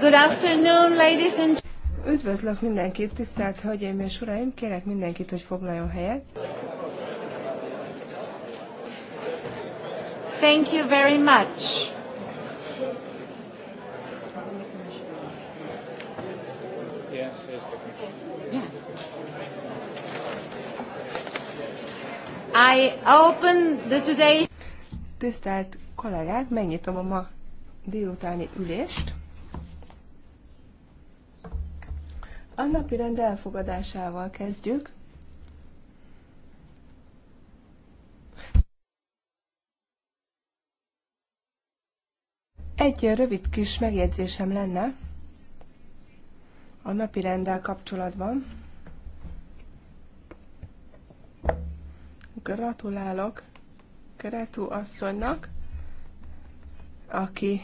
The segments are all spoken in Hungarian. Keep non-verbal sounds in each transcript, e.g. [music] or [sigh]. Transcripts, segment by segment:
Good afternoon, ladies and Üdvözlök mindenkit, tisztelt Hölgyeim és Uraim! Kérek mindenkit, hogy foglaljon helyet. Thank you very much. I open the today. Tisztelt kollégák, megnyitom a ma délutáni ülést. A napi rend elfogadásával kezdjük. Egy rövid kis megjegyzésem lenne a napi rendel kapcsolatban. Gratulálok Keretú asszonynak, aki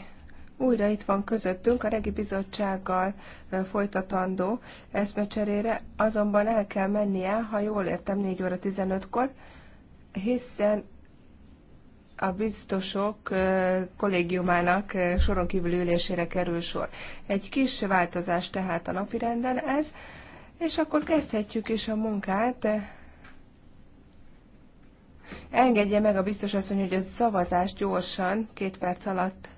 újra itt van közöttünk a Regi Bizottsággal folytatandó eszmecserére, azonban el kell mennie, ha jól értem, 4 óra 15-kor, hiszen a biztosok kollégiumának soron kívül ülésére kerül sor. Egy kis változás tehát a renden ez, és akkor kezdhetjük is a munkát. Engedje meg a biztos asszony, hogy a szavazást gyorsan, két perc alatt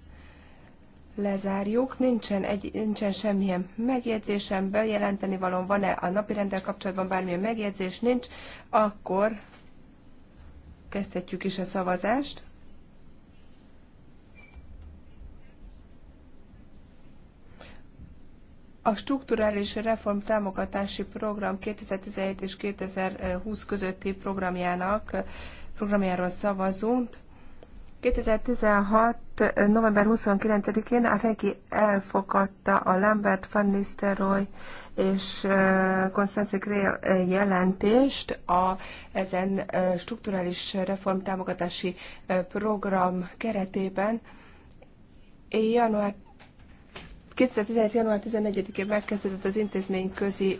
lezárjuk. Nincsen, egy, nincsen semmilyen megjegyzésem, bejelenteni való van-e a napirendel kapcsolatban bármilyen megjegyzés, nincs, akkor kezdhetjük is a szavazást. A strukturális reform támogatási program 2017 és 2020 közötti programjának programjáról szavazunk. 2016. november 29-én a Regi elfogadta a Lambert van Nistelrooy és Konstantin Grail jelentést a ezen strukturális reformtámogatási program keretében. Január 2017. január 14-én megkezdődött az intézményközi közi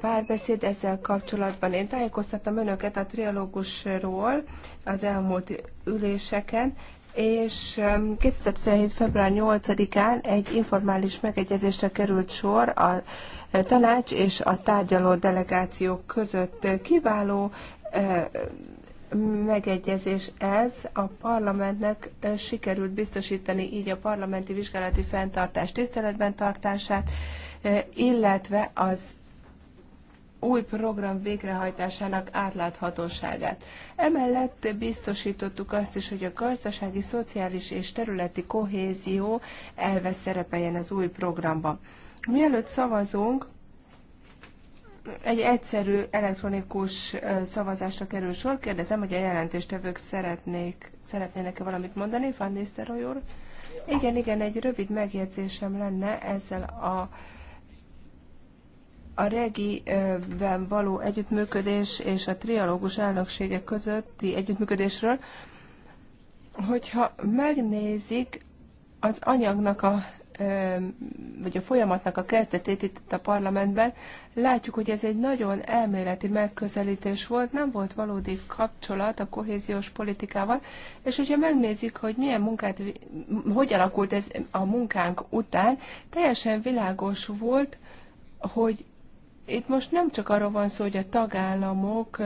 párbeszéd ezzel kapcsolatban. Én tájékoztattam önöket a trialógusról az elmúlt üléseken, és 2017. február 8-án egy informális megegyezésre került sor a eh, tanács és a tárgyaló delegációk között. Kiváló eh, megegyezés ez a parlamentnek eh, sikerült biztosítani így a parlamenti vizsgálati fenntartás tiszteletben tartását, illetve az új program végrehajtásának átláthatóságát. Emellett biztosítottuk azt is, hogy a gazdasági, szociális és területi kohézió elve szerepeljen az új programban. Mielőtt szavazunk, egy egyszerű elektronikus szavazásra kerül sor. Kérdezem, hogy a jelentéstevők szeretnék, szeretnének-e valamit mondani, Van Nisztelrooy úr? Igen, igen, egy rövid megjegyzésem lenne ezzel a a regiben való együttműködés és a trialógus állagsége közötti együttműködésről, hogyha megnézik az anyagnak a vagy a folyamatnak a kezdetét itt a parlamentben, látjuk, hogy ez egy nagyon elméleti megközelítés volt, nem volt valódi kapcsolat a kohéziós politikával, és hogyha megnézik, hogy milyen munkát, hogy alakult ez a munkánk után, teljesen világos volt, hogy itt most nem csak arról van szó, hogy a tagállamok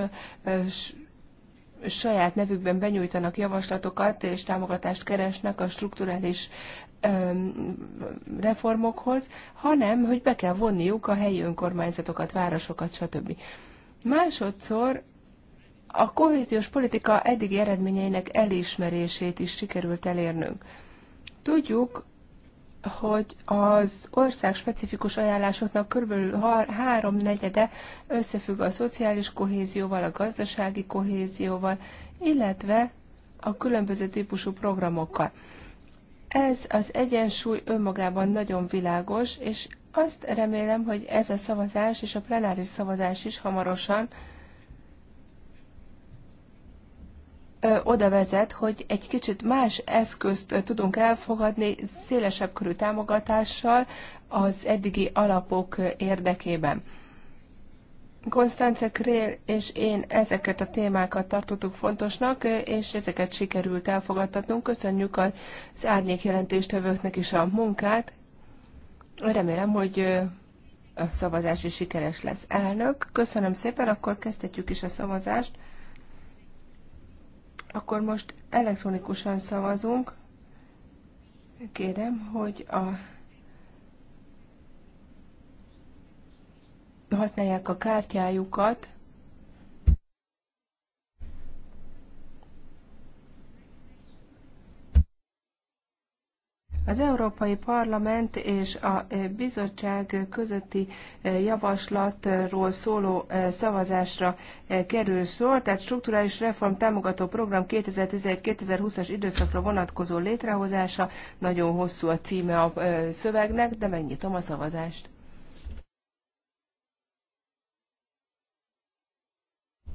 saját nevükben benyújtanak javaslatokat és támogatást keresnek a strukturális reformokhoz, hanem hogy be kell vonniuk a helyi önkormányzatokat, városokat, stb. Másodszor a kohéziós politika eddigi eredményeinek elismerését is sikerült elérnünk. Tudjuk, hogy az ország specifikus ajánlásoknak kb. háromnegyede összefügg a szociális kohézióval, a gazdasági kohézióval, illetve a különböző típusú programokkal. Ez az egyensúly önmagában nagyon világos, és azt remélem, hogy ez a szavazás és a plenáris szavazás is hamarosan oda vezet, hogy egy kicsit más eszközt tudunk elfogadni szélesebb körű támogatással az eddigi alapok érdekében. Konstance Krél és én ezeket a témákat tartottuk fontosnak, és ezeket sikerült elfogadtatnunk. Köszönjük az árnyék jelentéstevőknek is a munkát. Remélem, hogy a szavazás is sikeres lesz. Elnök, köszönöm szépen, akkor kezdhetjük is a szavazást. Akkor most elektronikusan szavazunk. Kérem, hogy a használják a kártyájukat. Az Európai Parlament és a e, bizottság közötti e, javaslatról szóló e, szavazásra kerül sor, tehát strukturális reform támogató program 2017-2020-as időszakra vonatkozó létrehozása. Nagyon hosszú a címe a szövegnek, de megnyitom a szavazást.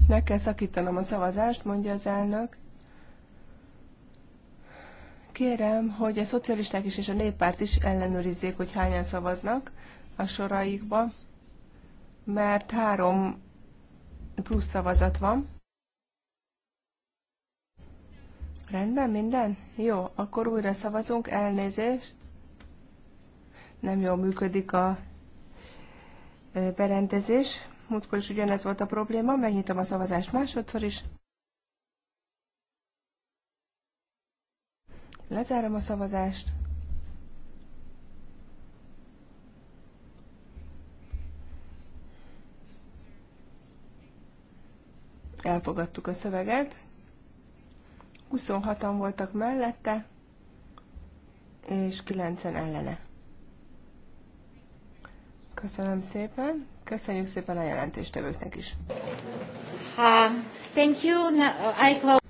Meg kell szakítanom a szavazást, mondja az elnök. Kérem, hogy a szocialisták is és a néppárt is ellenőrizzék, hogy hányan szavaznak a soraikba, mert három plusz szavazat van. Rendben, minden? Jó, akkor újra szavazunk, Elnézés. Nem jól működik a berendezés. Múltkor is ugyanez volt a probléma, megnyitom a szavazást másodszor is. Lezárom a szavazást. Elfogadtuk a szöveget. 26-an voltak mellette, és 9-en ellene. Köszönöm szépen. Köszönjük szépen a jelentéstevőknek is. Uh, thank you. No, I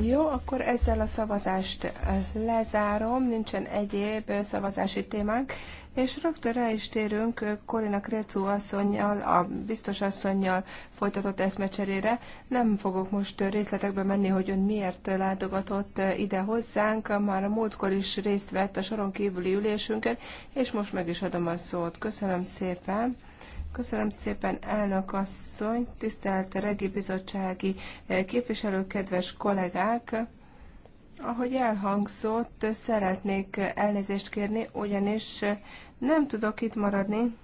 jó, akkor ezzel a szavazást lezárom, nincsen egyéb szavazási témánk, és rögtön rá is térünk Korina Krecu asszonynal, a biztos asszonynal folytatott eszmecserére. Nem fogok most részletekbe menni, hogy ön miért látogatott ide hozzánk, már a múltkor is részt vett a soron kívüli ülésünket, és most meg is adom a szót. Köszönöm szépen! Köszönöm szépen, elnök asszony, tisztelt regi bizottsági eh, képviselő kedves kollégák! Ahogy elhangzott, szeretnék elnézést kérni, ugyanis nem tudok itt maradni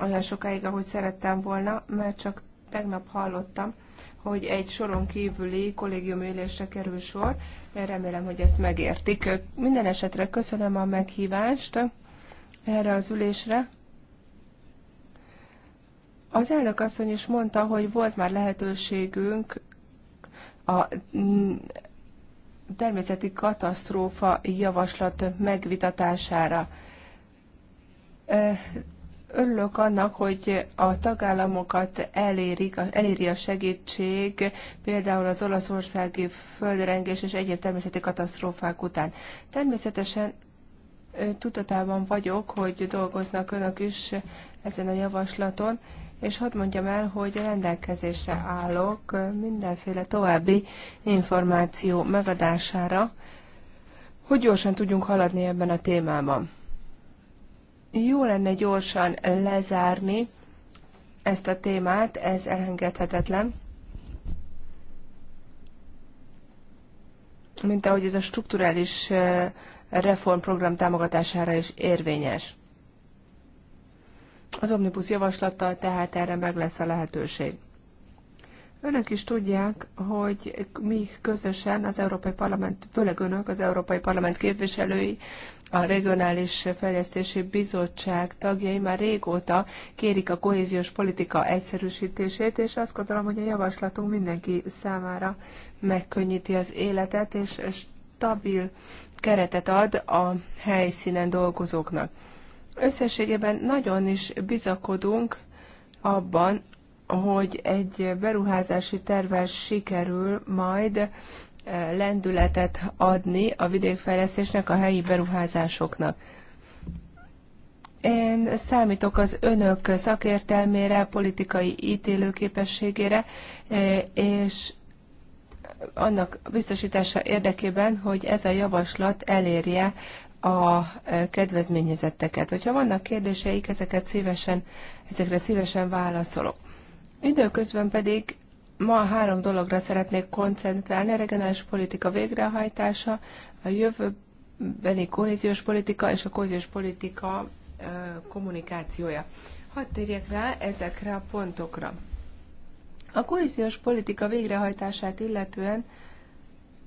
olyan sokáig, ahogy szerettem volna, mert csak tegnap hallottam, hogy egy soron kívüli kollégium ülésre kerül sor. Remélem, hogy ezt megértik. Minden esetre köszönöm a meghívást erre az ülésre. Az elnök asszony is mondta, hogy volt már lehetőségünk a mm, természeti katasztrófa javaslat megvitatására. Örülök annak, hogy a tagállamokat elérik, eléri a segítség, például az olaszországi földrengés és egyéb természeti katasztrófák után. Természetesen tudatában vagyok, hogy dolgoznak önök is ezen a javaslaton, és hadd mondjam el, hogy rendelkezésre állok mindenféle további információ megadására, hogy gyorsan tudjunk haladni ebben a témában. Jó lenne gyorsan lezárni ezt a témát, ez elengedhetetlen. Mint ahogy ez a strukturális eh, reformprogram támogatására is érvényes. Az omnibus javaslattal tehát erre meg lesz a lehetőség. Önök is tudják, hogy mi közösen az Európai Parlament, főleg önök, az Európai Parlament képviselői, a Regionális Fejlesztési Bizottság tagjai már régóta kérik a kohéziós politika egyszerűsítését, és azt gondolom, hogy a javaslatunk mindenki számára megkönnyíti az életet, és stabil keretet ad a helyszínen dolgozóknak. Összességében nagyon is bizakodunk abban, hogy egy beruházási tervvel sikerül majd eh, lendületet adni a vidékfejlesztésnek, a helyi beruházásoknak. Én számítok az önök szakértelmére, politikai ítélőképességére, eh, és annak biztosítása érdekében, hogy ez a javaslat elérje a e, kedvezményezetteket. Hogyha vannak kérdéseik, ezeket szívesen, ezekre szívesen válaszolok. Időközben pedig ma három dologra szeretnék koncentrálni, a regionális politika végrehajtása, a jövőbeni kohéziós politika és a kohéziós politika e, kommunikációja. Hadd térjek rá ezekre a pontokra. A kohéziós politika végrehajtását illetően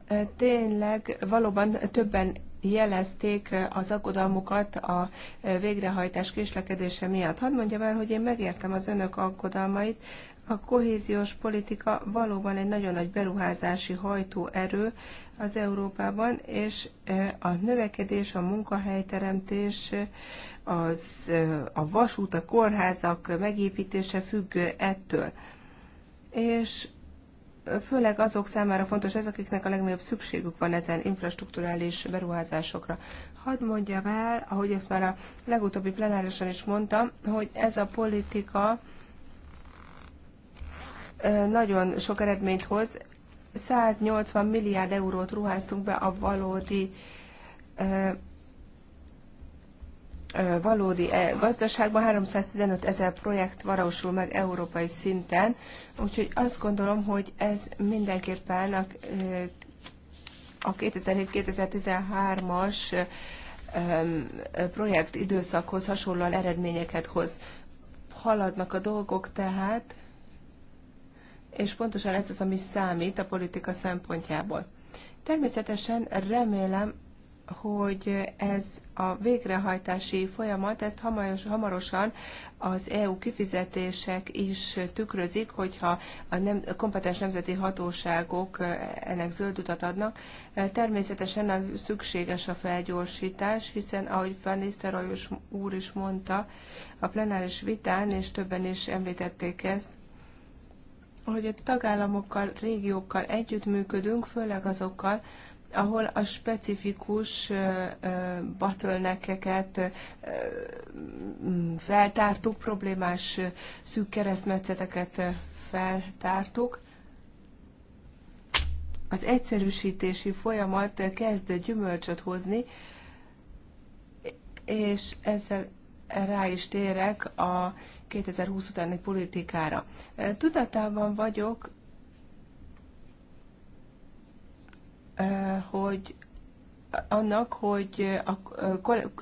e, tényleg valóban többen jelezték az aggodalmukat a végrehajtás késlekedése miatt. Hadd mondjam el, hogy én megértem az önök aggodalmait. A kohéziós politika valóban egy nagyon nagy beruházási hajtóerő az Európában, és e, a növekedés, a munkahelyteremtés, az, e, a vasút, a kórházak megépítése függ ettől. És főleg azok számára fontos ez, akiknek a legnagyobb szükségük van ezen infrastruktúrális beruházásokra. Hadd mondjam el, ahogy ezt már a legutóbbi plenárisan is mondtam, hogy ez a politika nagyon sok eredményt hoz. 180 milliárd eurót ruháztunk be a valódi valódi e, gazdaságban 315 ezer projekt valósul meg európai szinten, úgyhogy azt gondolom, hogy ez mindenképpen a, a 2007-2013-as projekt időszakhoz hasonlóan eredményeket hoz. Haladnak a dolgok tehát, és pontosan ez az, ami számít a politika szempontjából. Természetesen remélem, hogy ez a végrehajtási folyamat, ezt hamaros, hamarosan az EU kifizetések is tükrözik, hogyha a, nem, a kompetens nemzeti hatóságok eh, ennek zöld utat adnak. Eh, természetesen a szükséges a felgyorsítás, hiszen ahogy Van Nistelrooy úr is mondta, a plenáris vitán, és többen is említették ezt, hogy a tagállamokkal, régiókkal együttműködünk, főleg azokkal, ahol a specifikus batölnekeket feltártuk, problémás szűk keresztmetszeteket feltártuk. Az egyszerűsítési folyamat kezd gyümölcsöt hozni, és ezzel rá is térek a 2020 utáni politikára. Tudatában vagyok hogy annak, hogy a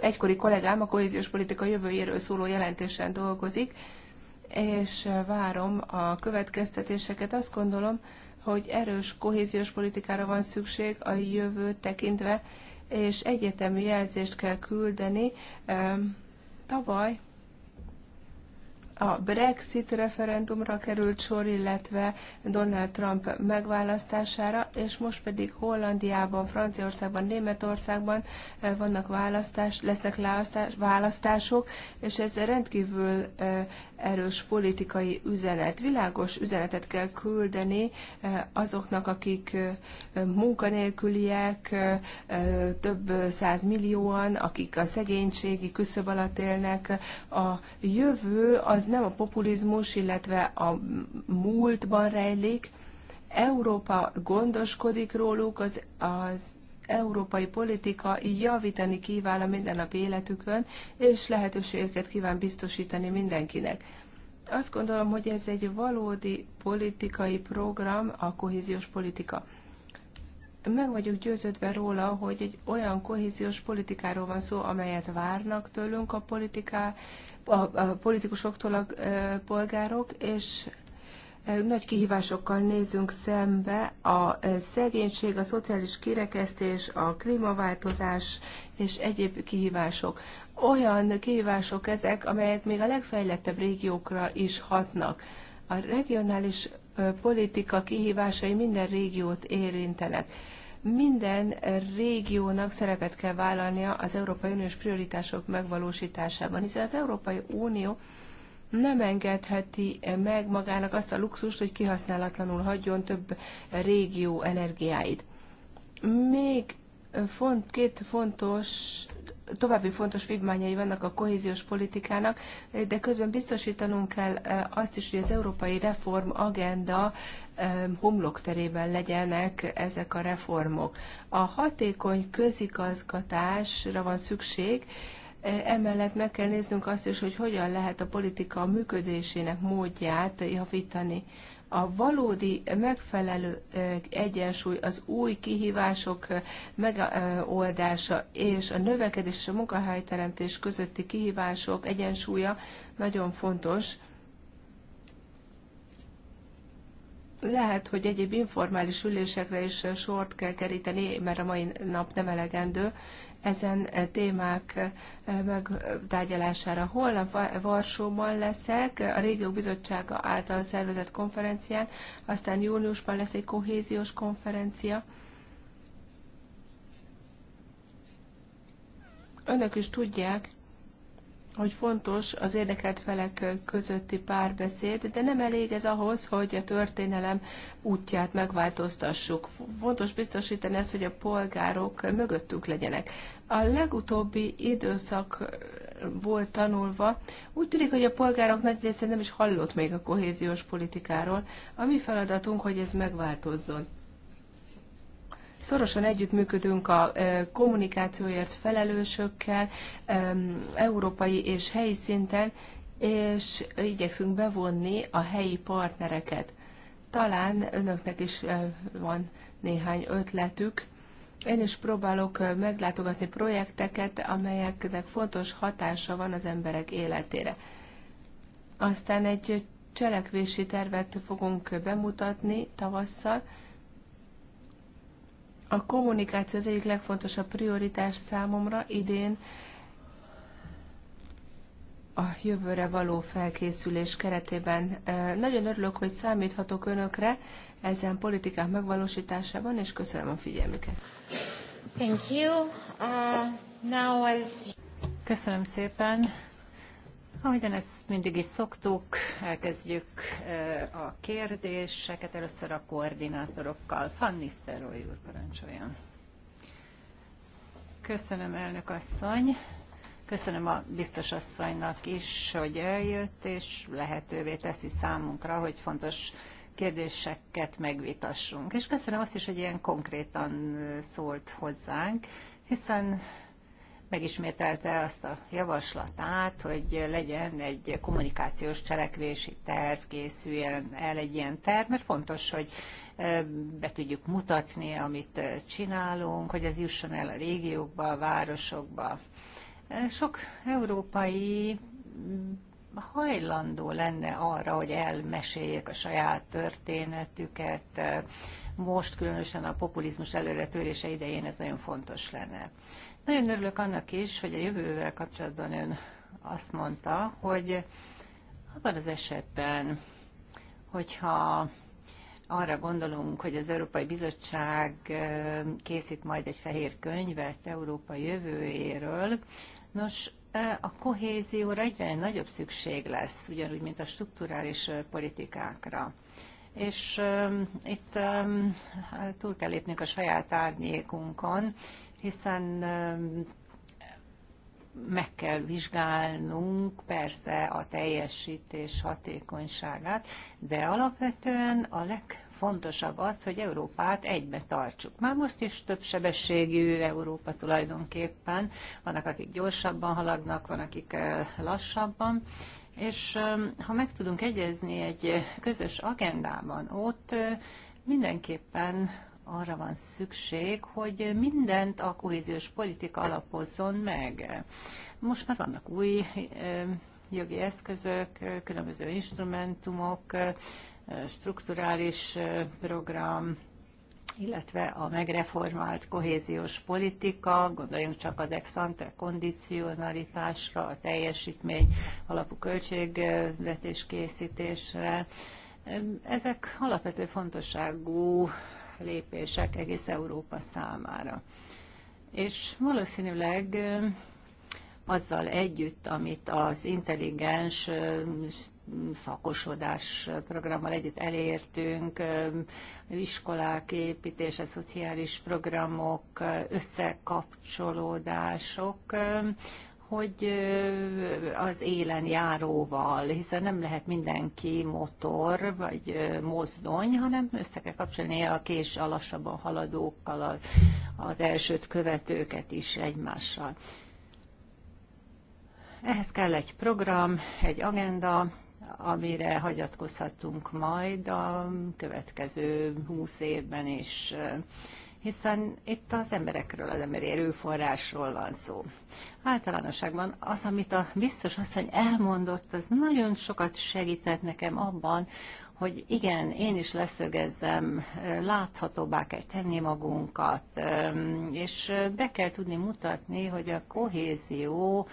egykori kollégám a kohéziós politika jövőjéről szóló jelentésen dolgozik, és várom a következtetéseket. Azt gondolom, hogy erős kohéziós politikára van szükség a jövőt tekintve, és egyetemű jelzést kell küldeni. Tavaly a Brexit referendumra került sor, illetve Donald Trump megválasztására, és most pedig Hollandiában, Franciaországban, Németországban eh, vannak választás, lesznek választás, választások, és ez rendkívül eh, erős politikai üzenet. Világos üzenetet kell küldeni eh, azoknak, akik eh, munkanélküliek, eh, több száz millióan, akik a szegénységi küszöb alatt élnek. A jövő az nem a populizmus, illetve a múltban rejlik. Európa gondoskodik róluk, az, az európai politika javítani kíván a mindennapi életükön, és lehetőségeket kíván biztosítani mindenkinek. Azt gondolom, hogy ez egy valódi politikai program, a kohéziós politika. Meg vagyok győződve róla, hogy egy olyan kohéziós politikáról van szó, amelyet várnak tőlünk a, politiká, a, a politikusoktól a, a polgárok, és nagy kihívásokkal nézünk szembe, a e, szegénység, a szociális kirekesztés, a klímaváltozás és egyéb kihívások. Olyan kihívások ezek, amelyek még a legfejlettebb régiókra is hatnak. A regionális e, politika kihívásai minden régiót érintenek. Minden régiónak szerepet kell vállalnia az Európai Uniós prioritások megvalósításában, hiszen az Európai Unió nem engedheti meg magának azt a luxust, hogy kihasználatlanul hagyjon több régió energiáit. Még font, két fontos további fontos vívmányai vannak a kohéziós politikának, de közben biztosítanunk kell azt is, hogy az európai reform agenda homlokterében legyenek ezek a reformok. A hatékony közigazgatásra van szükség, Emellett meg kell néznünk azt is, hogy hogyan lehet a politika működésének módját javítani. A valódi megfelelő egyensúly az új kihívások megoldása és a növekedés és a munkahelyteremtés közötti kihívások egyensúlya nagyon fontos. Lehet, hogy egyéb informális ülésekre is sort kell keríteni, mert a mai nap nem elegendő, ezen eh, témák eh, megtárgyalására. Holnap Varsóban leszek, a Régiók Bizottsága által szervezett konferencián, aztán júniusban lesz egy kohéziós konferencia. Önök is tudják, hogy fontos az érdekelt felek közötti párbeszéd, de nem elég ez ahhoz, hogy a történelem útját megváltoztassuk. Fontos biztosítani ezt, hogy a polgárok mögöttünk legyenek. A legutóbbi időszak volt tanulva, úgy tűnik, hogy a polgárok nagy része nem is hallott még a kohéziós politikáról. A mi feladatunk, hogy ez megváltozzon. Szorosan együttműködünk a kommunikációért felelősökkel, európai és helyi szinten, és igyekszünk bevonni a helyi partnereket. Talán önöknek is van néhány ötletük. Én is próbálok meglátogatni projekteket, amelyeknek fontos hatása van az emberek életére. Aztán egy cselekvési tervet fogunk bemutatni tavasszal, a kommunikáció az egyik legfontosabb prioritás számomra idén a jövőre való felkészülés keretében. Nagyon örülök, hogy számíthatok önökre ezen politikák megvalósításában, és köszönöm a figyelmüket. Thank you. Uh, now is... Köszönöm szépen. Ahogyan ezt mindig is szoktuk, elkezdjük a kérdéseket. Először a koordinátorokkal. Fanny Szteroly úr, parancsoljon. Köszönöm, elnök asszony. Köszönöm a biztos asszonynak is, hogy eljött, és lehetővé teszi számunkra, hogy fontos kérdéseket megvitassunk. És köszönöm azt is, hogy ilyen konkrétan szólt hozzánk, hiszen megismételte azt a javaslatát, hogy legyen egy kommunikációs cselekvési terv, készüljen el egy ilyen terv, mert fontos, hogy be tudjuk mutatni, amit csinálunk, hogy ez jusson el a régiókba, a városokba. Sok európai mm, hajlandó lenne arra, hogy elmeséljék a saját történetüket. Most különösen a populizmus előretörése idején ez nagyon fontos lenne. Nagyon örülök annak is, hogy a jövővel kapcsolatban ön azt mondta, hogy abban az esetben, hogyha arra gondolunk, hogy az Európai Bizottság készít majd egy fehér könyvet Európa jövőjéről, nos, a kohézióra egyre nagyobb szükség lesz, ugyanúgy, mint a strukturális politikákra. És itt um, túl kell lépnünk a saját árnyékunkon, hiszen meg kell vizsgálnunk persze a teljesítés hatékonyságát, de alapvetően a legfontosabb az, hogy Európát egybe tartsuk. Már most is több sebességű Európa tulajdonképpen, vannak akik gyorsabban haladnak, vannak akik lassabban, és ha meg tudunk egyezni egy közös agendában, ott mindenképpen arra van szükség, hogy mindent a kohéziós politika alapozzon meg. Most már vannak új jogi eszközök, különböző instrumentumok, strukturális program, illetve a megreformált kohéziós politika, gondoljunk csak az ex-ante kondicionalitásra, a teljesítmény alapú költségvetés készítésre. Ezek alapvető fontosságú lépések egész Európa számára. És valószínűleg azzal együtt, amit az intelligens szakosodás programmal együtt elértünk, iskolák építése, szociális programok, összekapcsolódások, hogy az élen járóval, hiszen nem lehet mindenki motor vagy mozdony, hanem össze kell kapcsolni a kés a lassabban haladókkal, az elsőt követőket is egymással. Ehhez kell egy program, egy agenda, amire hagyatkozhatunk majd a következő húsz évben is. És hiszen itt az emberekről, az emberi erőforrásról van szó. Általánosságban az, amit a biztos asszony elmondott, az nagyon sokat segített nekem abban, hogy igen, én is leszögezzem, láthatóbbá kell tenni magunkat, és be kell tudni mutatni, hogy a kohézió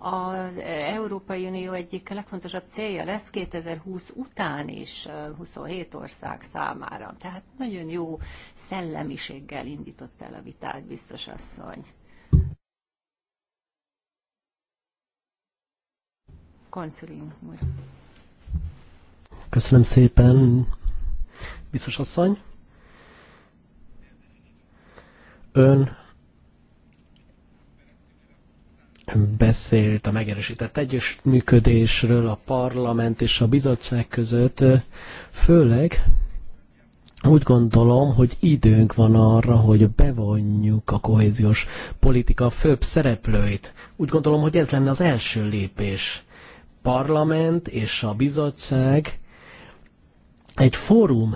az Európai Unió egyik legfontosabb célja lesz 2020 után is 27 ország számára. Tehát nagyon jó szellemiséggel indított el a vitát, biztos asszony. Konszulin úr. Köszönöm szépen, biztos asszony. Ön beszélt a megerősített együttműködésről a parlament és a bizottság között, főleg úgy gondolom, hogy időnk van arra, hogy bevonjuk a kohéziós politika főbb szereplőit. Úgy gondolom, hogy ez lenne az első lépés. Parlament és a bizottság egy fórum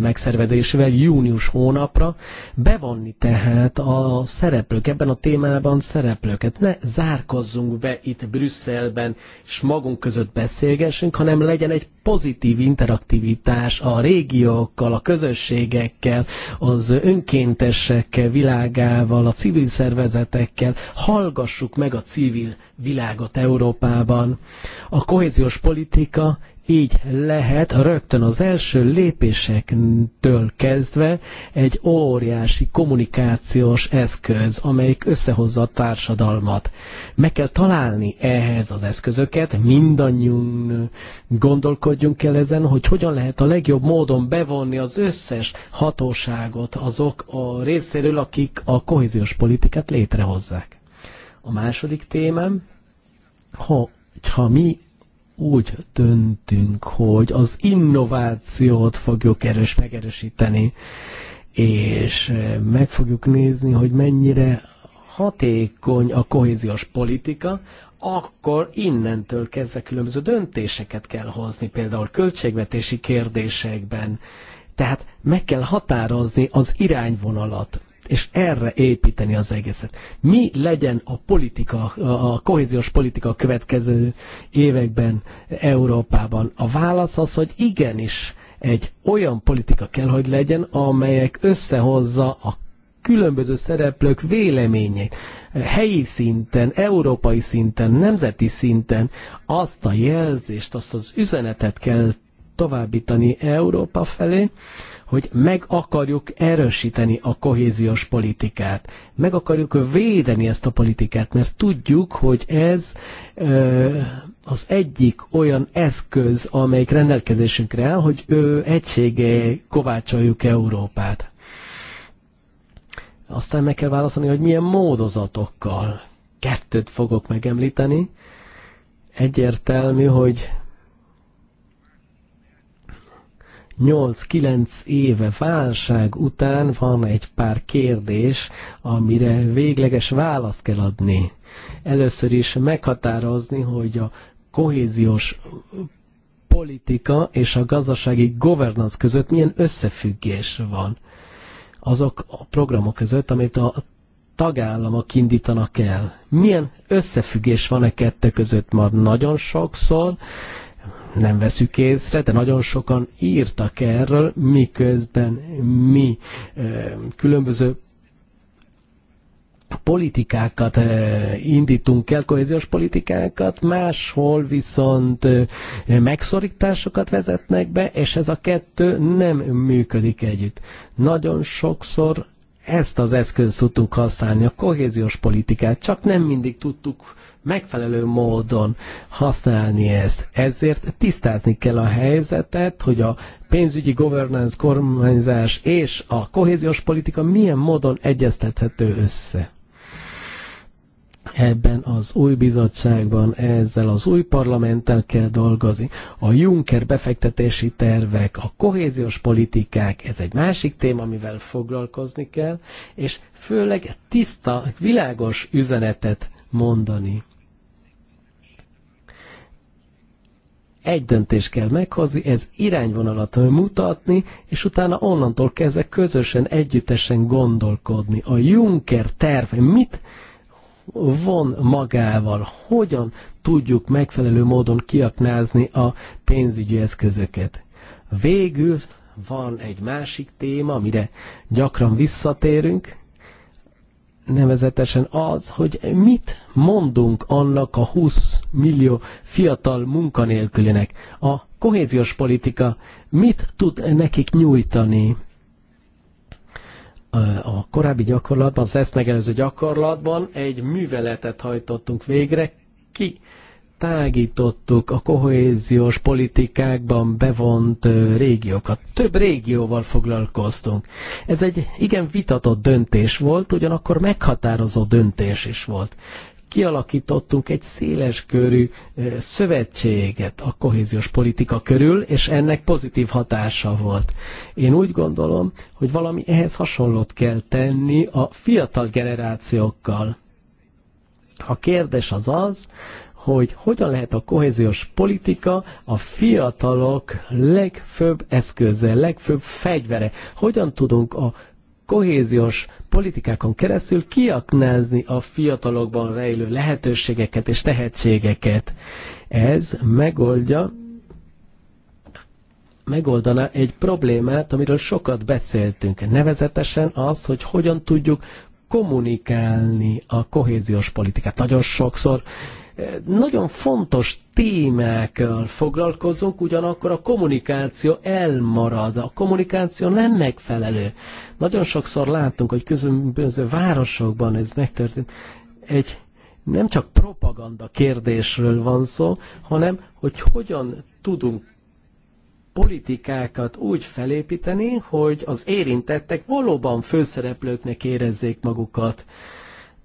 megszervezésével június hónapra, bevonni tehát a szereplők, ebben a témában szereplőket. Ne zárkozzunk be itt Brüsszelben, és magunk között beszélgessünk, hanem legyen egy pozitív interaktivitás a régiókkal, a közösségekkel, az önkéntesekkel világával, a civil szervezetekkel. Hallgassuk meg a civil világot Európában. A kohéziós politika így lehet rögtön az első lépésektől kezdve egy óriási kommunikációs eszköz, amelyik összehozza a társadalmat. Meg kell találni ehhez az eszközöket, mindannyiunk gondolkodjunk el ezen, hogy hogyan lehet a legjobb módon bevonni az összes hatóságot azok a részéről, akik a kohéziós politikát létrehozzák. A második témám, ha, ha mi úgy döntünk, hogy az innovációt fogjuk erős megerősíteni, és meg fogjuk nézni, hogy mennyire hatékony a kohéziós politika, akkor innentől kezdve különböző döntéseket kell hozni, például költségvetési kérdésekben. Tehát meg kell határozni az irányvonalat és erre építeni az egészet. Mi legyen a politika, a kohéziós politika a következő években Európában? A válasz az, hogy igenis egy olyan politika kell, hogy legyen, amelyek összehozza a különböző szereplők véleményét helyi szinten, európai szinten, nemzeti szinten azt a jelzést, azt az üzenetet kell továbbítani Európa felé, hogy meg akarjuk erősíteni a kohéziós politikát, meg akarjuk védeni ezt a politikát, mert tudjuk, hogy ez ö, az egyik olyan eszköz, amelyik rendelkezésünkre áll, hogy ö, egységé kovácsoljuk Európát. Aztán meg kell válaszolni, hogy milyen módozatokkal. Kettőt fogok megemlíteni. Egyértelmű, hogy 8-9 éve válság után van egy pár kérdés, amire végleges választ kell adni. Először is meghatározni, hogy a kohéziós politika és a gazdasági governance között milyen összefüggés van azok a programok között, amit a tagállamok indítanak el. Milyen összefüggés van a e kettő között? Már nagyon sokszor nem veszük észre, de nagyon sokan írtak erről, miközben mi eh, különböző politikákat eh, indítunk el, kohéziós politikákat, máshol viszont eh, megszorításokat vezetnek be, és ez a kettő nem működik együtt. Nagyon sokszor ezt az eszközt tudtunk használni, a kohéziós politikát, csak nem mindig tudtuk megfelelő módon használni ezt. Ezért tisztázni kell a helyzetet, hogy a pénzügyi governance, kormányzás és a kohéziós politika milyen módon egyeztethető össze ebben az új bizottságban, ezzel az új parlamenttel kell dolgozni. A Juncker befektetési tervek, a kohéziós politikák, ez egy másik téma, amivel foglalkozni kell, és főleg tiszta, világos üzenetet mondani. Egy döntést kell meghozni, ez irányvonalat mutatni, és utána onnantól kezdve közösen, együttesen gondolkodni. A Juncker terv mit von magával, hogyan tudjuk megfelelő módon kiaknázni a pénzügyi eszközöket. Végül van egy másik téma, amire gyakran visszatérünk, nevezetesen az, hogy mit mondunk annak a 20 millió fiatal munkanélkülinek. A kohéziós politika mit tud nekik nyújtani? A korábbi gyakorlatban, az ezt megelőző gyakorlatban egy műveletet hajtottunk végre, ki tágítottuk a kohéziós politikákban bevont régiókat. Több régióval foglalkoztunk. Ez egy igen vitatott döntés volt, ugyanakkor meghatározó döntés is volt. Kialakítottunk egy széleskörű szövetséget a kohéziós politika körül, és ennek pozitív hatása volt. Én úgy gondolom, hogy valami ehhez hasonlót kell tenni a fiatal generációkkal. A kérdés az az, hogy hogyan lehet a kohéziós politika a fiatalok legfőbb eszköze, legfőbb fegyvere. Hogyan tudunk a kohéziós politikákon keresztül kiaknázni a fiatalokban rejlő lehetőségeket és tehetségeket. Ez megoldja megoldana egy problémát, amiről sokat beszéltünk, nevezetesen az, hogy hogyan tudjuk kommunikálni a kohéziós politikát. Nagyon sokszor uh, nagyon fontos témákkal foglalkozunk, ugyanakkor a kommunikáció elmarad, a kommunikáció nem megfelelő. Nagyon sokszor látunk, hogy különböző városokban ez megtörtént. Egy nem csak propaganda kérdésről van szó, hanem hogy hogyan tudunk politikákat úgy felépíteni, hogy az érintettek valóban főszereplőknek érezzék magukat.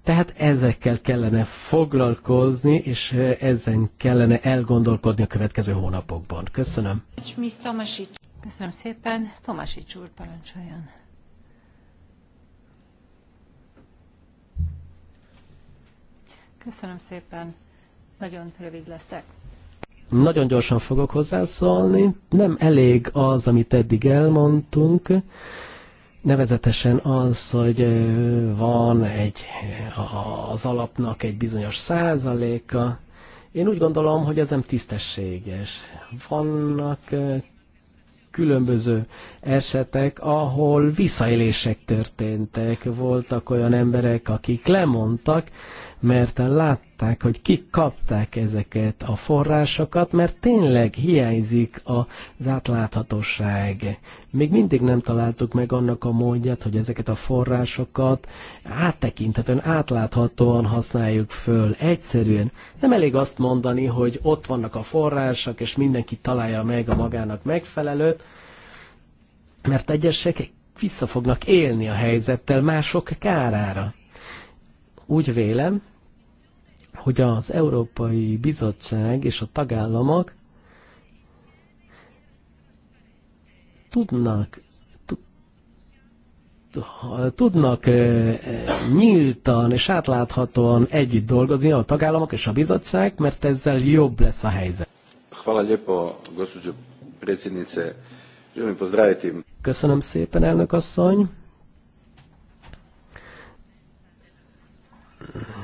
Tehát ezekkel kellene foglalkozni, és ezen kellene elgondolkodni a következő hónapokban. Köszönöm. Köszönöm szépen. Tomasics úr, parancsoljon. Köszönöm szépen. Nagyon rövid leszek. Nagyon gyorsan fogok hozzászólni. Nem elég az, amit eddig elmondtunk nevezetesen az, hogy van egy, az alapnak egy bizonyos százaléka. Én úgy gondolom, hogy ez nem tisztességes. Vannak különböző esetek, ahol visszaélések történtek. Voltak olyan emberek, akik lemondtak, mert lát, látták, hogy kik kapták ezeket a forrásokat, mert tényleg hiányzik az átláthatóság. Még mindig nem találtuk meg annak a módját, hogy ezeket a forrásokat áttekinthetően, átláthatóan használjuk föl, egyszerűen. Nem elég azt mondani, hogy ott vannak a források, és mindenki találja meg a magának megfelelőt, mert egyesek vissza fognak élni a helyzettel mások kárára. Úgy vélem, hogy az Európai Bizottság és a tagállamok tudnak tudnak nyíltan és átláthatóan együtt dolgozni a tagállamok és a bizottság, mert ezzel jobb lesz a helyzet. Köszönöm szépen, elnök asszony.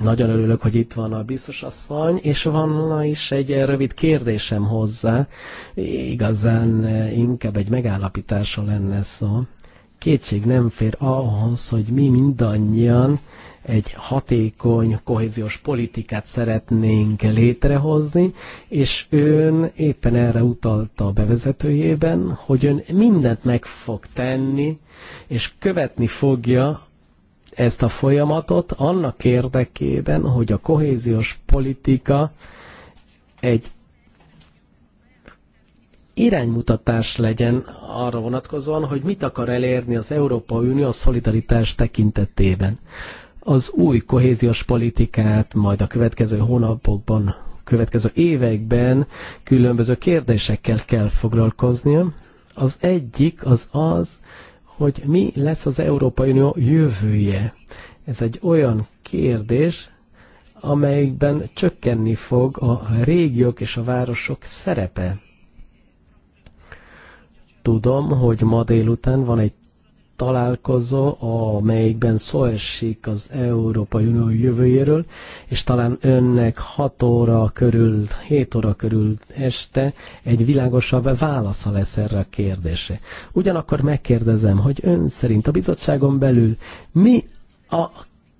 Nagyon örülök, hogy itt van a biztos asszony, és van is egy rövid kérdésem hozzá. Igazán eh, inkább egy megállapítása lenne szó. Kétség nem fér ahhoz, hogy mi mindannyian egy hatékony, kohéziós politikát szeretnénk létrehozni, és ön éppen erre utalta a bevezetőjében, hogy ön mindent meg fog tenni, és követni fogja ezt a folyamatot annak érdekében, hogy a kohéziós politika egy iránymutatás legyen arra vonatkozóan, hogy mit akar elérni az Európa Unió a szolidaritás tekintetében. Az új kohéziós politikát majd a következő hónapokban, következő években különböző kérdésekkel kell foglalkoznia. Az egyik az az, hogy mi lesz az Európai Unió jövője. Ez egy olyan kérdés, amelyikben csökkenni fog a régiók és a városok szerepe. Tudom, hogy ma délután van egy találkozó, amelyikben szó esik az Európai Unió jövőjéről, és talán önnek 6 óra körül, 7 óra körül este egy világosabb válasza lesz erre a kérdése. Ugyanakkor megkérdezem, hogy ön szerint a bizottságon belül mi a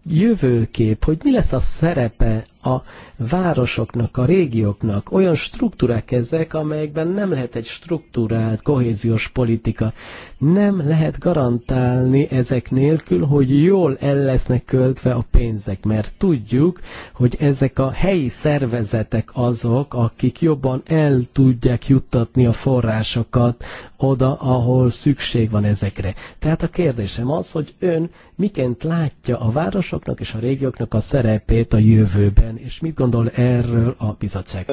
jövőkép, hogy mi lesz a szerepe a városoknak, a régióknak. Olyan struktúrák ezek, amelyekben nem lehet egy struktúrált, kohéziós politika. Nem lehet garantálni ezek nélkül, hogy jól el lesznek költve a pénzek, mert tudjuk, hogy ezek a helyi szervezetek azok, akik jobban el tudják juttatni a forrásokat oda, ahol szükség van ezekre. Tehát a kérdésem az, hogy ön miként látja a városoknak és a régióknak a szerepét a jövőben területen, és mit gondol erről a bizottság?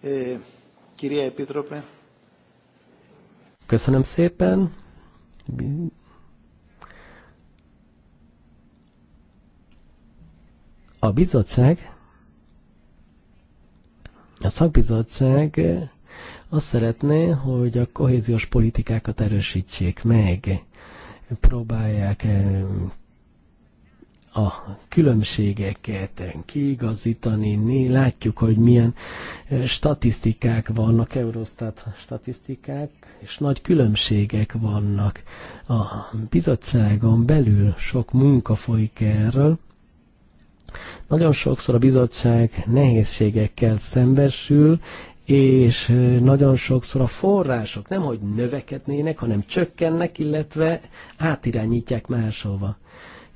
Eh, Köszönöm szépen. A bizottság, a szakbizottság azt szeretné, hogy a kohéziós politikákat erősítsék meg, próbálják eh, a különbségeket kiigazítani, látjuk, hogy milyen eh, statisztikák vannak, Eurostat statisztikák, és nagy különbségek vannak. A bizottságon belül sok munka folyik erről, nagyon sokszor a bizottság nehézségekkel szembesül, és eh, nagyon sokszor a források nem hogy növekednének, hanem csökkennek, illetve átirányítják máshova.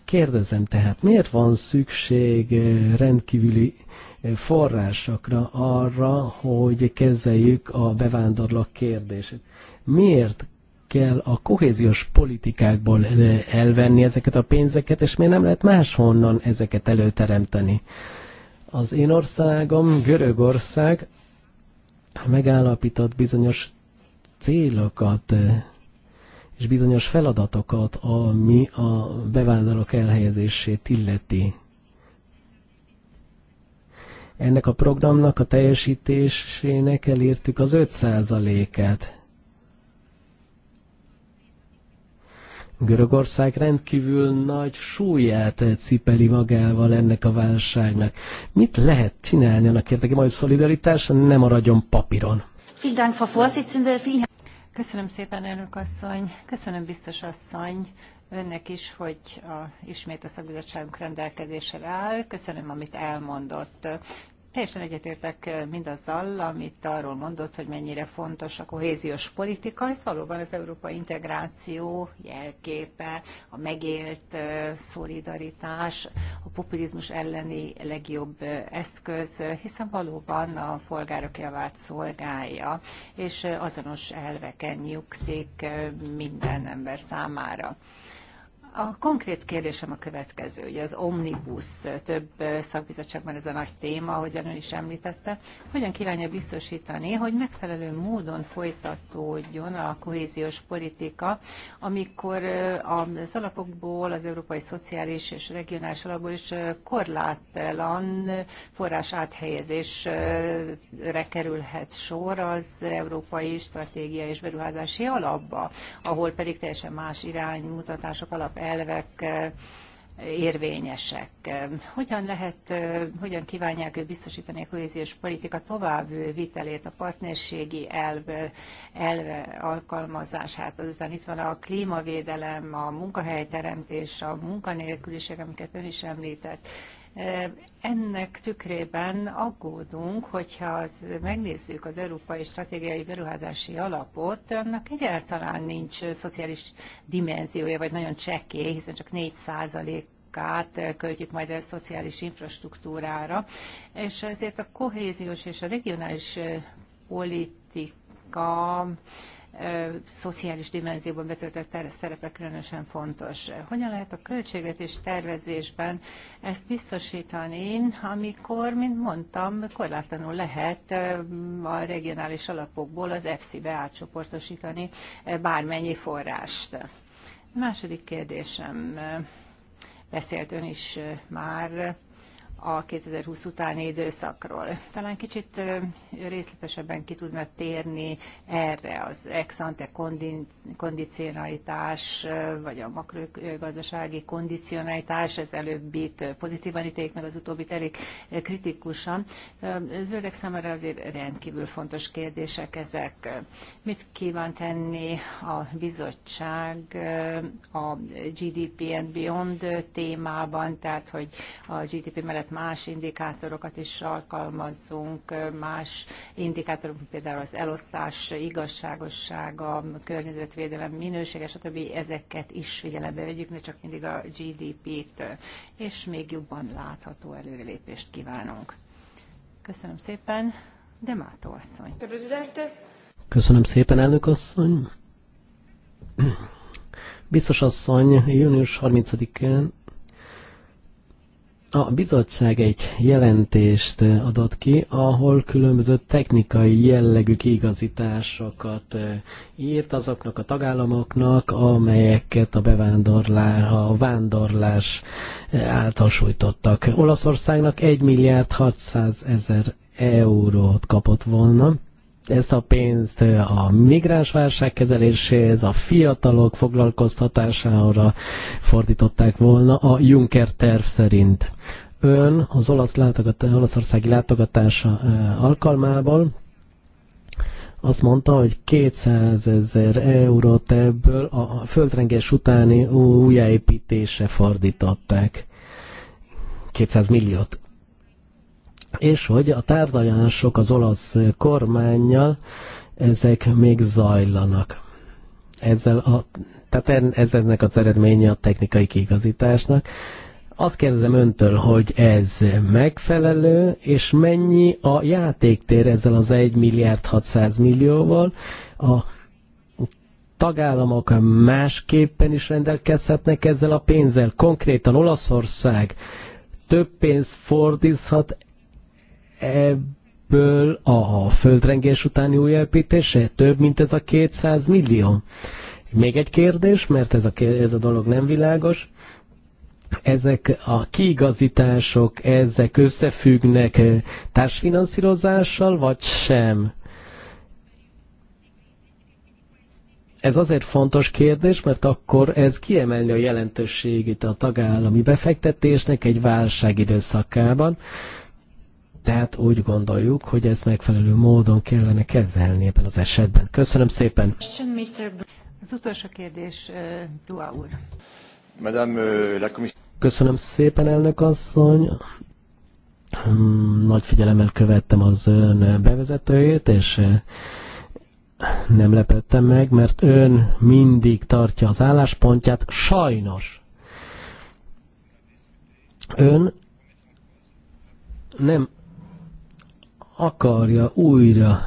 Kérdezem tehát, miért van szükség eh, rendkívüli eh, forrásokra arra, hogy kezeljük a bevándorlók kérdését? Miért kell a kohéziós politikákból eh, elvenni ezeket a pénzeket, és miért nem lehet máshonnan ezeket előteremteni? Az én országom, Görögország megállapított bizonyos célokat és bizonyos feladatokat, ami a bevándorlók elhelyezését illeti. Ennek a programnak a teljesítésének elértük az 5%-át. Görögország rendkívül nagy súlyát cipeli magával ennek a válságnak. Mit lehet csinálni annak érdekében, hogy szolidaritás ne maradjon papíron? Vielen Dank, Frau Vorsitzende. Vielen Köszönöm szépen, elnök asszony. Köszönöm, biztos asszony önnek is, hogy a, ismét a szakbizottságunk rendelkezésre áll. Köszönöm, amit elmondott. Teljesen egyetértek eh, mindazzal, amit arról mondott, hogy mennyire fontos a kohéziós politika, ez valóban az európai integráció jelképe, a megélt eh, szolidaritás, a populizmus elleni legjobb eh, eszköz, hiszen valóban a polgárok javát szolgálja, és azonos elveken nyugszik minden ember számára. A konkrét kérdésem a következő, hogy az omnibus több szakbizottságban ez a nagy téma, ahogy ön is említette. Hogyan kívánja biztosítani, hogy megfelelő módon folytatódjon a kohéziós politika, amikor az alapokból, az európai szociális és regionális alapból is korlátlan forrás áthelyezésre kerülhet sor az európai stratégia és beruházási alapba, ahol pedig teljesen más iránymutatások alap elvek érvényesek. Hogyan lehet, hogyan kívánják ők biztosítani a kohéziós politika tovább vitelét, a partnerségi elv, elve alkalmazását, azután itt van a klímavédelem, a munkahelyteremtés, a munkanélküliség, amiket ön is említett, ennek tükrében aggódunk, hogyha az, megnézzük az Európai Stratégiai Beruházási Alapot, annak egyáltalán nincs szociális dimenziója, vagy nagyon csekély, hiszen csak 4 százalék át költjük majd a szociális infrastruktúrára, és ezért a kohéziós és a regionális politika politika szociális dimenzióban betöltött szerepe különösen fontos. Hogyan lehet a költségvetés tervezésben ezt biztosítani, amikor, mint mondtam, korlátlanul lehet a regionális alapokból az EFSI-be átcsoportosítani bármennyi forrást? Második kérdésem. Beszélt ön is már a 2020 utáni időszakról. Talán kicsit részletesebben ki tudna térni erre az ex ante kondicionalitás, vagy a makrogazdasági kondicionalitás, ez előbbit pozitívan ítélik meg az utóbbit elég kritikusan. Zöldek számára azért rendkívül fontos kérdések ezek. Mit kíván tenni a bizottság a GDP and Beyond témában, tehát hogy a GDP mellett más indikátorokat is alkalmazzunk, más indikátorok, például az elosztás igazságossága, környezetvédelem minősége, stb. ezeket is figyelembe vegyük, ne csak mindig a GDP-t, és még jobban látható előrelépést kívánunk. Köszönöm szépen, Mátó asszony. Köszönöm szépen, elnök asszony. Biztos asszony, június 30-án a bizottság egy jelentést adott ki, ahol különböző technikai jellegű kiigazításokat eh, írt azoknak a tagállamoknak, amelyeket a bevándorlás, a vándorlás eh, által sújtottak. Olaszországnak 1 milliárd 600 ezer eurót kapott volna, ezt a pénzt eh, a migránsválság kezeléséhez, a fiatalok foglalkoztatására fordították volna a Juncker terv szerint. Ön az olasz látogatá, olaszországi látogatása eh, alkalmából azt mondta, hogy 200 ezer eurót ebből a földrengés utáni újjáépítése fordították. 200 milliót és hogy a tárgyalások az olasz kormányjal, ezek még zajlanak. Ezzel a, tehát ez ennek az eredménye a technikai kiigazításnak. Azt kérdezem öntől, hogy ez megfelelő, és mennyi a játéktér ezzel az 1 milliárd 600 millióval, a tagállamok másképpen is rendelkezhetnek ezzel a pénzzel. Konkrétan Olaszország több pénzt fordíthat ebből a földrengés utáni újjelpítése több, mint ez a 200 millió. Még egy kérdés, mert ez a, ez a dolog nem világos. Ezek a kiigazítások, ezek összefüggnek eh, társfinanszírozással, vagy sem? Ez azért fontos kérdés, mert akkor ez kiemelni a jelentőségét a tagállami befektetésnek egy válság időszakában. Tehát úgy gondoljuk, hogy ez megfelelő módon kellene kezelni ebben az esetben. Köszönöm szépen! Az utolsó kérdés, Dua úr. Köszönöm szépen, elnök asszony! Hmm, nagy figyelemmel követtem az ön bevezetőjét, és nem lepettem meg, mert ön mindig tartja az álláspontját, sajnos. Ön nem akarja újra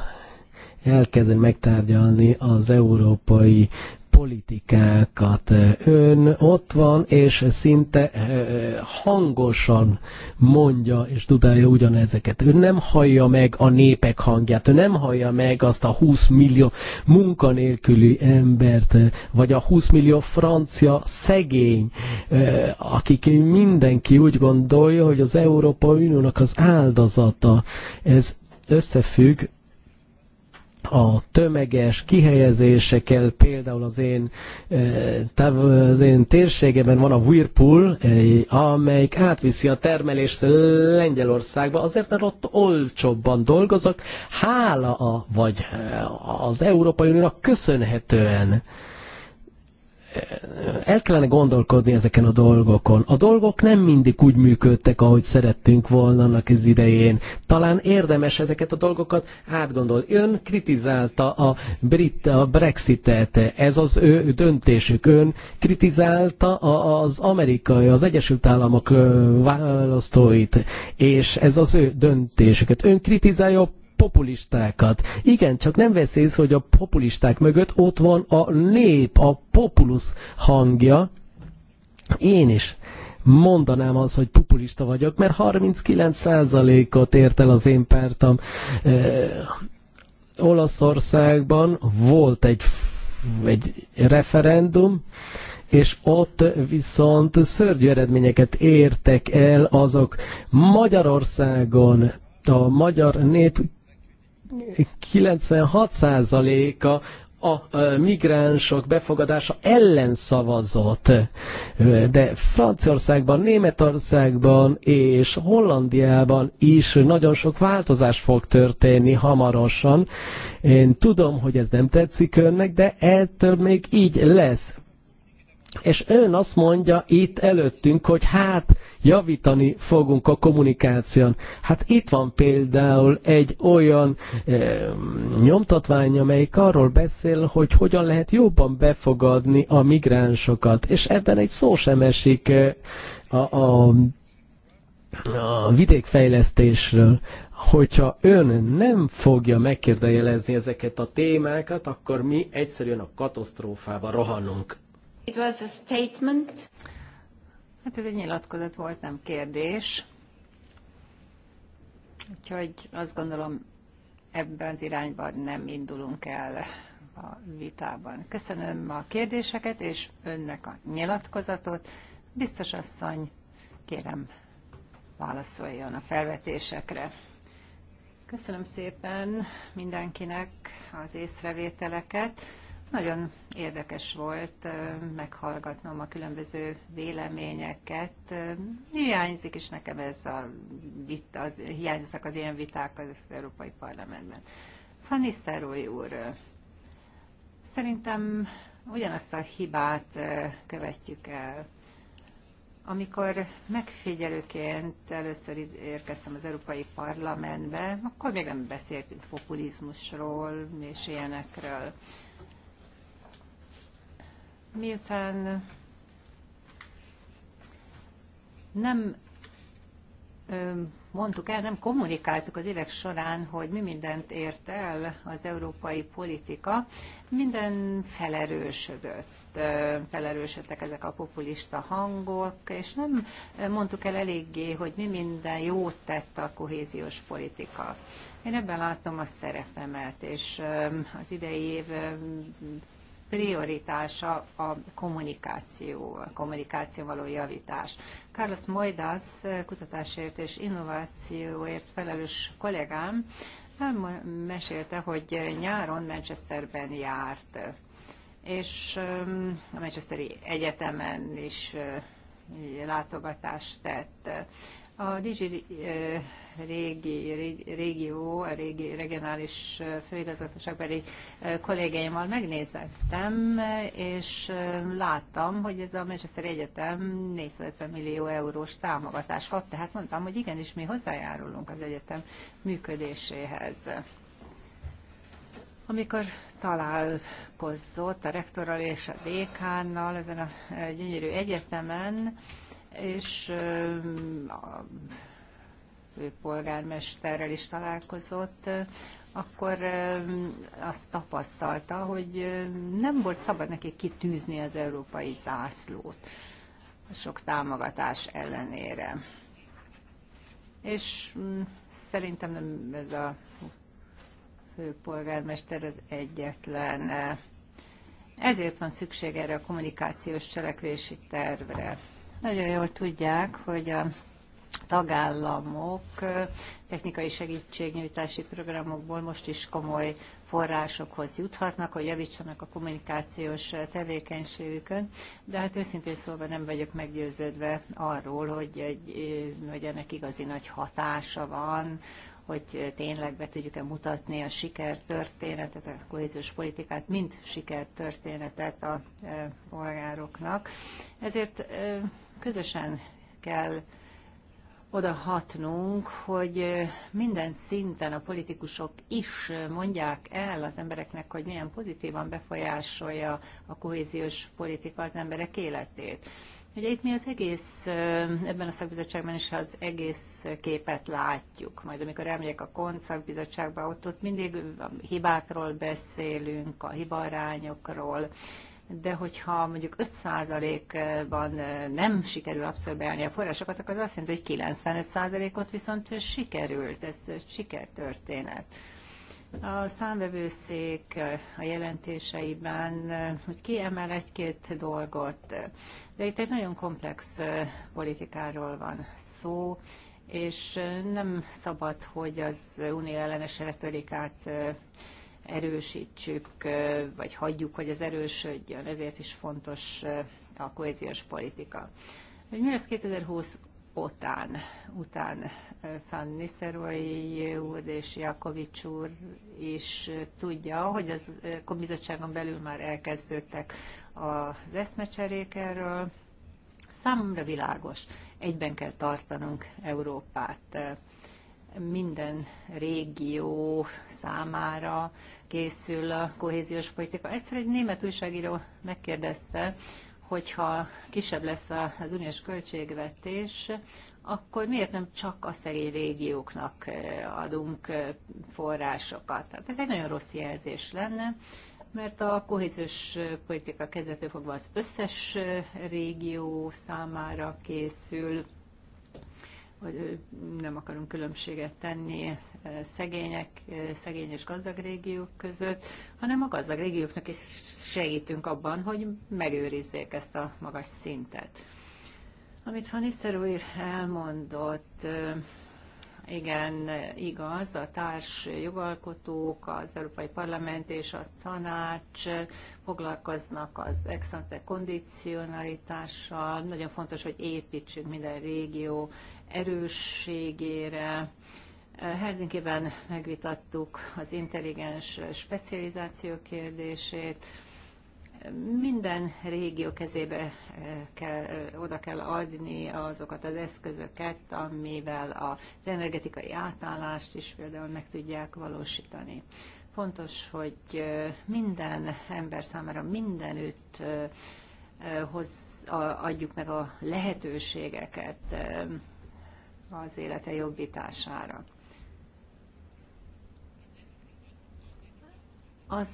elkezdeni megtárgyalni az európai politikákat. Ön ott van, és szinte eh, hangosan mondja és tudálja ugyanezeket. Ön nem hallja meg a népek hangját, ő nem hallja meg azt a 20 millió munkanélküli embert, eh, vagy a 20 millió francia szegény, eh, akik mindenki úgy gondolja, hogy az Európa Uniónak az áldozata. Ez összefügg a tömeges kihelyezésekkel, például az én, eh, táv, az én térségeben van a Whirlpool, eh, amelyik átviszi a termelést Lengyelországba, azért mert ott olcsóbban dolgozok, hála a, vagy eh, az Európai Uniónak köszönhetően el kellene gondolkodni ezeken a dolgokon. A dolgok nem mindig úgy működtek, ahogy szerettünk volna annak az idején. Talán érdemes ezeket a dolgokat átgondolni. Ön kritizálta a, brit, a Brexit-et, ez az ő döntésük. Ön kritizálta az amerikai, az Egyesült Államok választóit, és ez az ő döntésüket. Ön kritizálja a populistákat. Igen, csak nem vesz észre, hogy a populisták mögött ott van a nép, a populusz hangja. Én is mondanám az, hogy populista vagyok, mert 39%-ot ért el az én pártam. Ö, Olaszországban volt egy, egy referendum, és ott viszont szörnyű eredményeket értek el azok Magyarországon a magyar nép 96%-a a migránsok befogadása ellen szavazott. De Franciaországban, Németországban és Hollandiában is nagyon sok változás fog történni hamarosan. Én tudom, hogy ez nem tetszik önnek, de ettől még így lesz. És ön azt mondja itt előttünk, hogy hát javítani fogunk a kommunikáción. Hát itt van például egy olyan e, nyomtatvány, amelyik arról beszél, hogy hogyan lehet jobban befogadni a migránsokat. És ebben egy szó sem esik eh, a, a, a vidékfejlesztésről hogyha ön nem fogja megkérdejelezni ezeket a témákat, akkor mi egyszerűen a katasztrófába rohanunk. It was a statement. Hát ez egy nyilatkozat volt, nem kérdés. Úgyhogy azt gondolom, ebben az irányban nem indulunk el a vitában. Köszönöm a kérdéseket, és önnek a nyilatkozatot. Biztos asszony, kérem, válaszoljon a felvetésekre. Köszönöm szépen mindenkinek az észrevételeket. Nagyon érdekes volt meghallgatnom a különböző véleményeket. Hiányzik is nekem ez a vita, az, hiányoznak az ilyen viták az Európai Parlamentben. Fanisztároly úr, szerintem ugyanazt a hibát követjük el. Amikor megfigyelőként először érkeztem az Európai Parlamentbe, akkor még nem beszéltünk populizmusról és ilyenekről miután nem mondtuk el, nem kommunikáltuk az évek során, hogy mi mindent ért el az európai politika, minden felerősödött felerősödtek ezek a populista hangok, és nem mondtuk el eléggé, hogy mi minden jót tett a kohéziós politika. Én ebben látom a szerepemet, és az idei év prioritása a kommunikáció, a kommunikáció való javítás. Carlos Moidas, kutatásért és innovációért felelős kollégám, mesélte, hogy nyáron Manchesterben járt, és a Manchesteri Egyetemen is látogatást tett. A Dizsi eh, régi, régi, régió, a régi regionális eh, főigazgatóságbeli eh, kollégáimmal megnézettem, és láttam, hogy ez a Manchester Egyetem 450 millió eurós támogatás kap, tehát mondtam, hogy igenis mi hozzájárulunk az egyetem működéséhez. Amikor találkozott a rektorral és a dékánnal ezen a gyönyörű egyetemen, és a polgármesterrel is találkozott, akkor azt tapasztalta, hogy nem volt szabad neki kitűzni az európai zászlót sok támogatás ellenére. És mm, szerintem nem ez a főpolgármester az egyetlen. Ezért van szükség erre a kommunikációs cselekvési tervre. Nagyon jól tudják, hogy a tagállamok technikai segítségnyújtási programokból most is komoly forrásokhoz juthatnak, hogy javítsanak a kommunikációs tevékenységükön, de hát őszintén szólva nem vagyok meggyőződve arról, hogy, egy, hogy ennek igazi nagy hatása van, hogy tényleg be tudjuk-e mutatni a sikertörténetet, a kohéziós politikát, mint sikertörténetet a polgároknak. Ezért közösen kell odahatnunk, hogy minden szinten a politikusok is mondják el az embereknek, hogy milyen pozitívan befolyásolja a kohéziós politika az emberek életét. Ugye itt mi az egész, ebben a szakbizottságban is az egész képet látjuk. Majd amikor elmegyek a KONT szakbizottságba, ott, ott mindig a hibákról beszélünk, a hibarányokról, de hogyha mondjuk 5%-ban nem sikerül abszorbálni a forrásokat, akkor az azt jelenti, hogy 95%-ot viszont sikerült, ez sikertörténet. A számvevőszék a jelentéseiben, hogy kiemel egy-két dolgot, de itt egy nagyon komplex politikáról van szó, és nem szabad, hogy az unió ellenes retorikát erősítsük, vagy hagyjuk, hogy ez erősödjön. Ezért is fontos a kohéziós politika. Hogy mi lesz 2020 után, után Van Niszerói úr és Jakovics úr is tudja, hogy az bizottságon belül már elkezdődtek az eszmecserék erről. Számomra világos, egyben kell tartanunk Európát minden régió számára készül a kohéziós politika. Egyszer egy német újságíró megkérdezte, hogyha kisebb lesz az uniós költségvetés, akkor miért nem csak a szegény régióknak eh, adunk eh, forrásokat? Tehát ez egy nagyon rossz jelzés lenne, mert a kohéziós eh, politika kezdetől fogva az összes régió számára készül, hogy nem akarunk különbséget tenni szegények, szegény és gazdag régiók között, hanem a gazdag régióknak is segítünk abban, hogy megőrizzék ezt a magas szintet. Amit Van úr elmondott, igen, igaz, a társ jogalkotók, az Európai Parlament és a tanács foglalkoznak az ex ante kondicionalitással. Nagyon fontos, hogy építsünk minden régió erősségére. Helsinki-ben megvitattuk az intelligens specializáció kérdését, minden régió kezébe eh, kell, eh, oda kell adni azokat az eszközöket, amivel az energetikai átállást is például meg tudják valósítani. Fontos, hogy eh, minden ember számára mindenütt hoz, adjuk meg a lehetőségeket, az élete jobbítására. Az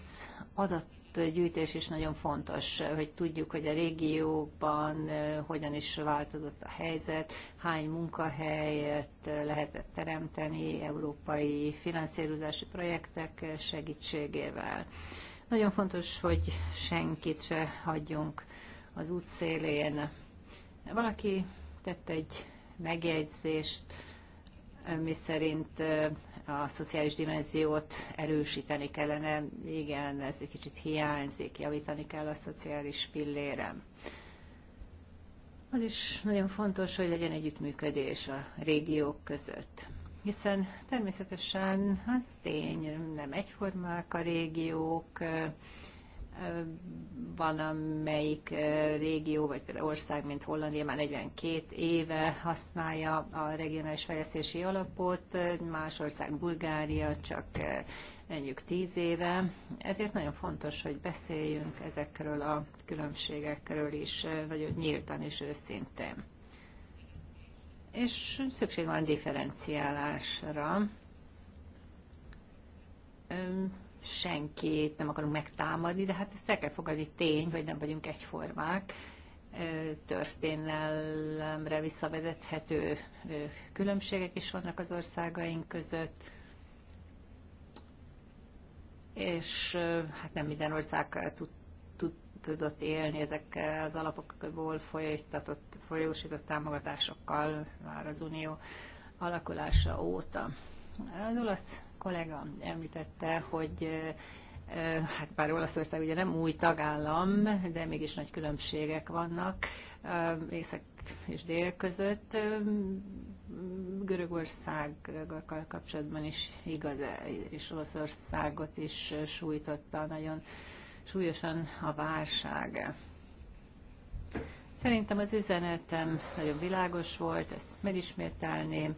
adatgyűjtés is nagyon fontos, hogy tudjuk, hogy a régióban eh, hogyan is változott a helyzet, hány munkahelyet eh, lehetett teremteni európai finanszírozási projektek eh, segítségével. Nagyon fontos, hogy senkit se hagyjunk az útszélén. Valaki tett egy megjegyzést, mi szerint a szociális dimenziót erősíteni kellene. Igen, ez egy kicsit hiányzik, javítani kell a szociális pillérem. Az is nagyon fontos, hogy legyen együttműködés a régiók között. Hiszen természetesen az tény, nem egyformák a régiók, van, amelyik régió, vagy például ország, mint Hollandia már 42 éve használja a regionális fejlesztési alapot, más ország Bulgária csak mondjuk 10 éve. Ezért nagyon fontos, hogy beszéljünk ezekről a különbségekről is, hogy nyíltan és őszintén. És szükség van differenciálásra senkit, nem akarunk megtámadni, de hát ezt el kell fogadni tény, hogy nem vagyunk egyformák. Történelemre visszavezethető különbségek is vannak az országaink között, és hát nem minden ország tud, tud, tudott élni ezek az alapokból folytatott, folyósított támogatásokkal már az unió alakulása óta. Az olasz kollega említette, hogy hát bár Olaszország ugye nem új tagállam, de mégis nagy különbségek vannak észak és dél között. Görögországgal kapcsolatban is igaz, és Olaszországot is sújtotta nagyon súlyosan a válság. Szerintem az üzenetem nagyon világos volt, ezt megismételném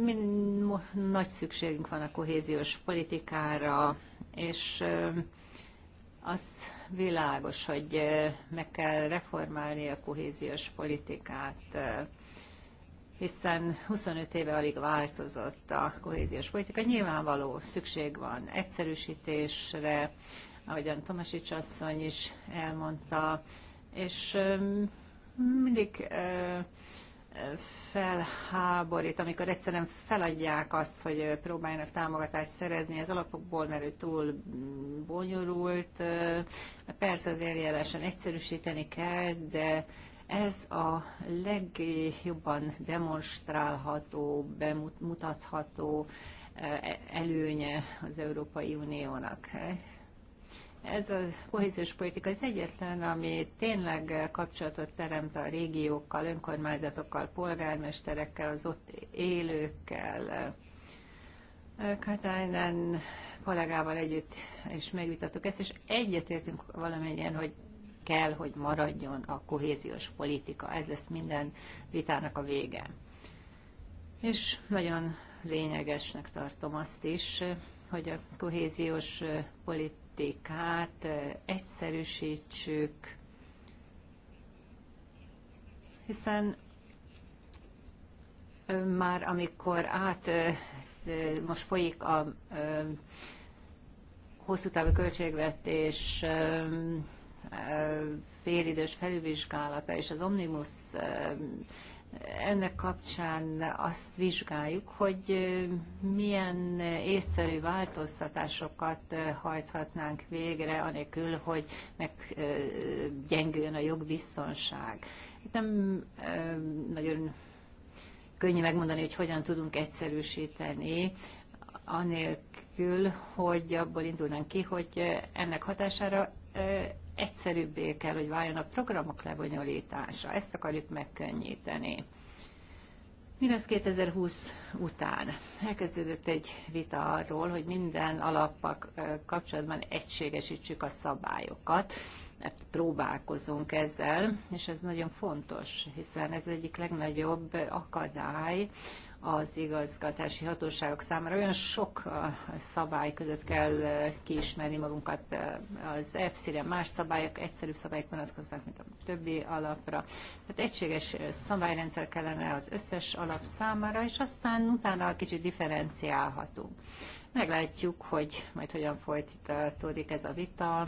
mind, nagy szükségünk van a kohéziós politikára, és az világos, hogy meg kell reformálni a kohéziós politikát, hiszen 25 éve alig változott a kohéziós politika. Nyilvánvaló szükség van egyszerűsítésre, ahogyan Tomasics asszony is elmondta, és mindig felháborít, amikor egyszerűen feladják azt, hogy próbáljanak támogatást szerezni az alapokból, mert ő túl bonyolult. Persze az eljáráson egyszerűsíteni kell, de ez a legjobban demonstrálható, bemutatható előnye az Európai Uniónak ez a kohéziós politika az egyetlen, ami tényleg kapcsolatot teremt a régiókkal, önkormányzatokkal, polgármesterekkel, az ott élőkkel. Katainen kollégával együtt is megvitattuk ezt, és egyetértünk valamennyien, hogy kell, hogy maradjon a kohéziós politika. Ez lesz minden vitának a vége. És nagyon lényegesnek tartom azt is, hogy a kohéziós politika át, egyszerűsítsük, hiszen már amikor át most folyik a hosszú távú költségvetés félidős felülvizsgálata és az omnibus ennek kapcsán azt vizsgáljuk, hogy milyen észszerű változtatásokat hajthatnánk végre, anélkül, hogy meggyengüljön a jogbiztonság. Itt nem nagyon könnyű megmondani, hogy hogyan tudunk egyszerűsíteni, anélkül, hogy abból indulnánk ki, hogy ennek hatására egyszerűbbé kell, hogy váljon a programok lebonyolítása. Ezt akarjuk megkönnyíteni. Mi lesz 2020 után? Elkezdődött egy vita arról, hogy minden alappal kapcsolatban egységesítsük a szabályokat. Mert hát próbálkozunk ezzel, és ez nagyon fontos, hiszen ez egyik legnagyobb akadály az igazgatási hatóságok számára. Olyan sok uh, szabály között kell uh, kiismerni magunkat. Uh, az EFSZ-re más szabályok, egyszerűbb szabályok vonatkoznak, mint a többi alapra. Tehát egységes szabályrendszer kellene az összes alap számára, és aztán utána kicsit differenciálhatunk. Meglátjuk, hogy majd hogyan folytatódik ez a vita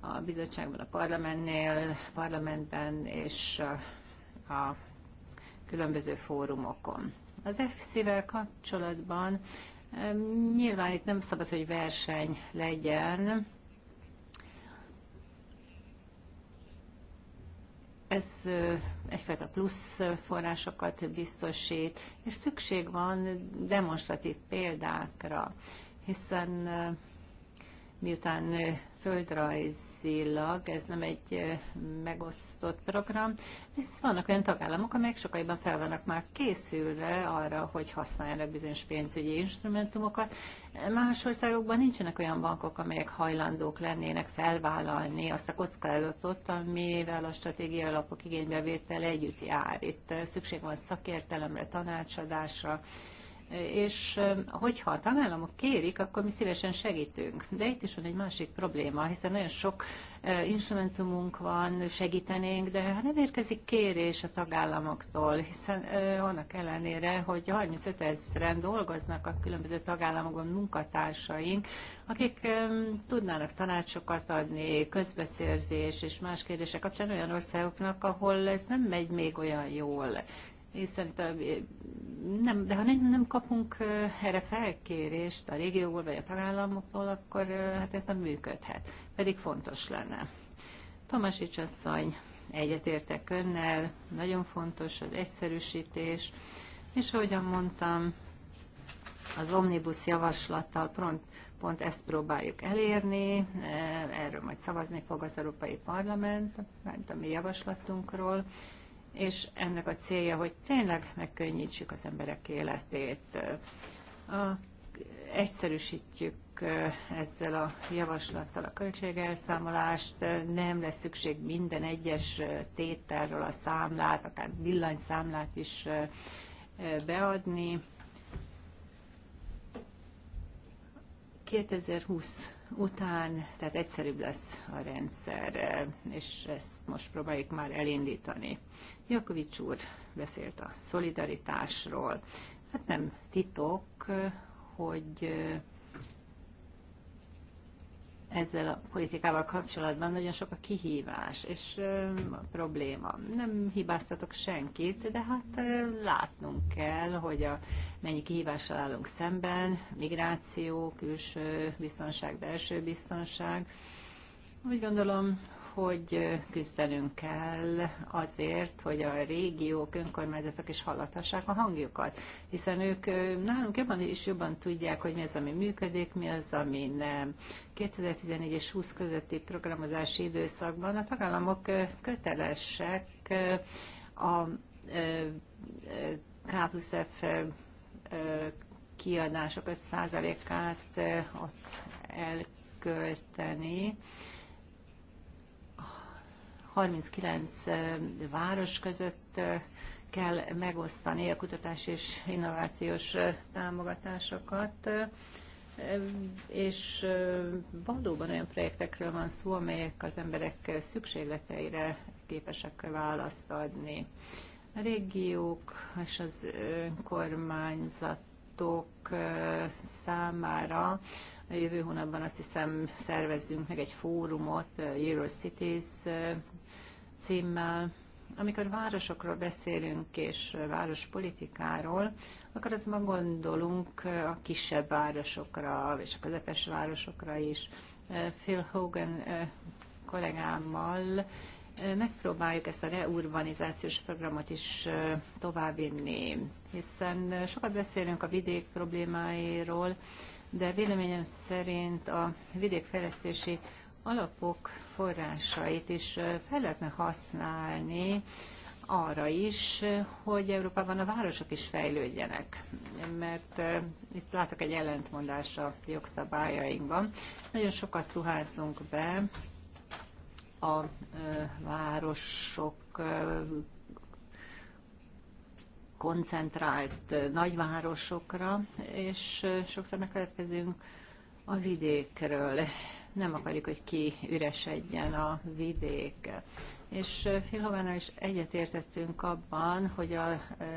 a bizottságban, a parlamentnél, parlamentben és a különböző fórumokon. Az FC-vel kapcsolatban nyilván itt nem szabad, hogy verseny legyen. Ez egyfajta plusz forrásokat biztosít, és szükség van demonstratív példákra, hiszen miután földrajzilag ez nem egy megosztott program, hisz vannak olyan tagállamok, amelyek sokaiban fel vannak már készülve arra, hogy használjanak bizonyos pénzügyi instrumentumokat. Más országokban nincsenek olyan bankok, amelyek hajlandók lennének felvállalni azt a kockázatot, amivel a stratégiai alapok igénybevétele együtt jár. Itt szükség van szakértelemre, tanácsadásra, és hogyha a tagállamok kérik, akkor mi szívesen segítünk. De itt is van egy másik probléma, hiszen nagyon sok instrumentumunk van, segítenénk, de ha nem érkezik kérés a tagállamoktól, hiszen annak ellenére, hogy 35 ezeren dolgoznak a különböző tagállamokban munkatársaink, akik tudnának tanácsokat adni, közbeszerzés és más kérdések kapcsán olyan országoknak, ahol ez nem megy még olyan jól és szerintem nem, de ha nem, nem kapunk erre felkérést a régióból vagy a tagállamokból, akkor hát ez nem működhet, pedig fontos lenne. Tomasics asszony, egyetértek önnel, nagyon fontos az egyszerűsítés, és ahogyan mondtam, az omnibus javaslattal pont, pont ezt próbáljuk elérni, erről majd szavazni fog az Európai Parlament, mert a mi javaslatunkról, és ennek a célja, hogy tényleg megkönnyítsük az emberek életét. A, egyszerűsítjük ezzel a javaslattal a költségelszámolást, nem lesz szükség minden egyes tételről a számlát, akár villanyszámlát is beadni. 2020 után, tehát egyszerűbb lesz a rendszer, és ezt most próbáljuk már elindítani. Jakovics úr beszélt a szolidaritásról. Hát nem titok, hogy ezzel a politikával kapcsolatban nagyon sok a kihívás és a probléma. Nem hibáztatok senkit, de hát látnunk kell, hogy a, mennyi kihívással állunk szemben, migráció, külső biztonság, belső biztonság. Úgy gondolom, hogy küzdenünk kell azért, hogy a régiók, önkormányzatok is hallathassák a hangjukat, hiszen ők nálunk jobban is jobban tudják, hogy mi az, ami működik, mi az, ami nem. 2014 és 20 közötti programozási időszakban a tagállamok kötelesek a K plusz F kiadásokat, százalékát ott elkölteni, 39 város között kell megosztani a kutatás és innovációs támogatásokat, és valóban olyan projektekről van szó, amelyek az emberek szükségleteire képesek választ adni. A régiók és az önkormányzatok számára a jövő hónapban azt hiszem szervezzünk meg egy fórumot, Eurocities címmel. Amikor városokról beszélünk és várospolitikáról, akkor ma gondolunk a kisebb városokra és a közepes városokra is. Phil Hogan kollégámmal megpróbáljuk ezt a reurbanizációs programot is továbbvinni, hiszen sokat beszélünk a vidék problémáiról, de véleményem szerint a vidékfejlesztési alapok forrásait is fel lehetne használni arra is, hogy Európában a városok is fejlődjenek, mert itt látok egy ellentmondás a jogszabályainkban. Nagyon sokat ruházunk be a városok koncentrált nagyvárosokra, és sokszor megfelelkezünk a vidékről nem akarjuk, hogy kiüresedjen a vidék. És Filhovánál eh, is egyetértettünk abban, hogy a eh,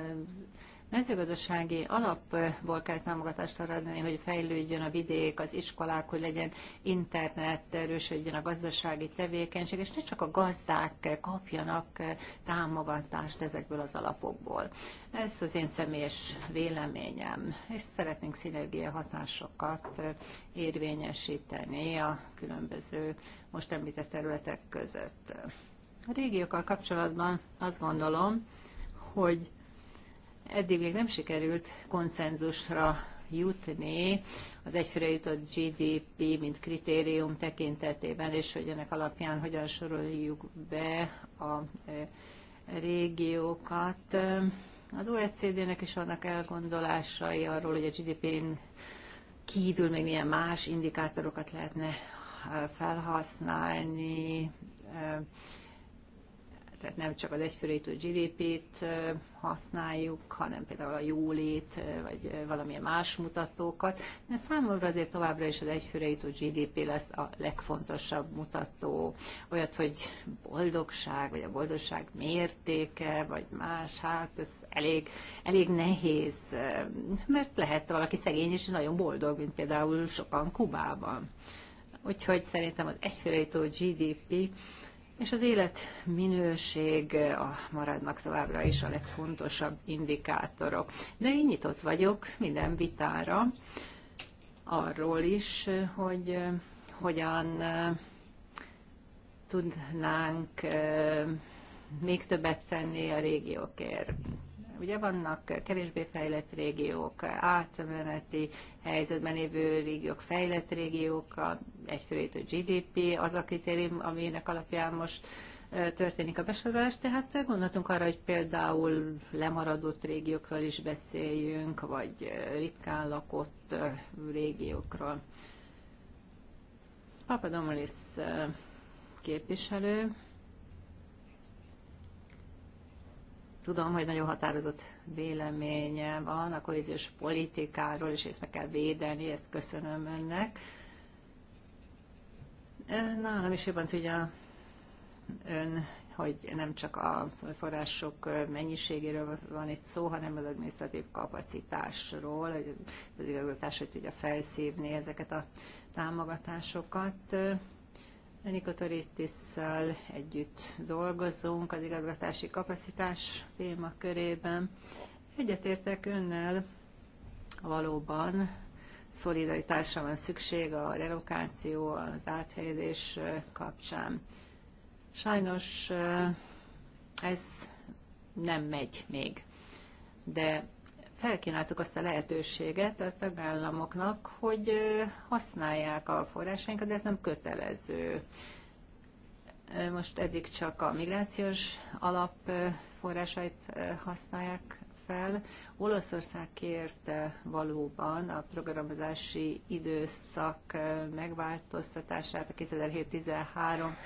mezőgazdasági alapból kell támogatást arra adni, hogy fejlődjön a vidék, az iskolák, hogy legyen internet, erősödjön a gazdasági tevékenység, és ne csak a gazdák kapjanak támogatást ezekből az alapokból. Ez az én személyes véleményem, és szeretnénk szinergia hatásokat érvényesíteni a különböző most említett területek között. A régiókkal kapcsolatban azt gondolom, hogy eddig még nem sikerült konszenzusra jutni az egyfőre jutott GDP, mint kritérium tekintetében, és hogy ennek alapján hogyan soroljuk be a e, régiókat. Az OECD-nek is vannak elgondolásai arról, hogy a GDP-n kívül még milyen más indikátorokat lehetne e, felhasználni, e, tehát nem csak az egyfőrétű GDP-t használjuk, hanem például a jólét, vagy valamilyen más mutatókat, de számomra azért továbbra is az egyfőrétű GDP lesz a legfontosabb mutató, olyat, hogy boldogság, vagy a boldogság mértéke, vagy más, hát ez elég, elég nehéz, mert lehet valaki szegény és nagyon boldog, mint például sokan Kubában. Úgyhogy szerintem az egyfőrétű GDP és az életminőség eh, a, maradnak továbbra is a legfontosabb indikátorok. De én nyitott vagyok minden vitára, arról is, eh, hogy eh, hogyan tudnánk még többet tenni a régiókért. Ugye vannak kevésbé fejlett régiók, átmeneti helyzetben lévő régiók, fejlett régiók, egyfőjét a GDP, az a kritérium, aminek alapján most történik a besorolás, tehát gondoltunk arra, hogy például lemaradott régiókról is beszéljünk, vagy ritkán lakott régiókról. Papadomolis képviselő Tudom, hogy nagyon határozott véleménye van a kohéziós politikáról, és ezt meg kell védeni, ezt köszönöm önnek. Nálam is jobban tudja ön, hogy nem csak a források mennyiségéről van itt szó, hanem az adminisztratív kapacitásról, az igazgatás, hogy tudja felszívni ezeket a támogatásokat. Nikotorítisszal együtt dolgozunk az igazgatási kapacitás témakörében. Egyetértek önnel, valóban szolidaritásra van szükség a relokáció, az áthelyezés kapcsán. Sajnos ez nem megy még, de felkínáltuk azt a lehetőséget a tagállamoknak, hogy használják a forrásainkat, de ez nem kötelező. Most eddig csak a migrációs alap forrásait használják fel. Olaszország kérte valóban a programozási időszak megváltoztatását, a 2013 13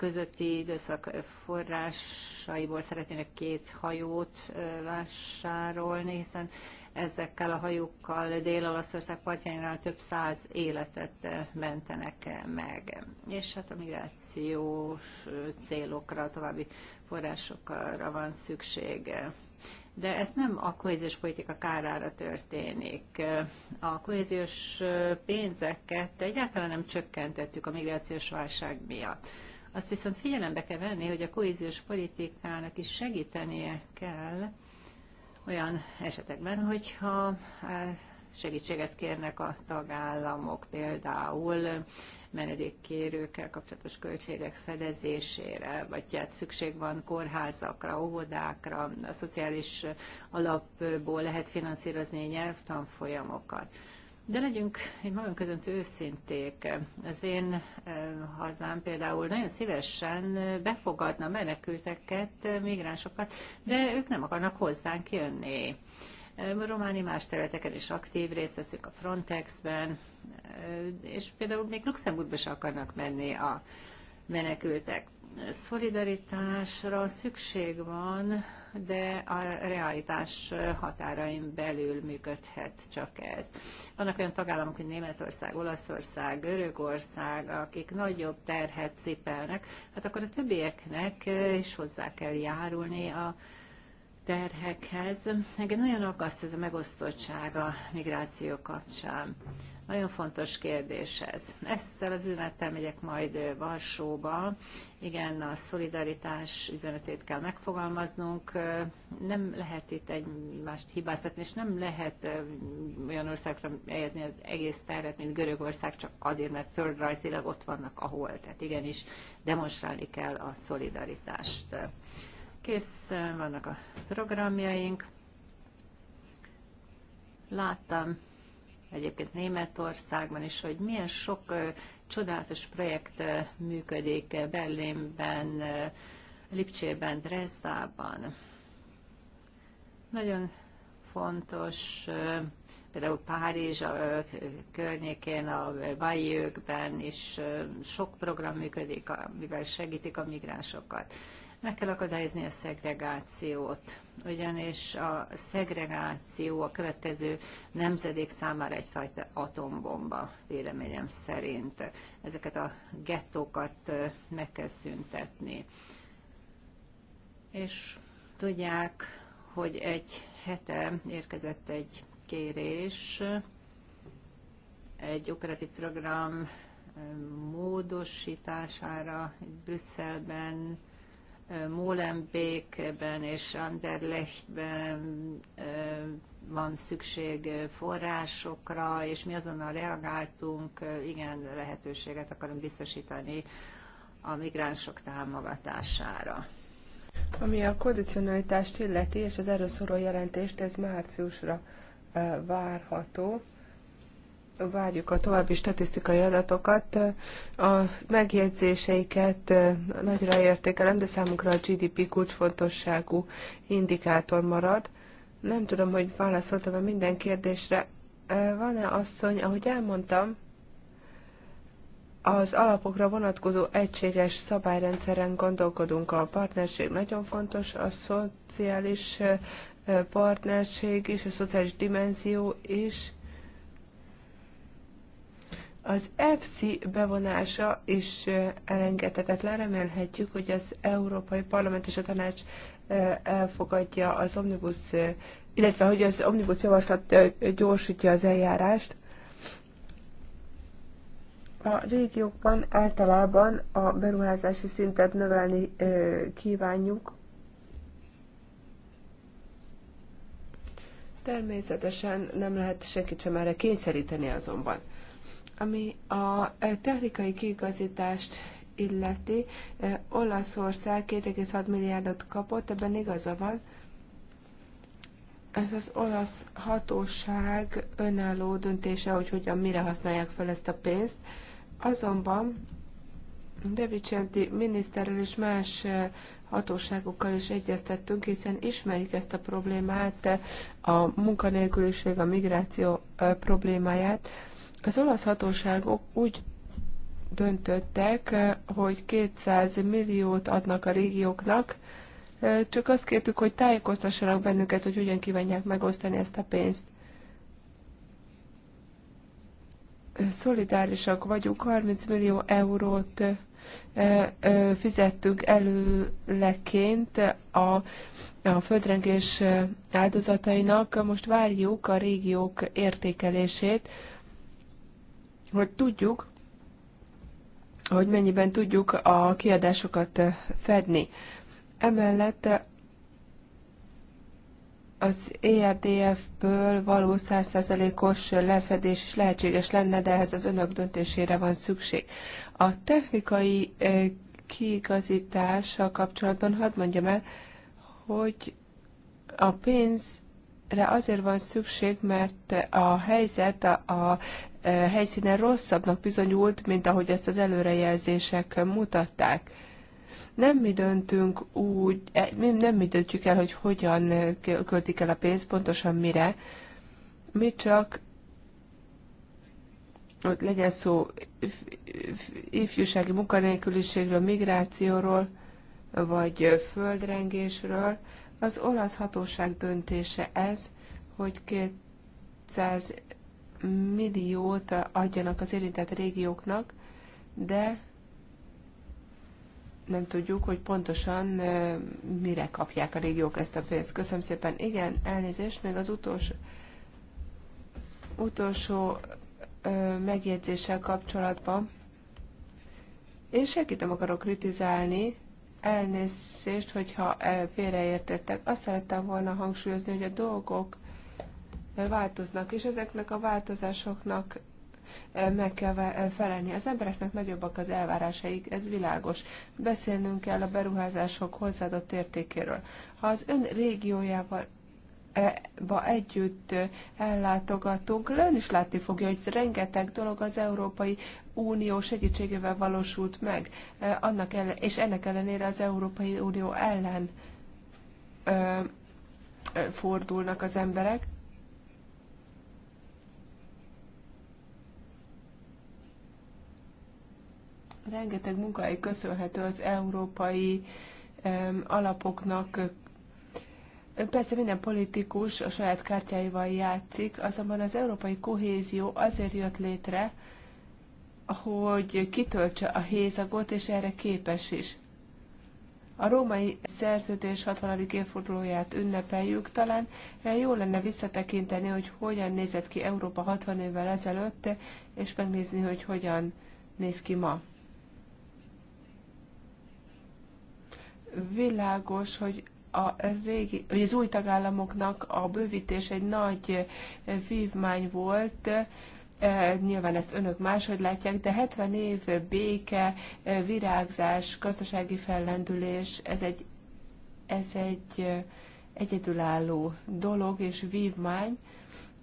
közötti időszak forrásaiból szeretnének két hajót vásárolni, hiszen ezekkel a hajókkal dél alaszország partjainál több száz életet mentenek meg. És hát a migrációs célokra, további forrásokra van szükség. De ez nem a kohéziós politika kárára történik. A kohéziós pénzeket egyáltalán nem csökkentettük a migrációs válság miatt azt viszont figyelembe kell venni, hogy a kohéziós politikának is segítenie kell olyan esetekben, hogyha e, segítséget kérnek a tagállamok például menedékkérőkkel kapcsolatos költségek fedezésére, vagy hát szükség van kórházakra, óvodákra, a szociális alapból lehet finanszírozni nyelvtanfolyamokat. De legyünk egy magam között őszinték. Az én eh, hazám például nagyon szívesen befogadna menekülteket, eh, migránsokat, de ők nem akarnak hozzánk jönni. Eh, románi más területeken is aktív részt veszünk a Frontexben, és például még Luxemburgba is akarnak menni a menekültek. Szolidaritásra szükség van, de a realitás határain belül működhet csak ez. Vannak olyan tagállamok, mint Németország, Olaszország, Görögország, akik nagyobb terhet cipelnek, hát akkor a többieknek is hozzá kell járulni a terhekhez. Engem nagyon akaszt ez a megosztottság a migráció kapcsán. Nagyon fontos kérdés ez. Ezzel az üzenettel megyek majd Varsóba. Igen, a szolidaritás üzenetét kell megfogalmaznunk. Nem lehet itt egymást hibáztatni, és nem lehet olyan országra helyezni az egész tervet, mint Görögország, csak azért, mert földrajzilag ott vannak, ahol. Tehát igenis demonstrálni kell a szolidaritást. Kész vannak a programjaink. Láttam egyébként Németországban is, hogy milyen sok csodálatos projekt működik Berlinben, Lipcsében, Dresdában. Nagyon fontos, például Párizs a környékén, a Bayeux-ben is sok program működik, amivel segítik a migránsokat. Meg kell akadályozni a szegregációt, ugyanis a szegregáció a következő nemzedék számára egyfajta atombomba, véleményem szerint. Ezeket a gettókat meg kell szüntetni. És tudják, hogy egy hete érkezett egy kérés, egy operatív program módosítására Brüsszelben Molenbeekben és Anderlechtben van szükség forrásokra, és mi azonnal reagáltunk, igen, lehetőséget akarunk biztosítani a migránsok támogatására. Ami a kondicionalitást illeti, és az erről szóló jelentést, ez márciusra várható várjuk a további statisztikai adatokat. A megjegyzéseiket nagyra értékelem, de számunkra a GDP kulcsfontosságú indikátor marad. Nem tudom, hogy válaszoltam-e minden kérdésre. Van-e asszony, ahogy elmondtam, az alapokra vonatkozó egységes szabályrendszeren gondolkodunk. A partnerség nagyon fontos, a szociális partnerség és a szociális dimenzió is az FC bevonása is elengedhetetlen. Remélhetjük, hogy az Európai Parlament és a Tanács elfogadja az omnibus, illetve hogy az omnibus javaslat gyorsítja az eljárást. A régiókban általában a beruházási szintet növelni kívánjuk. Természetesen nem lehet senkit sem erre kényszeríteni azonban. Ami a e, technikai kiigazítást illeti, e, Olaszország 2,6 milliárdot kapott, ebben igaza van. Ez az olasz hatóság önálló döntése, hogy hogyan, mire használják fel ezt a pénzt. Azonban De Vicenti miniszterrel és más e, hatóságokkal is egyeztettünk, hiszen ismerik ezt a problémát, a munkanélküliség, a migráció problémáját, az olasz hatóságok úgy döntöttek, hogy 200 milliót adnak a régióknak, csak azt kértük, hogy tájékoztassanak bennünket, hogy hogyan kívánják megosztani ezt a pénzt. Szolidárisak vagyunk, 30 millió eurót eh, eh, fizettünk előleként a, a földrengés áldozatainak. Most várjuk a régiók értékelését, hogy tudjuk, hogy mennyiben tudjuk a kiadásokat eh, fedni. Emellett eh, az ERDF-ből való százszerzelékos lefedés is lehetséges lenne, de ehhez az önök döntésére van szükség. A technikai eh, kiigazítással kapcsolatban hadd mondjam el, hogy a pénzre azért van szükség, mert a helyzet a, a helyszínen rosszabbnak bizonyult, mint ahogy ezt az előrejelzések mutatták. Nem mi döntünk úgy, e, nem mi döntjük el, hogy hogyan költik el a pénzt, pontosan mire. Mi csak hogy legyen szó ifjúsági munkanélküliségről, migrációról, vagy földrengésről. Az olasz hatóság döntése ez, hogy 200 milliót adjanak az érintett régióknak, de nem tudjuk, hogy pontosan mire kapják a régiók ezt a pénzt. Köszönöm szépen. Igen, elnézést, még az utolsó, utolsó megjegyzéssel kapcsolatban. Én senkit nem akarok kritizálni, elnézést, hogyha félreértettek. Azt szerettem volna hangsúlyozni, hogy a dolgok változnak, és ezeknek a változásoknak eh, meg kell eh, felelni. Az embereknek nagyobbak az elvárásaik, ez világos. Beszélnünk kell a beruházások hozzáadott értékéről. Ha az ön régiójával ba eh, együtt ellátogatunk, ön is látni fogja, hogy rengeteg dolog az Európai Unió segítségével valósult meg, annak ellen, és ennek ellenére az Európai Unió ellen ö, fordulnak az emberek. Rengeteg munkahely köszönhető az európai alapoknak. Persze minden politikus a saját kártyáival játszik, azonban az európai kohézió azért jött létre, hogy kitöltse a hézagot, és erre képes is. A római szerződés 60. évfordulóját ünnepeljük, talán eh, jó lenne visszatekinteni, hogy hogyan nézett ki Európa 60 évvel ezelőtt, és megnézni, hogy hogyan néz ki ma. világos, hogy a régi, vagy az új tagállamoknak a bővítés egy nagy eh, vívmány volt, eh, nyilván ezt önök máshogy látják, de 70 év béke, eh, virágzás, gazdasági fellendülés, ez egy, ez egy egyedülálló dolog és vívmány.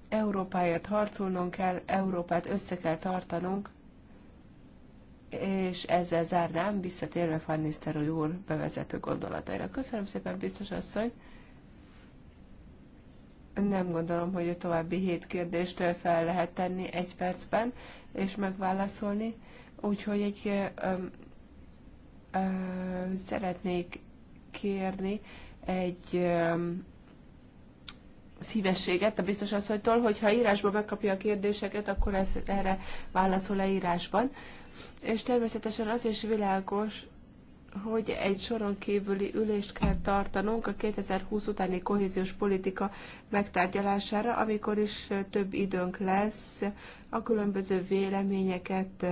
Európáért harcolnunk kell, Európát össze kell tartanunk, és ezzel zárnám, visszatérve Van Nisztelrooy úr bevezető gondolataira. Köszönöm szépen, biztos asszony! Nem gondolom, hogy a további hét kérdést fel lehet tenni egy percben, és megválaszolni. Úgyhogy egy ö, ö, szeretnék kérni egy ö, szívességet a biztos asszonytól, hogyha írásban megkapja a kérdéseket, akkor ez, erre válaszol-e írásban. És természetesen az is világos, hogy egy soron kívüli ülést kell tartanunk a 2020 utáni kohéziós politika megtárgyalására, amikor is több időnk lesz a különböző véleményeket,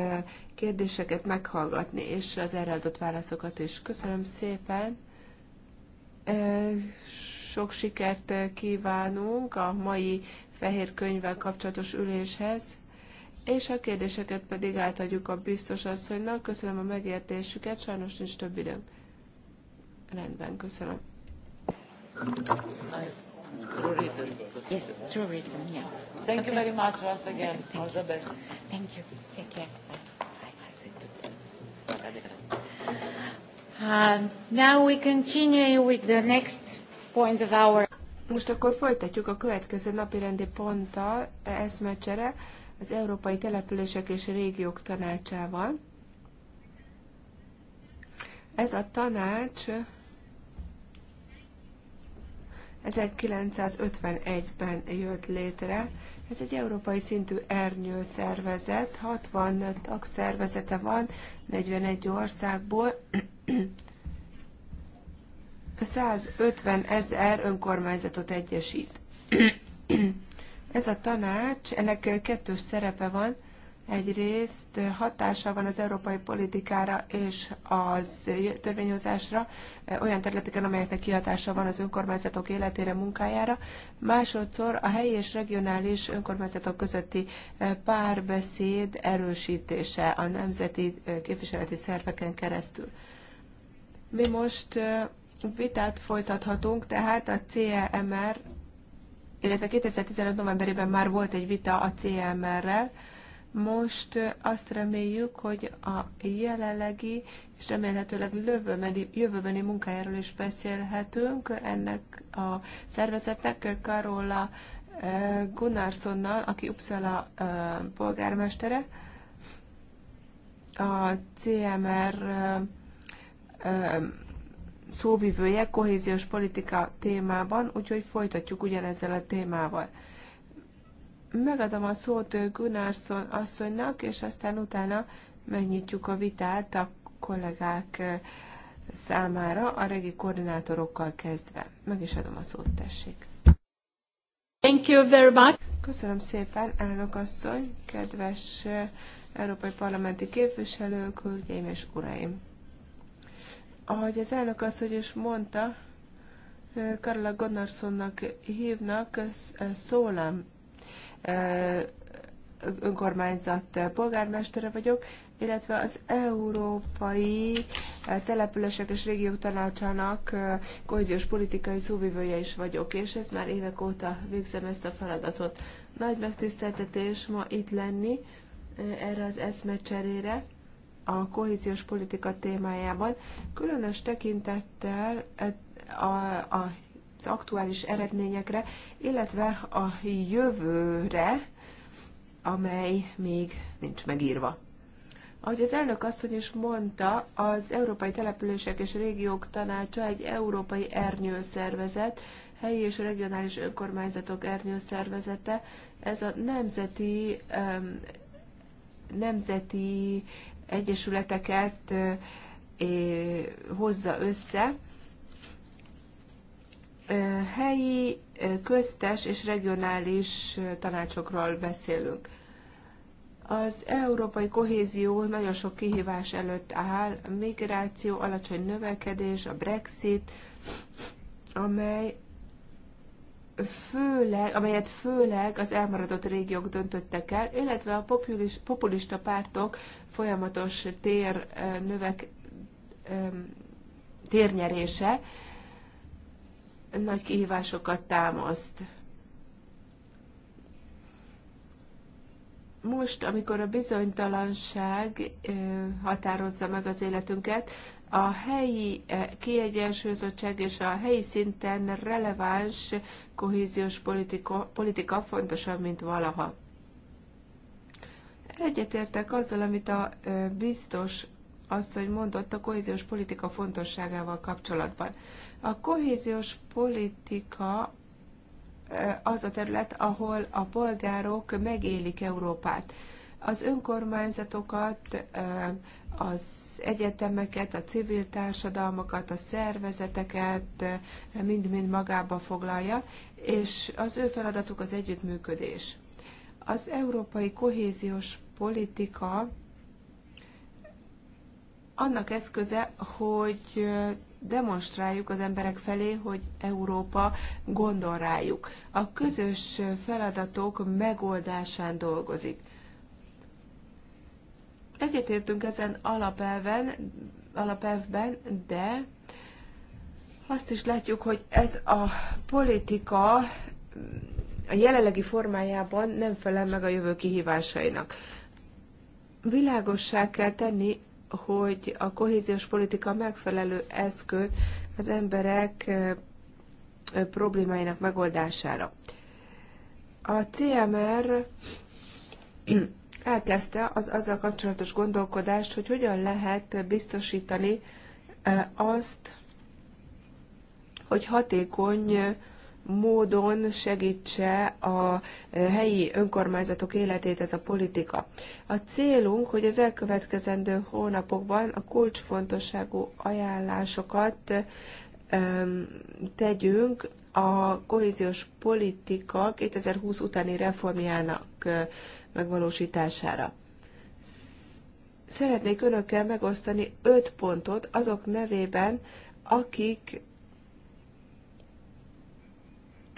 kérdéseket meghallgatni, és az erre adott válaszokat is. Köszönöm szépen! Sok sikert kívánunk a mai fehér könyvvel kapcsolatos üléshez és a kérdéseket pedig átadjuk a biztos asszonynak. Köszönöm a megértésüket, sajnos nincs több időnk. Rendben, köszönöm. Yes, true reason, Thank you very much once again. All the best. Thank you. Take care. Uh, now we continue with the next point of our... Most akkor folytatjuk a következő napi rendi ponttal eszmecsere az Európai Települések és Régiók Tanácsával. Ez a tanács 1951-ben jött létre. Ez egy európai szintű ernyő szervezet, 60 tagszervezete van, 41 országból. 150 ezer önkormányzatot egyesít. Ez a tanács, ennek kettős szerepe van. Egyrészt hatása van az európai politikára és az törvényhozásra olyan területeken, amelyeknek kihatása van az önkormányzatok életére, munkájára. Másodszor a helyi és regionális önkormányzatok közötti párbeszéd erősítése a nemzeti képviseleti szerveken keresztül. Mi most vitát folytathatunk, tehát a CEMR illetve 2015 novemberében már volt egy vita a CMR-rel, most azt reméljük, hogy a jelenlegi és remélhetőleg jövőbeni, munkájáról is beszélhetünk ennek a szervezetnek, Karola Gunnarssonnal, aki Uppsala polgármestere. A CMR szóvivője kohéziós politika témában, úgyhogy folytatjuk ugyanezzel a témával. Megadom a szót Gunnarsson asszonynak, és aztán utána megnyitjuk a vitát a kollégák számára, a regi koordinátorokkal kezdve. Meg is adom a szót, tessék. Thank you very much. Köszönöm szépen, elnök asszony, kedves európai parlamenti képviselők, hölgyeim és uraim! Ahogy az elnök hogy is mondta, Karla Gunnarssonnak hívnak, szólam, önkormányzat polgármestere vagyok, illetve az Európai Települések és Régiók Tanácsának kohéziós politikai szóvivője is vagyok, és ez már évek óta végzem ezt a feladatot. Nagy megtiszteltetés ma itt lenni erre az eszmecserére a kohéziós politika témájában, különös tekintettel a, a, az aktuális eredményekre, illetve a jövőre, amely még nincs megírva. Ahogy az elnök asszony is mondta, az Európai Települések és Régiók Tanácsa egy európai ernyőszervezet, helyi és regionális önkormányzatok ernyőszervezete. Ez a nemzeti, nemzeti egyesületeket hozza össze, helyi, köztes és regionális tanácsokról beszélünk. Az európai kohézió nagyon sok kihívás előtt áll, a migráció, alacsony növekedés, a Brexit, amely főleg, amelyet főleg az elmaradott régiók döntöttek el, illetve a populis, populista pártok folyamatos tér növek, térnyerése nagy kihívásokat támaszt. Most, amikor a bizonytalanság határozza meg az életünket, a helyi eh, kiegyensúlyozottság és a helyi szinten releváns kohéziós politika, politika fontosabb, mint valaha. Egyetértek azzal, amit a eh, biztos hogy mondott a kohéziós politika fontosságával kapcsolatban. A kohéziós politika eh, az a terület, ahol a polgárok megélik Európát. Az önkormányzatokat, az egyetemeket, a civil társadalmakat, a szervezeteket eh, mind-mind magába foglalja, és az ő feladatuk az együttműködés. Az európai kohéziós politika annak eszköze, hogy eh, demonstráljuk az emberek felé, hogy Európa gondol rájuk. A közös eh, feladatok megoldásán dolgozik. Egyetértünk ezen alapelven, alapelvben, de azt is látjuk, hogy ez a politika a jelenlegi formájában nem felel meg a jövő kihívásainak. Világossá kell tenni, hogy a kohéziós politika megfelelő eszköz az emberek problémáinak megoldására. A CMR elkezdte az azzal kapcsolatos gondolkodást, hogy hogyan lehet biztosítani azt, hogy hatékony módon segítse a helyi önkormányzatok életét ez a politika. A célunk, hogy az elkövetkezendő hónapokban a kulcsfontosságú ajánlásokat tegyünk a kohéziós politika 2020 utáni reformjának megvalósítására. Szeretnék önökkel megosztani öt pontot azok nevében, akik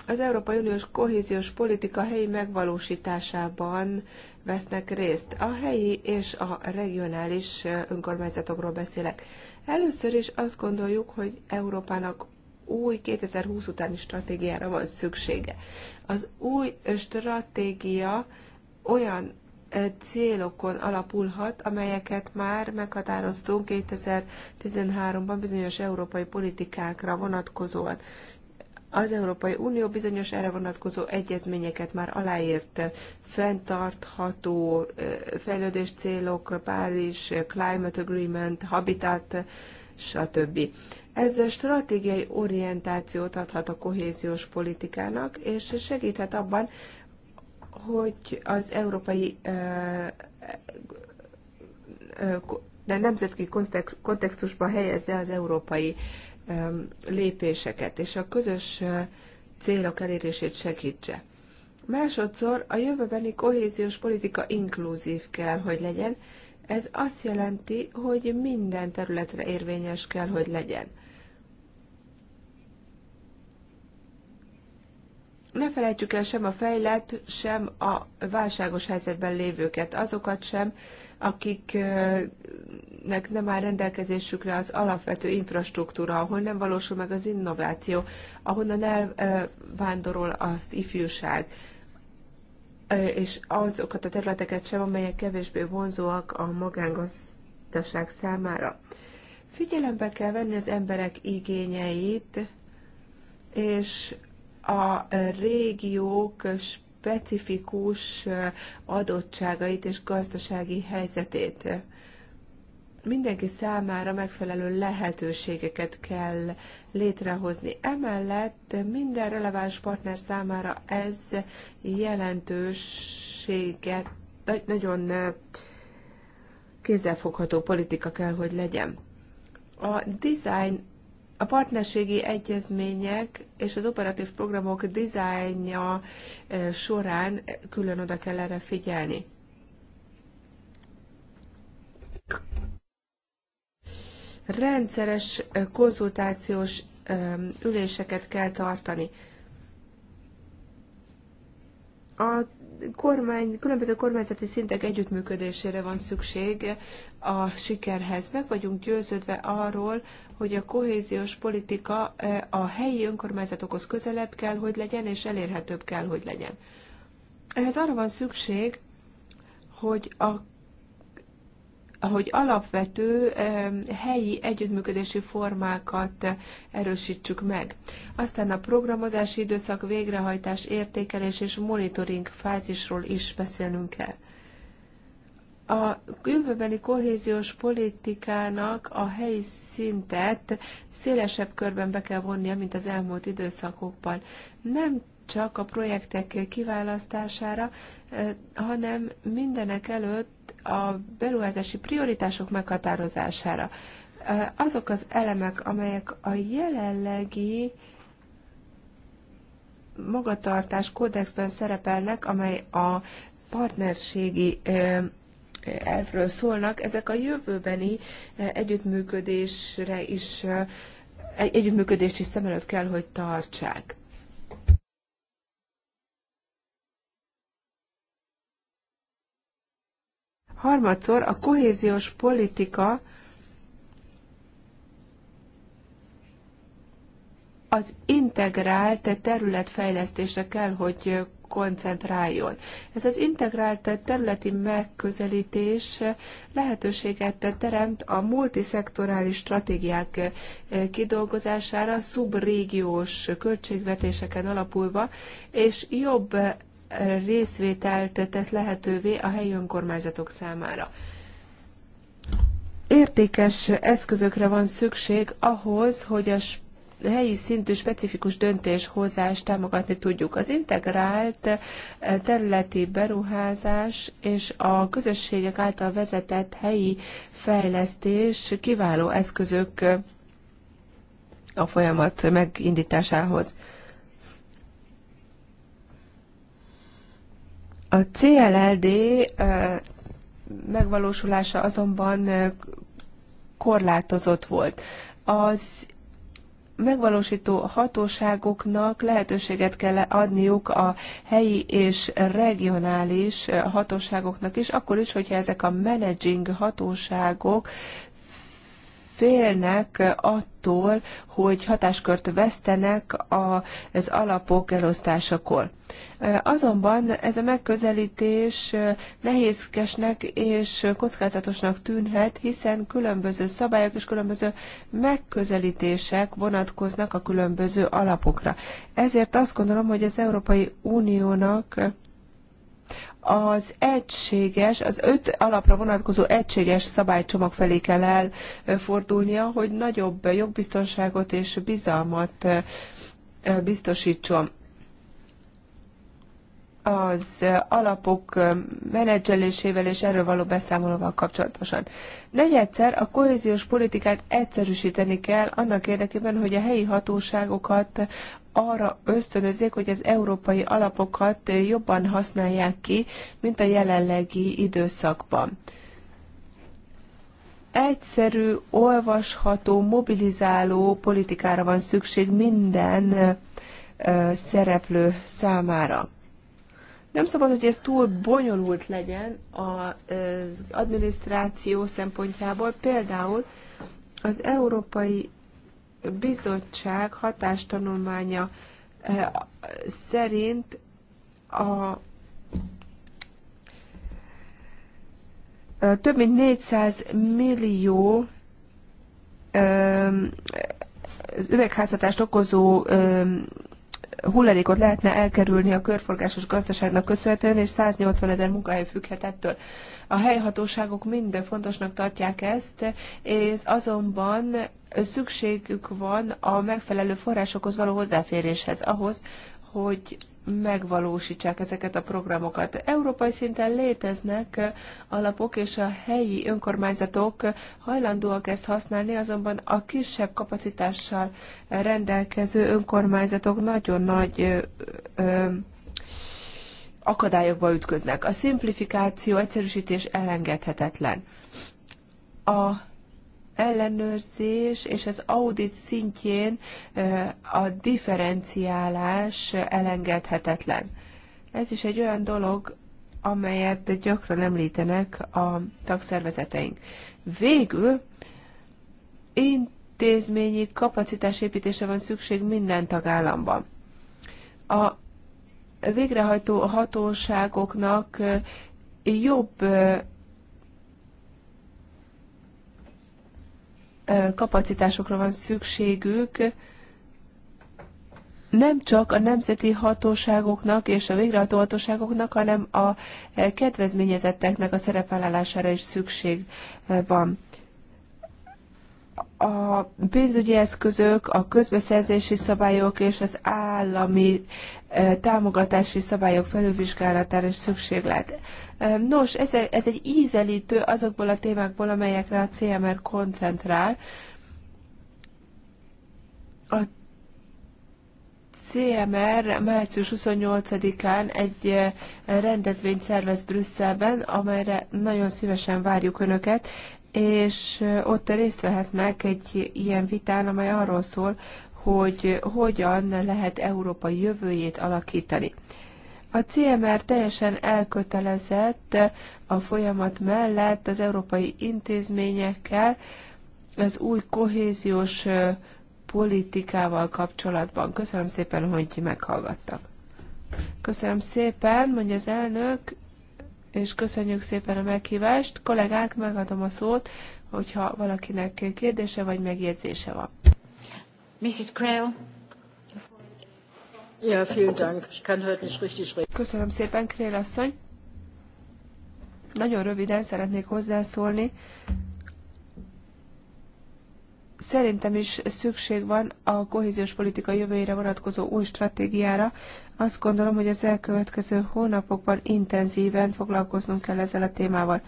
az Európai Uniós kohéziós politika helyi megvalósításában vesznek részt. A helyi és a regionális önkormányzatokról beszélek. Először is azt gondoljuk, hogy Európának új 2020 utáni stratégiára van szüksége. Az új stratégia olyan célokon alapulhat, amelyeket már meghatároztunk 2013-ban bizonyos európai politikákra vonatkozóan. Az Európai Unió bizonyos erre vonatkozó egyezményeket már aláírt fenntartható fejlődés célok, Párizs, Climate Agreement, Habitat, stb. Ez stratégiai orientációt adhat a kohéziós politikának, és segíthet abban, hogy az európai de nemzetközi kontextusba helyezze az európai lépéseket, és a közös célok elérését segítse. Másodszor a jövőbeni kohéziós politika inkluzív kell, hogy legyen. Ez azt jelenti, hogy minden területre érvényes kell, hogy legyen. ne felejtsük el sem a fejlett, sem a válságos helyzetben lévőket, azokat sem, akiknek nem áll rendelkezésükre az alapvető infrastruktúra, ahol nem valósul meg az innováció, ahonnan elvándorol az ifjúság, és azokat a területeket sem, amelyek kevésbé vonzóak a magángazdaság számára. Figyelembe kell venni az emberek igényeit, és a régiók specifikus adottságait és gazdasági helyzetét. Mindenki számára megfelelő lehetőségeket kell létrehozni. Emellett minden releváns partner számára ez jelentőséget, nagyon kézzelfogható politika kell, hogy legyen. A design a partnerségi egyezmények és az operatív programok dizájnja eh, során eh, külön oda kell erre figyelni. Rendszeres eh, konzultációs üléseket kell tartani. Az kormány, különböző kormányzati szintek együttműködésére van szükség a sikerhez. Meg vagyunk győződve arról, hogy a kohéziós politika eh, a helyi önkormányzatokhoz közelebb kell, hogy legyen, és elérhetőbb kell, hogy legyen. Ehhez arra van szükség, hogy a hogy alapvető helyi együttműködési formákat erősítsük meg. Aztán a programozási időszak végrehajtás, értékelés és monitoring fázisról is beszélnünk kell. A jövőbeni kohéziós politikának a helyi szintet szélesebb körben be kell vonnia, mint az elmúlt időszakokban. Nem csak a projektek kiválasztására, hanem mindenek előtt a beruházási prioritások meghatározására. Azok az elemek, amelyek a jelenlegi magatartás kódexben szerepelnek, amely a partnerségi elvről szólnak, ezek a jövőbeni együttműködésre is, együttműködést is szem előtt kell, hogy tartsák. Harmadszor a kohéziós politika az integrált területfejlesztésre kell, hogy koncentráljon. Ez az integrált területi megközelítés lehetőséget teremt a multiszektorális stratégiák kidolgozására, szubrégiós költségvetéseken alapulva, és jobb részvételt tesz lehetővé a helyi önkormányzatok számára. Értékes eszközökre van szükség ahhoz, hogy a helyi szintű specifikus döntéshozást támogatni tudjuk. Az integrált eh, területi beruházás és a közösségek által vezetett helyi fejlesztés kiváló eszközök eh, a folyamat megindításához. A CLLD megvalósulása azonban korlátozott volt. Az megvalósító hatóságoknak lehetőséget kell adniuk a helyi és regionális hatóságoknak is, akkor is, hogyha ezek a managing hatóságok félnek attól, attól, hogy hatáskört vesztenek az alapok elosztásakor. Azonban ez a megközelítés nehézkesnek és kockázatosnak tűnhet, hiszen különböző szabályok és különböző megközelítések vonatkoznak a különböző alapokra. Ezért azt gondolom, hogy az Európai Uniónak az egységes, az öt alapra vonatkozó egységes szabálycsomag felé kell elfordulnia, hogy nagyobb jogbiztonságot és bizalmat biztosítson az alapok menedzselésével és erről való beszámolóval kapcsolatosan. Negyedszer a kohéziós politikát egyszerűsíteni kell annak érdekében, hogy a helyi hatóságokat arra ösztönözzék, hogy az európai alapokat jobban használják ki, mint a jelenlegi időszakban. Egyszerű, olvasható, mobilizáló politikára van szükség minden szereplő számára. Nem szabad, hogy ez túl bonyolult legyen az adminisztráció szempontjából. Például az európai bizottság hatástanulmánya eh, szerint a eh, több mint 400 millió eh, üvegházhatást okozó hulladékot lehetne elkerülni a körforgásos gazdaságnak köszönhetően, és 180 ezer munkahely függhet ettől. A helyhatóságok mind fontosnak tartják ezt, és azonban szükségük van a megfelelő forrásokhoz való hozzáféréshez ahhoz, hogy megvalósítsák ezeket a programokat. Európai szinten léteznek alapok, és a helyi önkormányzatok hajlandóak ezt használni, azonban a kisebb kapacitással rendelkező önkormányzatok nagyon nagy akadályokba ütköznek. A szimplifikáció, egyszerűsítés elengedhetetlen. A ellenőrzés és az audit szintjén a differenciálás elengedhetetlen. Ez is egy olyan dolog, amelyet gyakran említenek a tagszervezeteink. Végül intézményi kapacitásépítése van szükség minden tagállamban. A végrehajtó hatóságoknak jobb kapacitásokra van szükségük, nem csak a nemzeti hatóságoknak és a végrehajtó hatóságoknak, hanem a e, kedvezményezetteknek a szerepvállalására is szükség e, van a pénzügyi eszközök, a közbeszerzési szabályok és az állami e, támogatási szabályok felülvizsgálatára is szükség lehet. E, nos, ez, ez egy ízelítő azokból a témákból, amelyekre a CMR koncentrál. A CMR március 28-án egy e, rendezvényt szervez Brüsszelben, amelyre nagyon szívesen várjuk Önöket, és ott részt vehetnek egy ilyen vitán, amely arról szól, hogy hogyan lehet Európa jövőjét alakítani. A CMR teljesen elkötelezett a folyamat mellett az európai intézményekkel, az új kohéziós politikával kapcsolatban. Köszönöm szépen, hogy meghallgattak. Köszönöm szépen, mondja az elnök, és köszönjük szépen a meghívást. Kollégák, megadom a szót, hogyha valakinek kérdése vagy megjegyzése van. Mrs. Krell. Ja, vielen Dank. Ich kann heute nicht richtig reden. Köszönöm szépen, Krél asszony. Nagyon röviden szeretnék hozzászólni szerintem is szükség van a kohéziós politika jövőjére vonatkozó új stratégiára. Azt gondolom, hogy az elkövetkező hónapokban intenzíven foglalkoznunk kell ezzel a témával.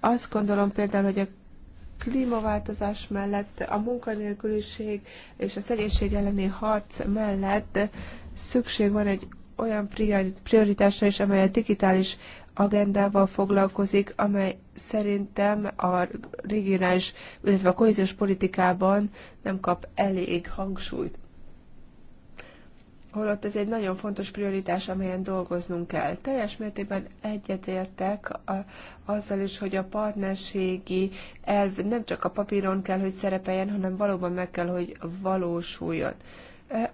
Azt gondolom például, hogy a klímaváltozás mellett, a munkanélküliség és a szegénység elleni harc mellett szükség van egy olyan prioritásra is, amely a digitális agendával foglalkozik, amely szerintem a regionális, illetve a kohéziós politikában nem kap elég hangsúlyt. Holott ez egy nagyon fontos prioritás, amelyen dolgoznunk kell. Teljes mértékben egyetértek azzal is, hogy a partnerségi elv nem csak a papíron kell, hogy szerepeljen, hanem valóban meg kell, hogy valósuljon.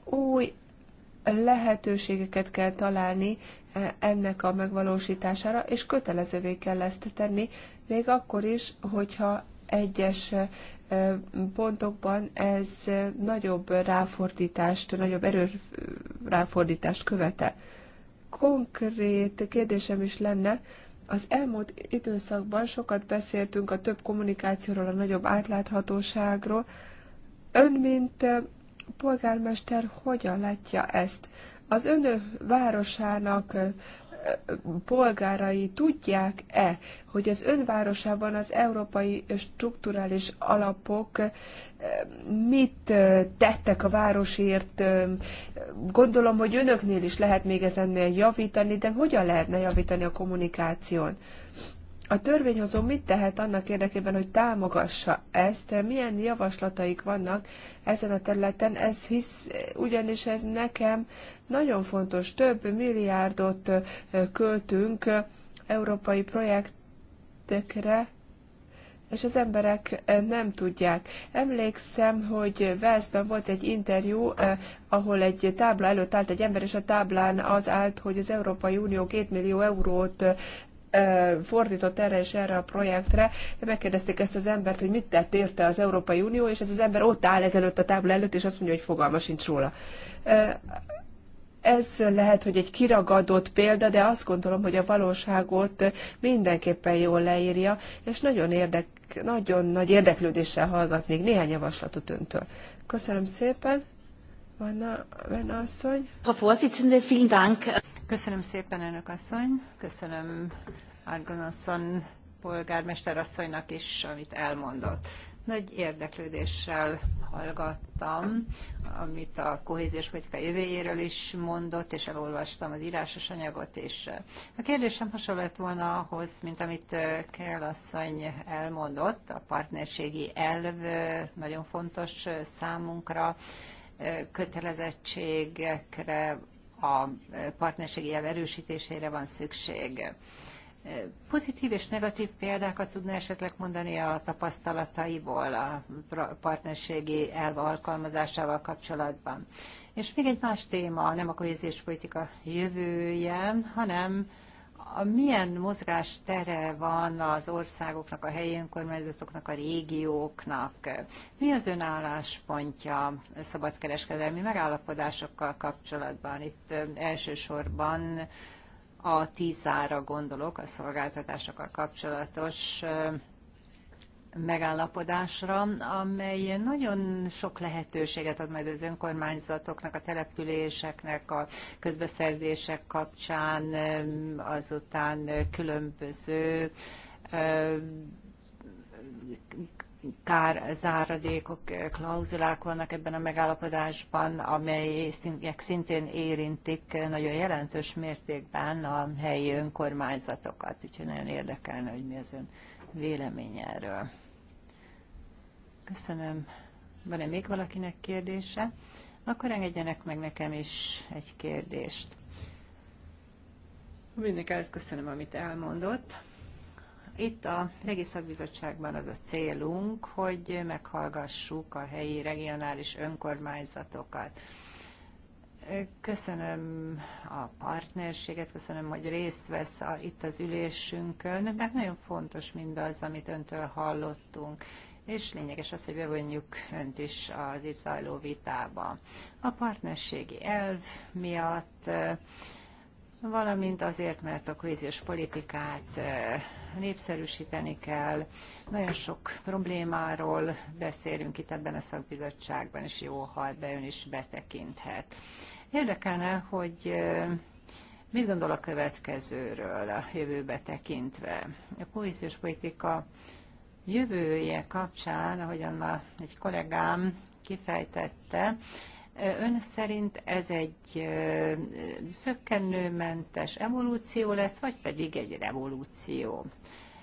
Új lehetőségeket kell találni ennek a megvalósítására, és kötelezővé kell ezt tenni, még akkor is, hogyha egyes pontokban ez nagyobb ráfordítást, nagyobb erőráfordítást követel. Konkrét kérdésem is lenne, az elmúlt időszakban sokat beszéltünk a több kommunikációról, a nagyobb átláthatóságról. Ön, mint polgármester, hogyan látja ezt? Az önök városának polgárai tudják-e, hogy az önvárosában az európai strukturális alapok mit tettek a városért? Gondolom, hogy önöknél is lehet még ezennél javítani, de hogyan lehetne javítani a kommunikáción? A törvényhozó mit tehet annak érdekében, hogy támogassa ezt? Milyen javaslataik vannak ezen a területen? Ez hisz, ugyanis ez nekem nagyon fontos. Több milliárdot költünk európai projektekre, és az emberek nem tudják. Emlékszem, hogy Velszben volt egy interjú, ahol egy tábla előtt állt egy ember, és a táblán az állt, hogy az Európai Unió 2 millió eurót fordított erre és erre a projektre. Megkérdezték ezt az embert, hogy mit tett érte az Európai Unió, és ez az ember ott áll ezelőtt a tábla előtt, és azt mondja, hogy fogalma sincs róla. Ez lehet, hogy egy kiragadott példa, de azt gondolom, hogy a valóságot mindenképpen jól leírja, és nagyon, érdek, nagyon nagy érdeklődéssel hallgatnék néhány javaslatot öntől. Köszönöm szépen! Köszönöm szépen, önök asszony. Köszönöm Argonasson polgármester asszonynak is, amit elmondott. Nagy érdeklődéssel hallgattam, amit a kohéziós politika jövőjéről is mondott, és elolvastam az írásos anyagot és eh, A kérdésem hasonló lett volna ahhoz, mint amit eh, Kerel asszony elmondott, a partnerségi elv eh, nagyon fontos számunkra, kötelezettségekre, a partnerségi jel erősítésére van szükség. Pozitív és negatív példákat tudna esetleg mondani a tapasztalataiból a partnerségi elv alkalmazásával kapcsolatban. És még egy más téma, nem a kohéziós politika jövője, hanem a milyen mozgástere van az országoknak, a helyi önkormányzatoknak, a régióknak? Mi az ön álláspontja szabadkereskedelmi megállapodásokkal kapcsolatban? Itt elsősorban a tízára gondolok, a szolgáltatásokkal kapcsolatos megállapodásra, amely nagyon sok lehetőséget ad majd az önkormányzatoknak, a településeknek, a közbeszerzések kapcsán, azután különböző kár záradékok, klauzulák vannak ebben a megállapodásban, amelyek szintén érintik nagyon jelentős mértékben a helyi önkormányzatokat. Úgyhogy nagyon érdekelne, hogy mi az ön véleménye erről. Köszönöm. Van-e még valakinek kérdése? Akkor engedjenek meg nekem is egy kérdést. Mindenkelőtt köszönöm, amit elmondott. Itt a Regi Szakbizottságban az a célunk, hogy meghallgassuk a helyi regionális önkormányzatokat. Köszönöm a partnerséget, köszönöm, hogy részt vesz a, itt az ülésünkön, mert nagyon fontos mindaz, amit öntől hallottunk és lényeges az, hogy bevonjuk önt is az itt zajló vitába. A partnerségi elv miatt, valamint azért, mert a kohéziós politikát népszerűsíteni kell. Nagyon sok problémáról beszélünk itt ebben a szakbizottságban, és jó, ha ebbe ön is betekinthet. Érdekelne, hogy mit gondol a következőről a jövőbe tekintve. A kohéziós politika jövője kapcsán, ahogyan ma egy kollégám kifejtette, Ön szerint ez egy szökkenőmentes evolúció lesz, vagy pedig egy revolúció,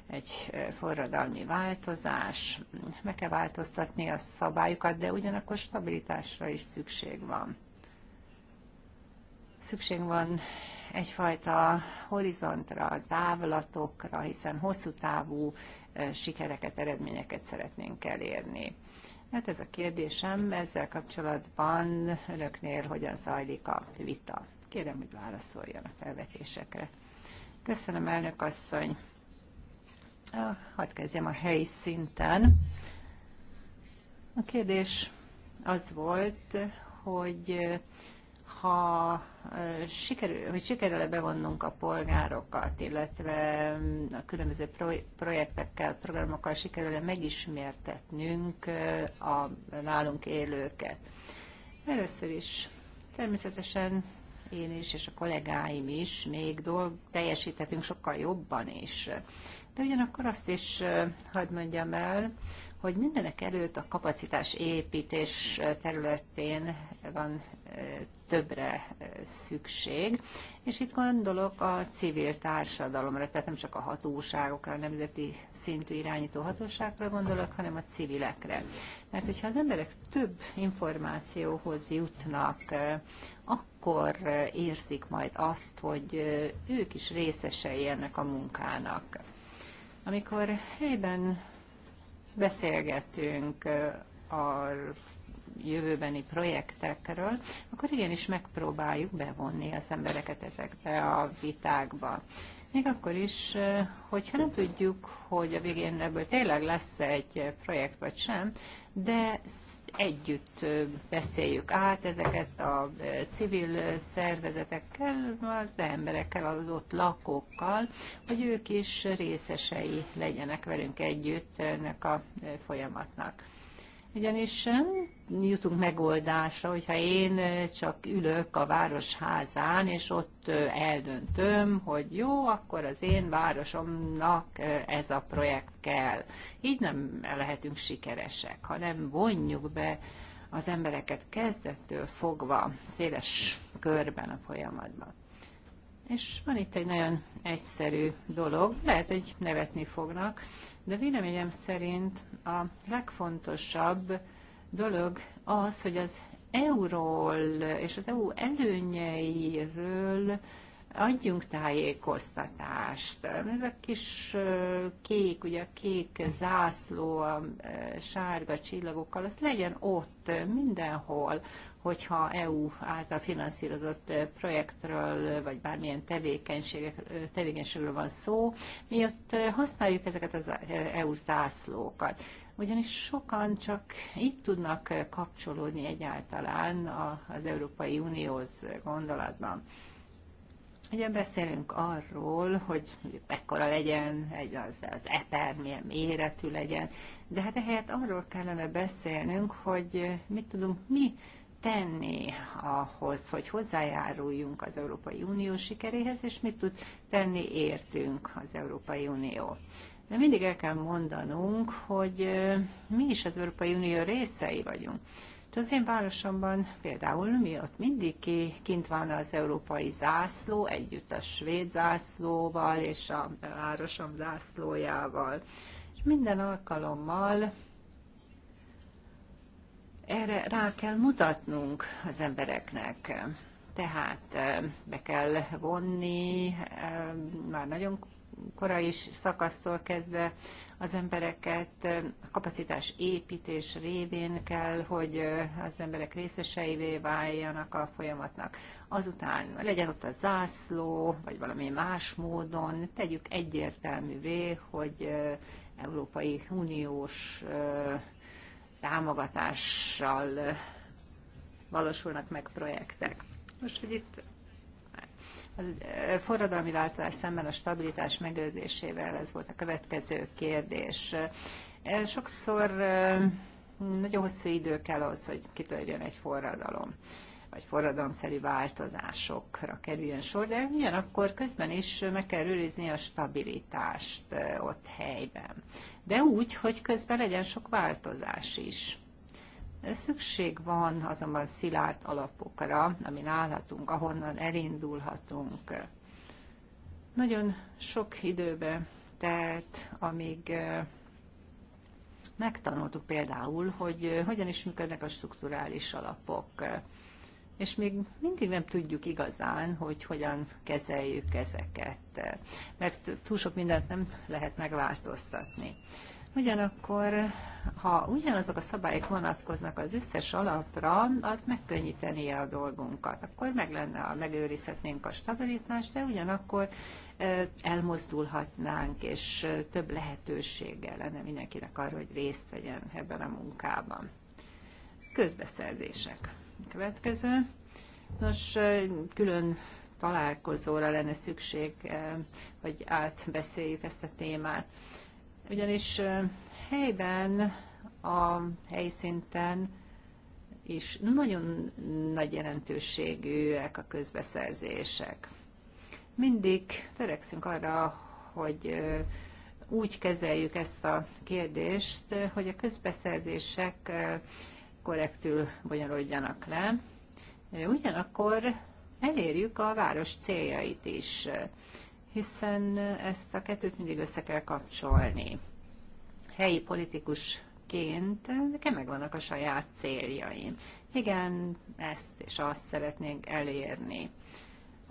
egy forradalmi változás? Meg kell változtatni a szabályokat, de ugyanakkor stabilitásra is szükség van. Szükség van egyfajta horizontra, távlatokra, hiszen hosszú távú sikereket, eredményeket szeretnénk elérni. Hát ez a kérdésem, ezzel kapcsolatban önöknél hogyan zajlik a vita? Kérem, hogy válaszoljon a felvetésekre. Köszönöm, elnök asszony. Hadd kezdjem a helyi szinten. A kérdés az volt, hogy ha sikerül, hogy sikerül bevonnunk a polgárokat, illetve mm, a különböző projektekkel, programokkal sikerül-e megismertetnünk a nálunk élőket. Először is természetesen én is, és a kollégáim is még dolg, teljesíthetünk sokkal jobban is. De ugyanakkor azt is hadd mondjam el, hogy mindenek előtt a kapacitás építés területén van többre szükség, és itt gondolok a civil társadalomra, tehát nem csak a hatóságokra, a nemzeti szintű irányító hatóságra gondolok, hanem a civilekre. Mert hogyha az emberek több információhoz jutnak, akkor érzik majd azt, hogy ők is részesei ennek a munkának. Amikor helyben beszélgetünk a jövőbeni projektekről, akkor igenis megpróbáljuk bevonni az embereket ezekbe a vitákba. Még akkor is, hogyha nem tudjuk, hogy a végén ebből tényleg lesz egy projekt vagy sem, de együtt beszéljük át ezeket a civil szervezetekkel, az emberekkel, az ott lakókkal, hogy ők is részesei legyenek velünk együtt ennek a folyamatnak. Ugyanis nem jutunk megoldásra, hogyha én csak ülök a városházán, és ott eldöntöm, hogy jó, akkor az én városomnak ez a projekt kell. Így nem lehetünk sikeresek, hanem vonjuk be az embereket kezdettől fogva széles körben a folyamatban. És van itt egy nagyon egyszerű dolog, lehet, hogy nevetni fognak, de véleményem szerint a legfontosabb dolog az, hogy az euról és az EU előnyeiről Adjunk tájékoztatást. Ez a kis kék, ugye a kék zászló a sárga csillagokkal, az legyen ott, mindenhol, hogyha EU által finanszírozott projektről, vagy bármilyen tevékenységről van szó, mi ott használjuk ezeket az EU zászlókat. Ugyanis sokan csak itt tudnak kapcsolódni egyáltalán az Európai Unióhoz gondolatban. Ugye beszélünk arról, hogy mekkora legyen egy az, az eper, milyen méretű legyen, de hát ehelyett arról kellene beszélnünk, hogy mit tudunk mi tenni ahhoz, hogy hozzájáruljunk az Európai Unió sikeréhez, és mit tud tenni értünk az Európai Unió. De mindig el kell mondanunk, hogy mi is az Európai Unió részei vagyunk. Hát az én városomban például mi ott mindig ki, kint van az európai zászló, együtt a svéd zászlóval és a városom zászlójával. És minden alkalommal erre rá kell mutatnunk az embereknek. Tehát eh, be kell vonni eh, már nagyon korai szakasztól kezdve az embereket kapacitás építés révén kell, hogy az emberek részeseivé váljanak a folyamatnak. Azután legyen ott a zászló, vagy valami más módon tegyük egyértelművé, hogy Európai Uniós támogatással valósulnak meg projektek. Most, hogy itt a forradalmi változás szemben a stabilitás megőrzésével ez volt a következő kérdés. Sokszor nagyon hosszú idő kell ahhoz, hogy kitörjön egy forradalom vagy forradalomszerű változásokra kerüljön sor, de ugyanakkor közben is meg kell őrizni a stabilitást ott helyben. De úgy, hogy közben legyen sok változás is. Szükség van azonban szilárd alapokra, amin állhatunk, ahonnan elindulhatunk. Nagyon sok időbe telt, amíg eh, megtanultuk például, hogy eh, hogyan is működnek a strukturális alapok, és még mindig nem tudjuk igazán, hogy hogyan kezeljük ezeket, eh, mert túl sok mindent nem lehet megváltoztatni. Ugyanakkor, ha ugyanazok a szabályok vonatkoznak az összes alapra, az megkönnyíteni a dolgunkat. Akkor meg lenne, a megőrizhetnénk a stabilitást, de ugyanakkor elmozdulhatnánk, és több lehetőséggel lenne mindenkinek arra, hogy részt vegyen ebben a munkában. Közbeszerzések. Következő. Nos, külön találkozóra lenne szükség, hogy átbeszéljük ezt a témát ugyanis helyben, a helyszinten is nagyon nagy jelentőségűek a közbeszerzések. Mindig törekszünk arra, hogy úgy kezeljük ezt a kérdést, hogy a közbeszerzések korrektül bonyolódjanak le. Ugyanakkor elérjük a város céljait is hiszen ezt a kettőt mindig össze kell kapcsolni. Helyi politikusként nekem megvannak a saját céljaim. Igen, ezt és azt szeretnénk elérni.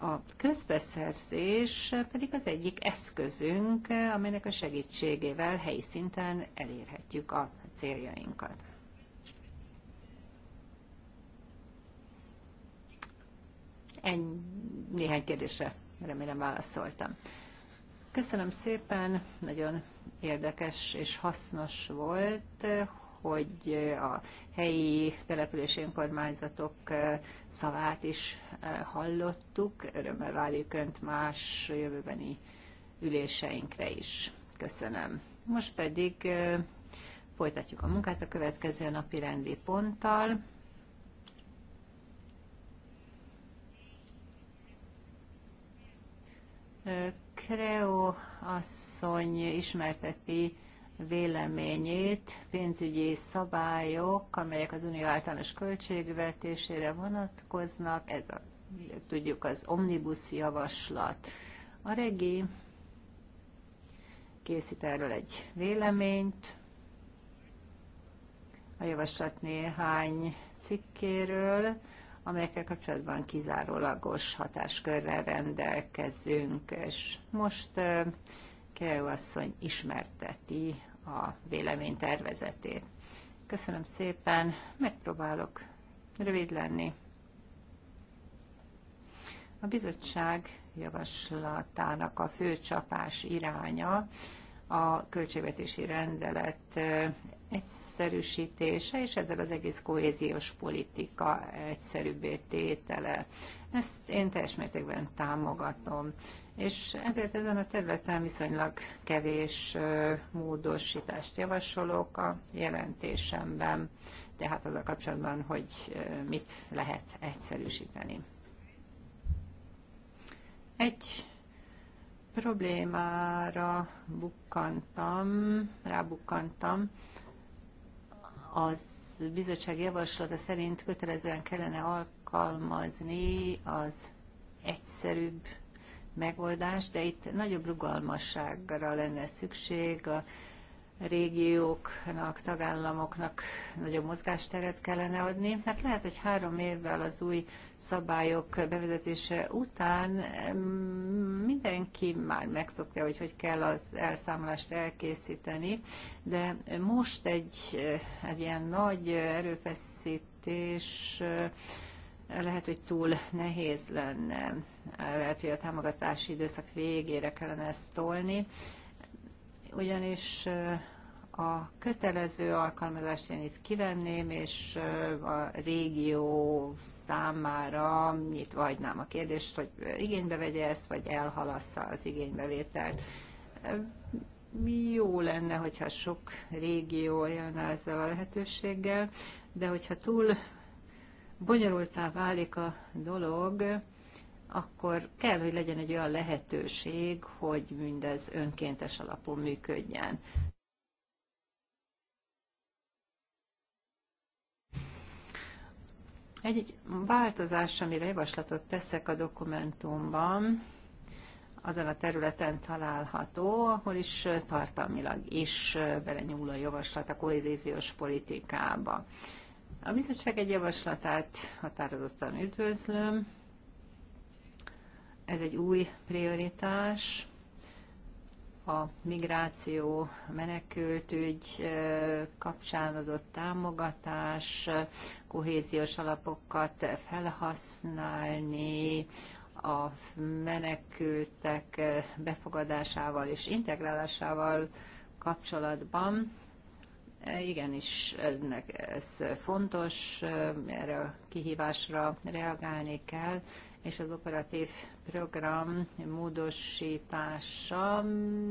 A közbeszerzés pedig az egyik eszközünk, amelynek a segítségével helyi szinten elérhetjük a céljainkat. Ennyi, néhány kérdésre Remélem válaszoltam. Köszönöm szépen, nagyon érdekes és hasznos volt, hogy a helyi települési önkormányzatok eh, szavát is eh, hallottuk. Örömmel várjuk Önt más jövőbeni üléseinkre is. Köszönöm. Most pedig eh, folytatjuk a munkát a következő napi rendi ponttal. Kreó asszony ismerteti véleményét, pénzügyi szabályok, amelyek az unió általános költségvetésére vonatkoznak, ez a, tudjuk az omnibus javaslat. A regi készít erről egy véleményt, a javaslat néhány cikkéről, amelyekkel kapcsolatban kizárólagos hatáskörrel rendelkezünk, és most Kerő asszony ismerteti a véleménytervezetét. Köszönöm szépen, megpróbálok rövid lenni. A bizottság javaslatának a főcsapás iránya a költségvetési rendelet egyszerűsítése, és ezzel az egész kohéziós politika egyszerűbbé tétele. Ezt én teljes mértékben támogatom. És ezért ezen a területen viszonylag kevés módosítást javasolok a jelentésemben, tehát az a kapcsolatban, hogy mit lehet egyszerűsíteni. Egy problémára bukkantam, rábukkantam, az bizottság javaslata szerint kötelezően kellene alkalmazni az egyszerűbb megoldás, de itt nagyobb rugalmasságra lenne szükség a régióknak, tagállamoknak nagyobb mozgásteret kellene adni. mert hát lehet, hogy három évvel az új szabályok bevezetése után mindenki már megszokta, hogy hogy kell az elszámolást elkészíteni, de most egy, egy ilyen nagy erőfeszítés eh, lehet, hogy túl nehéz lenne. Lehet, hogy a támogatási időszak végére kellene ezt tolni ugyanis a kötelező alkalmazást én itt kivenném, és a régió számára nyitva hagynám a kérdést, hogy igénybe vegye ezt, vagy elhalassza az igénybevételt. Jó lenne, hogyha sok régió élne ezzel a lehetőséggel, de hogyha túl bonyolultá válik a dolog, akkor kell, hogy legyen egy olyan lehetőség, hogy mindez önkéntes alapon működjen. Egy, változás, amire javaslatot teszek a dokumentumban, azon a területen található, ahol is tartalmilag is belenyúl a javaslat a kohéziós politikába. A bizottság egy javaslatát határozottan üdvözlöm, ez egy új prioritás. A migráció, menekültügy kapcsán adott támogatás, kohéziós alapokat felhasználni, a menekültek befogadásával és integrálásával kapcsolatban. E, igenis, ennek ez fontos, erre a kihívásra reagálni kell, és az operatív program módosítása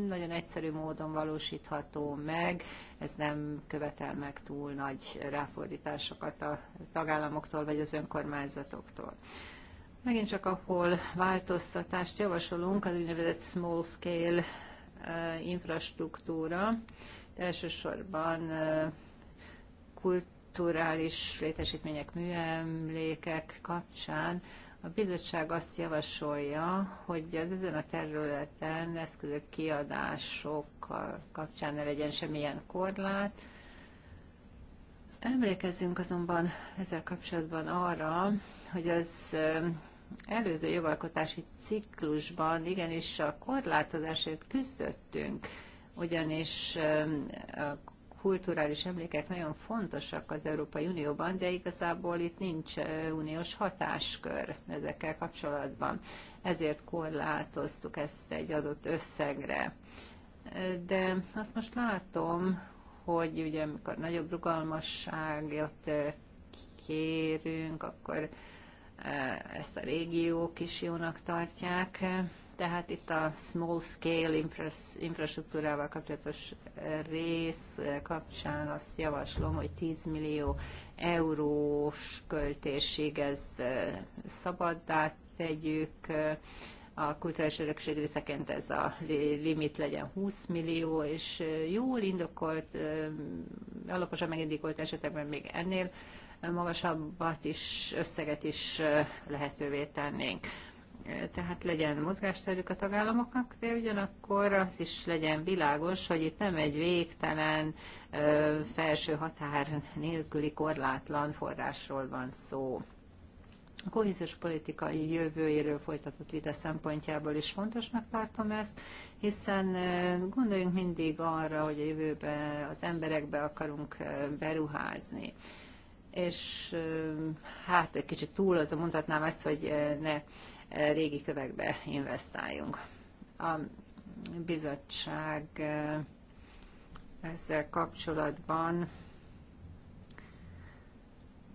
nagyon egyszerű módon valósítható meg, ez nem követel meg túl nagy ráfordításokat a tagállamoktól vagy az önkormányzatoktól. Megint csak ahol változtatást javasolunk, az úgynevezett small scale eh, infrastruktúra, elsősorban eh, kulturális létesítmények, műemlékek kapcsán a bizottság azt javasolja, hogy az ezen a területen eszközök kiadások kapcsán ne legyen semmilyen korlát. Emlékezzünk azonban ezzel kapcsolatban arra, hogy az előző jogalkotási ciklusban igenis a korlátozásért küzdöttünk, ugyanis a kulturális emlékek nagyon fontosak az Európai Unióban, de igazából itt nincs uniós hatáskör ezekkel kapcsolatban. Ezért korlátoztuk ezt egy adott összegre. De azt most látom, hogy ugye amikor nagyobb rugalmasságot kérünk, akkor ezt a régiók is jónak tartják. Tehát itt a small scale infrastruktúrával kapcsolatos rész kapcsán azt javaslom, hogy 10 millió eurós költésig ez szabaddá tegyük, a kulturális örökség részeként ez a limit legyen 20 millió, és jól indokolt, alaposan megindikolt esetekben még ennél magasabbat is, összeget is lehetővé tennénk tehát legyen mozgásterük a tagállamoknak, de ugyanakkor az is legyen világos, hogy itt nem egy végtelen felső határ nélküli korlátlan forrásról van szó. A kohéziós politikai jövőjéről folytatott vita szempontjából is fontosnak tartom ezt, hiszen gondoljunk mindig arra, hogy a jövőben az emberekbe akarunk beruházni és hát egy kicsit túl azon mondhatnám ezt, hogy ne régi kövekbe investáljunk. A bizottság ezzel kapcsolatban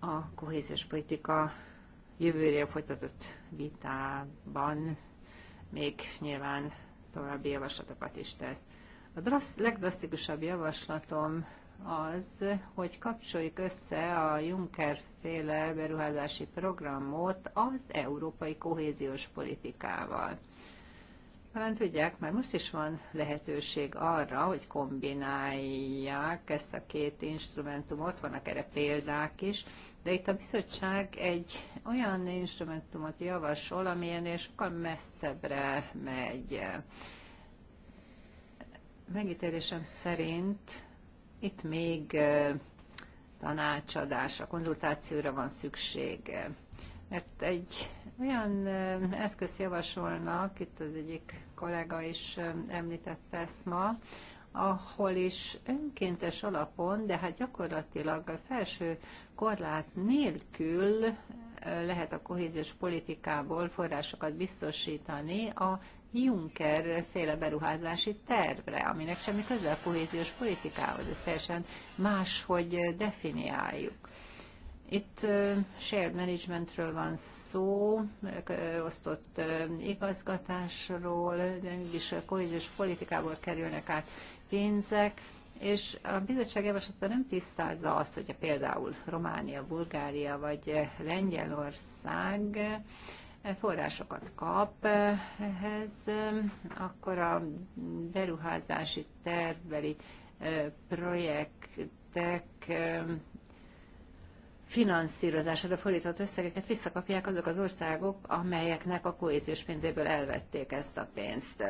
a kohéziós politika jövőre folytatott vitában még nyilván további javaslatokat is tesz. A legdrasztikusabb javaslatom az, hogy kapcsoljuk össze a Juncker féle beruházási programot az európai kohéziós politikával. Talán tudják, már most is van lehetőség arra, hogy kombinálják ezt a két instrumentumot, vannak erre példák is, de itt a bizottság egy olyan instrumentumot javasol, amilyen és sokkal messzebbre megy. Megítélésem szerint itt még tanácsadásra, konzultációra van szükség. Mert egy olyan eszköz javasolnak, itt az egyik kollega is említette ezt ma, ahol is önkéntes alapon, de hát gyakorlatilag a felső korlát nélkül lehet a kohéziós politikából forrásokat biztosítani a Juncker féle beruházási tervre, aminek semmi köze a kohéziós politikához, ezt teljesen máshogy definiáljuk. Itt shared managementről van szó, osztott igazgatásról, de mégis a kohéziós politikából kerülnek át pénzek, és a bizottság javaslata nem tisztázza azt, hogyha például Románia, Bulgária vagy Lengyelország forrásokat kap ehhez, akkor a beruházási tervbeli e, projektek finanszírozására fordított összegeket visszakapják azok az országok, amelyeknek a kohéziós pénzéből elvették ezt a pénzt.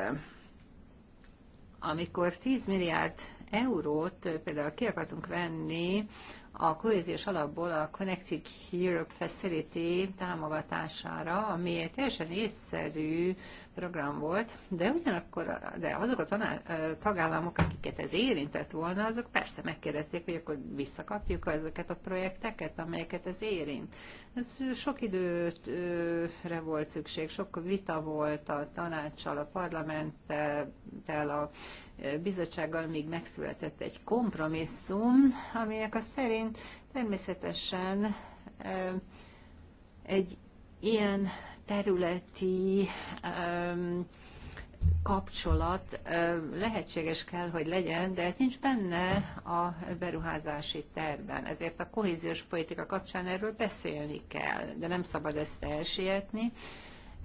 Amikor 10 milliárd eurót például ki akartunk venni a kohéziós alapból a Connecting Europe Facility támogatására, ami egy teljesen észszerű program volt, de ugyanakkor de azok a taná- tagállamok, akiket ez érintett volna, azok persze megkérdezték, hogy akkor visszakapjuk ezeket a projekteket, amelyeket ez érint. Ez sok időre volt szükség, sok vita volt a tanácssal, a parlamenttel, a bizottsággal még megszületett egy kompromisszum, aminek a szerint természetesen egy ilyen területi kapcsolat lehetséges kell, hogy legyen, de ez nincs benne a beruházási tervben. Ezért a kohéziós politika kapcsán erről beszélni kell, de nem szabad ezt elsietni,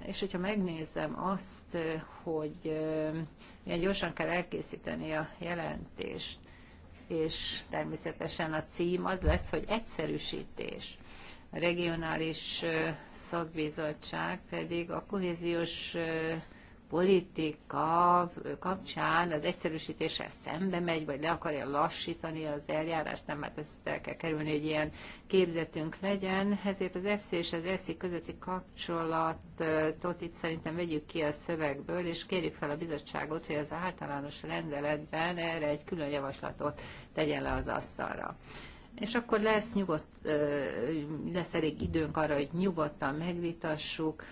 és hogyha megnézem azt, hogy milyen gyorsan kell elkészíteni a jelentést, és természetesen a cím az lesz, hogy egyszerűsítés. A regionális szakbizottság pedig a kohéziós politika kapcsán az egyszerűsítéssel szembe megy, vagy le akarja lassítani az eljárást, nem, mert hát ezt el kell kerülni, hogy ilyen képzetünk legyen. Ezért az FC és az ESZI közötti kapcsolatot itt szerintem vegyük ki a szövegből, és kérjük fel a bizottságot, hogy az általános rendeletben erre egy külön javaslatot tegyen le az asztalra. És akkor lesz, nyugodt, lesz elég időnk arra, hogy nyugodtan megvitassuk,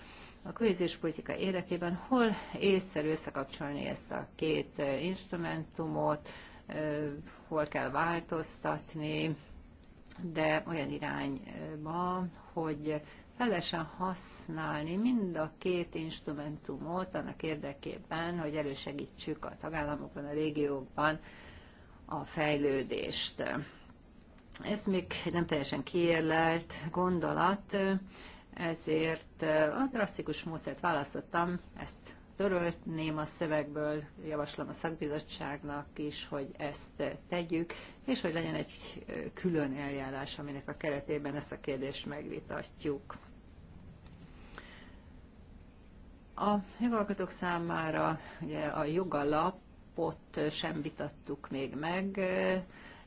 a kohéziós politika érdekében hol észszerű összekapcsolni ezt a két instrumentumot, hol kell változtatni, de olyan irányba, hogy felesen használni mind a két instrumentumot annak érdekében, hogy elősegítsük a tagállamokban, a régiókban a fejlődést. Ez még nem teljesen kiérlelt gondolat, ezért a drasztikus módszert választottam, ezt törölném a szövegből, javaslom a szakbizottságnak is, hogy ezt tegyük, és hogy legyen egy külön eljárás, aminek a keretében ezt a kérdést megvitatjuk. A jogalkotók számára ugye a jogalapot sem vitattuk még meg,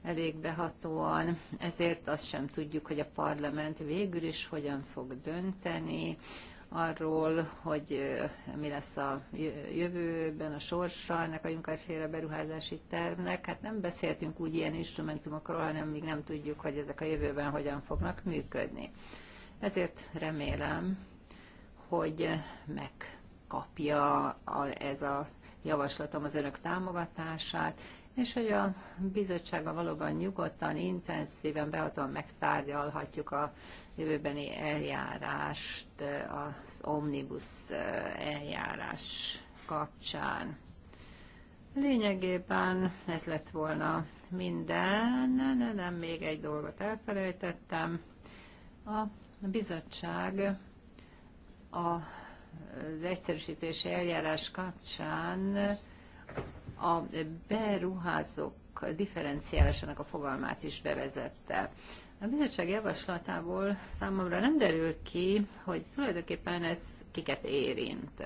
elég behatóan, ezért azt sem tudjuk, hogy a parlament végül is hogyan fog dönteni arról, hogy mi lesz a jövőben a sorsa ennek a juncker beruházási tervnek. Hát nem beszéltünk úgy ilyen instrumentumokról, hanem még nem tudjuk, hogy ezek a jövőben hogyan fognak működni. Ezért remélem, hogy megkapja ez a javaslatom az önök támogatását, és hogy a bizottsága valóban nyugodtan, intenzíven, behatóan megtárgyalhatjuk a jövőbeni eljárást az omnibus eljárás kapcsán. Lényegében ez lett volna minden, nem, nem még egy dolgot elfelejtettem. A bizottság a az egyszerűsítési eljárás kapcsán a beruházók differenciálásának a fogalmát is bevezette. A bizottság javaslatából számomra nem derül ki, hogy tulajdonképpen ez kiket érint.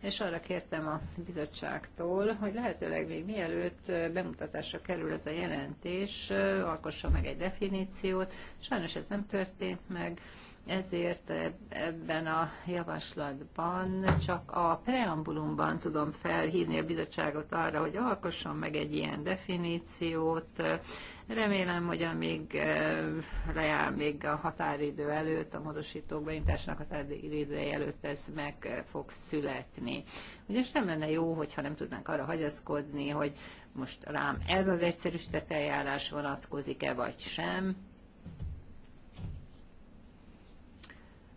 És arra kértem a bizottságtól, hogy lehetőleg még mielőtt bemutatásra kerül ez a jelentés, alkossa meg egy definíciót. Sajnos ez nem történt meg ezért ebben a javaslatban csak a preambulumban tudom felhívni a bizottságot arra, hogy alkosson meg egy ilyen definíciót. Remélem, hogy amíg e, leáll még a határidő előtt, a módosítók beintásnak határidő előtt ez meg fog születni. Ugye nem lenne jó, hogyha nem tudnánk arra hagyaszkodni, hogy most rám ez az egyszerűsített eljárás vonatkozik-e vagy sem,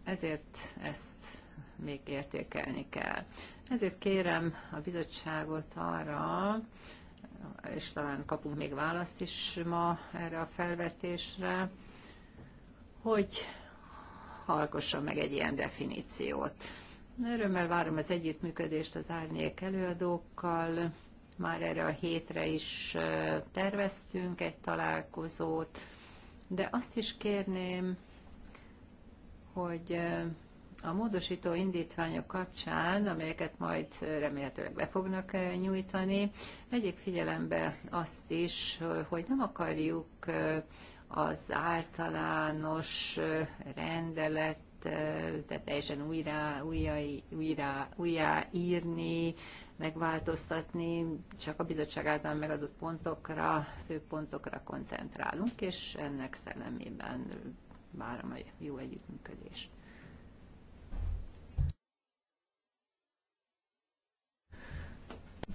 Ezért ezt még értékelni kell. Ezért kérem a bizottságot arra, és talán kapunk még választ is ma erre a felvetésre, hogy hallgasson meg egy ilyen definíciót. Örömmel várom az együttműködést az árnyék előadókkal. Már erre a hétre is terveztünk egy találkozót, de azt is kérném, hogy a módosító indítványok kapcsán, amelyeket majd remélhetőleg be fognak nyújtani, egyik figyelembe azt is, hogy nem akarjuk az általános rendelet tehát teljesen újra, újra, újra, újra írni, megváltoztatni, csak a bizottság által megadott pontokra, főpontokra koncentrálunk, és ennek szellemében várom a jó együttműködést.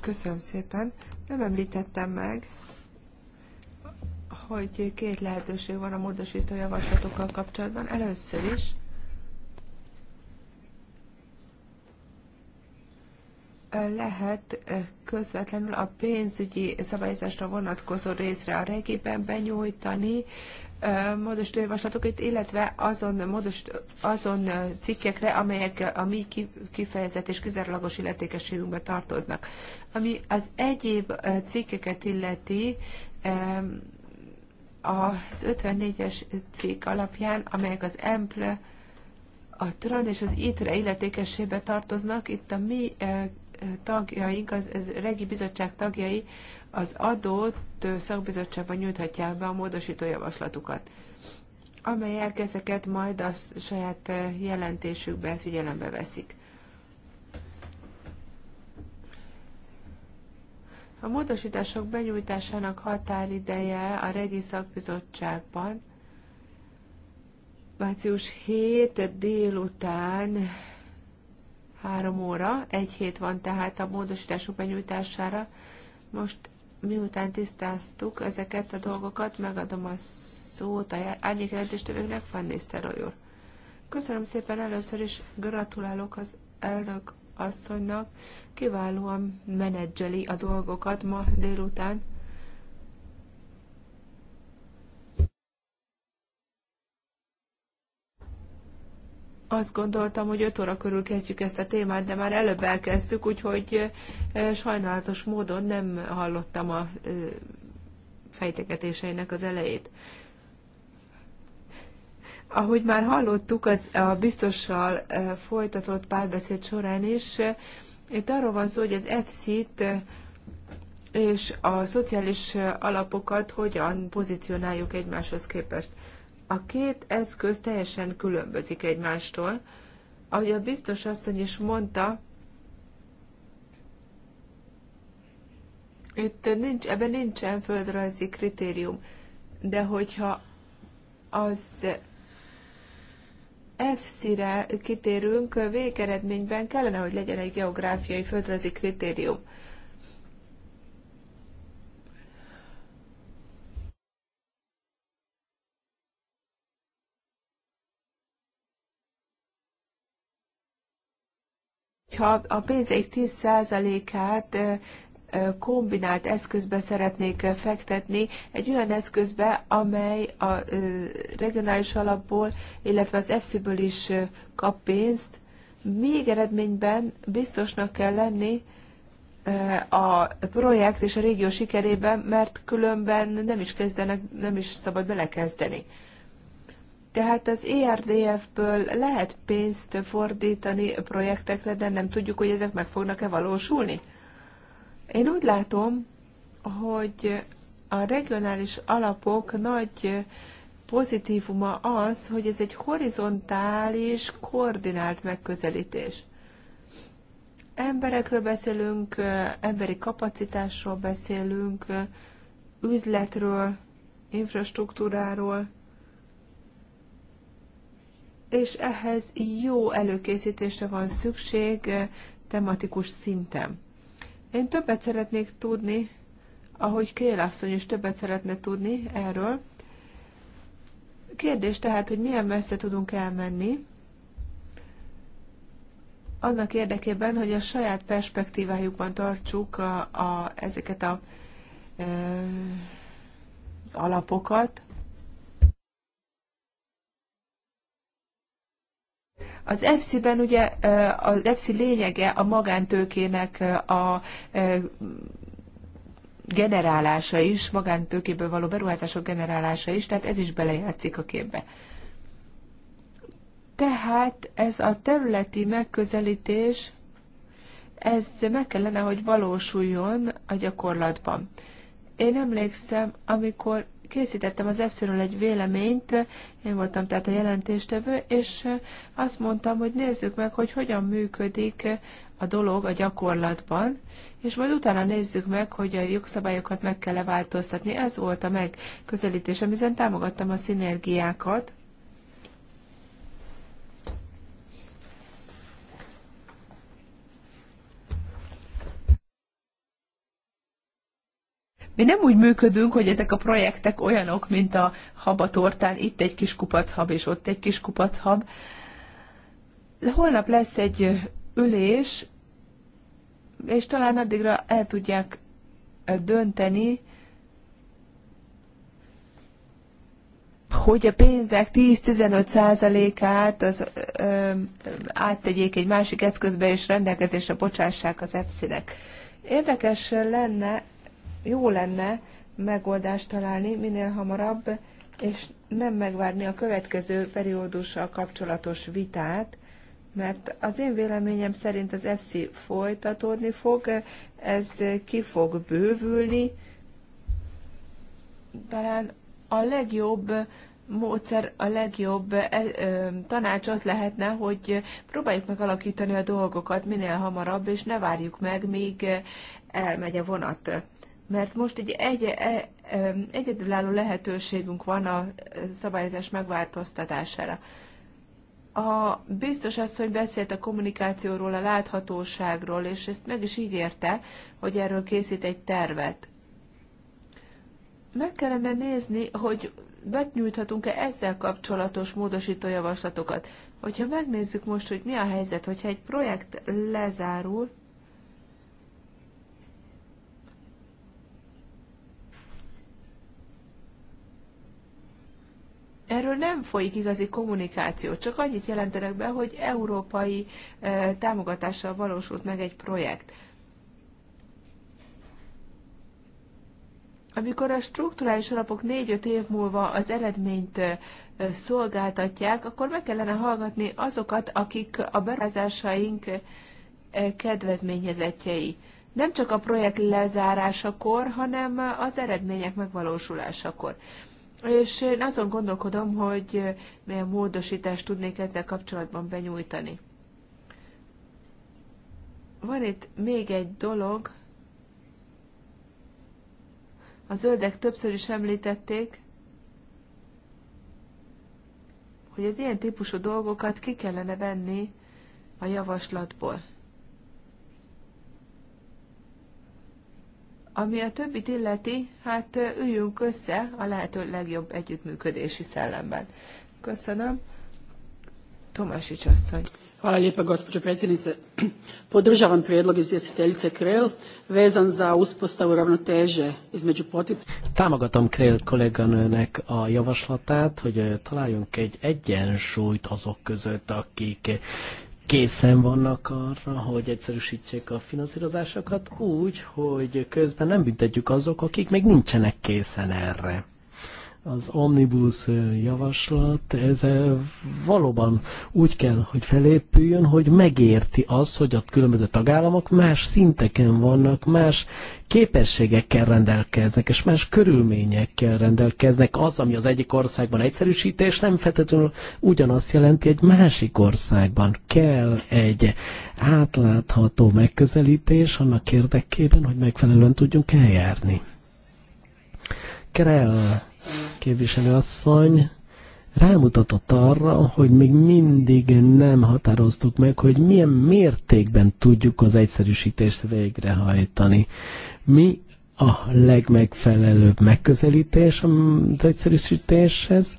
Köszönöm szépen. Nem említettem meg, hogy két lehetőség van a módosító javaslatokkal kapcsolatban. Először is lehet közvetlenül a pénzügyi szabályozásra vonatkozó részre a regiben benyújtani módosító javaslatokat, illetve azon, módos, azon cikkekre, amelyek a mi kifejezett és kizárólagos illetékességünkbe tartoznak. Ami az egyéb cikkeket illeti, az 54-es cikk alapján, amelyek az EMPL, a TRON és az ITRE illetékessébe tartoznak, itt a mi tagjaink, az, az Regi Bizottság tagjai az adott szakbizottságban nyújthatják be a módosító javaslatukat, amelyek ezeket majd a saját jelentésükben figyelembe veszik. A módosítások benyújtásának határideje a Regi Szakbizottságban március 7 délután 3 óra, egy hét van tehát a módosítások benyújtására. Most miután tisztáztuk ezeket a dolgokat, megadom a szót a árnyékjelentéstevőknek, Van Nisztelrooy úr. Köszönöm szépen először is, gratulálok az elnök asszonynak, kiválóan menedzseli a dolgokat ma délután. Azt gondoltam, hogy 5 óra körül kezdjük ezt a témát, de már előbb elkezdtük, úgyhogy eh, sajnálatos módon nem hallottam a eh, fejtegetéseinek az elejét. Ahogy már hallottuk, az a biztossal eh, folytatott párbeszéd során is, itt arról van szó, hogy az EFSZ-t és a szociális alapokat hogyan pozícionáljuk egymáshoz képest. A két eszköz teljesen különbözik egymástól. Ahogy a biztos asszony is mondta, itt nincs, ebben nincsen földrajzi kritérium, de hogyha az F re kitérünk, végeredményben kellene, hogy legyen egy geográfiai földrajzi kritérium. hogyha a pénz egy 10%-át kombinált eszközbe szeretnék fektetni, egy olyan eszközbe, amely a regionális alapból, illetve az EFSZ-ből is kap pénzt, még eredményben biztosnak kell lenni a projekt és a régió sikerében, mert különben nem is kezdenek, nem is szabad belekezdeni. Tehát az ERDF-ből lehet pénzt fordítani projektekre, de nem tudjuk, hogy ezek meg fognak-e valósulni. Én úgy látom, hogy a regionális alapok nagy pozitívuma az, hogy ez egy horizontális, koordinált megközelítés. Emberekről beszélünk, emberi kapacitásról beszélünk, üzletről, infrastruktúráról, és ehhez jó előkészítésre van szükség eh, tematikus szinten. Én többet szeretnék tudni, ahogy Krél asszony is többet szeretne tudni erről. Kérdés tehát, hogy milyen messze tudunk elmenni, annak érdekében, hogy a saját perspektívájukban tartsuk a, a, ezeket a, e, az alapokat, Az EFSI-ben ugye az EFSI lényege a magántőkének a generálása is, magántőkéből való beruházások generálása is, tehát ez is belejátszik a képbe. Tehát ez a területi megközelítés, ez meg kellene, hogy valósuljon a gyakorlatban. Én emlékszem, amikor készítettem az EFSZ-ről egy véleményt, én voltam tehát a jelentéstevő, és azt mondtam, hogy nézzük meg, hogy hogyan működik a dolog a gyakorlatban, és majd utána nézzük meg, hogy a jogszabályokat meg kell-e változtatni. Ez volt a megközelítésem, hiszen támogattam a szinergiákat, Mi nem úgy működünk, hogy ezek a projektek olyanok, mint a habatortán, itt egy kis kupachab és ott egy kis kupachab. Holnap lesz egy ülés, és talán addigra el tudják dönteni, hogy a pénzek 10-15%-át az, ö, áttegyék egy másik eszközbe, és rendelkezésre bocsássák az EFSZ-nek. Érdekes lenne jó lenne megoldást találni minél hamarabb, és nem megvárni a következő periódussal kapcsolatos vitát, mert az én véleményem szerint az FC folytatódni fog, ez ki fog bővülni, talán a legjobb módszer, a legjobb e, tanács az lehetne, hogy próbáljuk meg alakítani a dolgokat minél hamarabb, és ne várjuk meg, még e, elmegy a vonat mert most egy, egy, egy egyedülálló lehetőségünk van a e, szabályozás megváltoztatására. A biztos az, hogy beszélt a kommunikációról, a láthatóságról, és ezt meg is ígérte, hogy erről készít egy tervet. Meg kellene nézni, hogy betnyújthatunk e ezzel kapcsolatos módosító javaslatokat. Hogyha megnézzük most, hogy mi a helyzet, hogyha egy projekt lezárul, Erről nem folyik igazi kommunikáció, csak annyit jelentenek be, hogy európai eh, támogatással valósult meg egy projekt. Amikor a strukturális alapok 4-5 év múlva az eredményt eh, szolgáltatják, akkor meg kellene hallgatni azokat, akik a beruházásaink eh, kedvezményezettjei. Nem csak a projekt lezárásakor, hanem az eredmények megvalósulásakor. És én azon gondolkodom, hogy milyen módosítást tudnék ezzel kapcsolatban benyújtani. Van itt még egy dolog, a zöldek többször is említették, hogy az ilyen típusú dolgokat ki kellene venni a javaslatból. Ami a többit illeti, hát üljünk össze a lehető legjobb együttműködési szellemben. Köszönöm. Tomasić asszony. Hvala lijepa gospođo predsjednice. [clears throat] Podržavam prijedlog izvjestiteljice Krell vezan za uspostavu ravnoteže između potic. Támogatom Krell kolléganőnek a javaslatát, hogy találjunk egy egyensúlyt azok között, akik készen vannak arra, hogy egyszerűsítsék a finanszírozásokat úgy, hogy közben nem büntetjük azok, akik még nincsenek készen erre az omnibus eh, javaslat, ez eh, valóban úgy kell, hogy felépüljön, hogy megérti az, hogy a különböző tagállamok más szinteken vannak, más képességekkel rendelkeznek, és más körülményekkel rendelkeznek. Az, ami az egyik országban egyszerűsítés, nem feltétlenül ugyanazt jelenti egy másik országban. Kell egy átlátható megközelítés annak érdekében, hogy megfelelően tudjunk eljárni. Kell képviselőasszony rámutatott arra, hogy még mindig nem határoztuk meg, hogy milyen mértékben tudjuk az egyszerűsítést végrehajtani. Mi a legmegfelelőbb megközelítés az egyszerűsítéshez,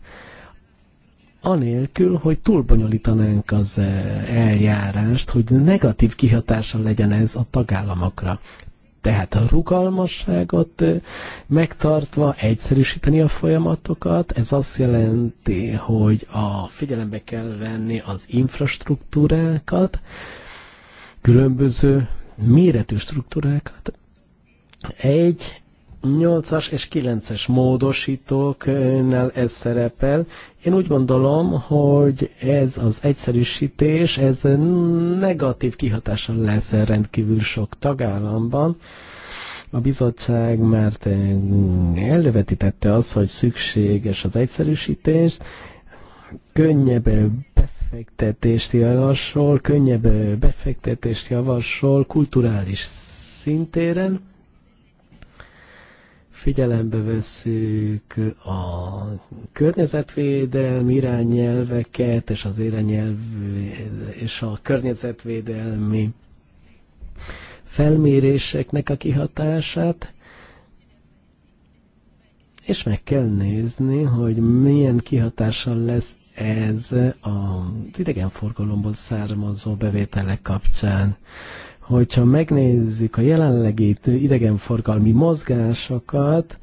anélkül, hogy túlbonyolítanánk az eljárást, hogy negatív kihatással legyen ez a tagállamokra. Tehát a rugalmasságot megtartva egyszerűsíteni a folyamatokat, ez azt jelenti, hogy a figyelembe kell venni az infrastruktúrákat, különböző méretű struktúrákat, egy 8-as és 9-es módosítóknál ez szerepel. Én úgy gondolom, hogy ez az egyszerűsítés, ez negatív kihatása lesz rendkívül sok tagállamban. A bizottság már elővetítette azt, hogy szükséges az egyszerűsítés, könnyebb befektetést javasol, könnyebb befektetést javasol kulturális szintéren, figyelembe veszük a környezetvédelmi irányelveket és az irányelv és a környezetvédelmi felméréseknek a kihatását, és meg kell nézni, hogy milyen kihatással lesz ez az idegenforgalomból származó bevételek kapcsán hogyha megnézzük a jelenlegi idegenforgalmi mozgásokat,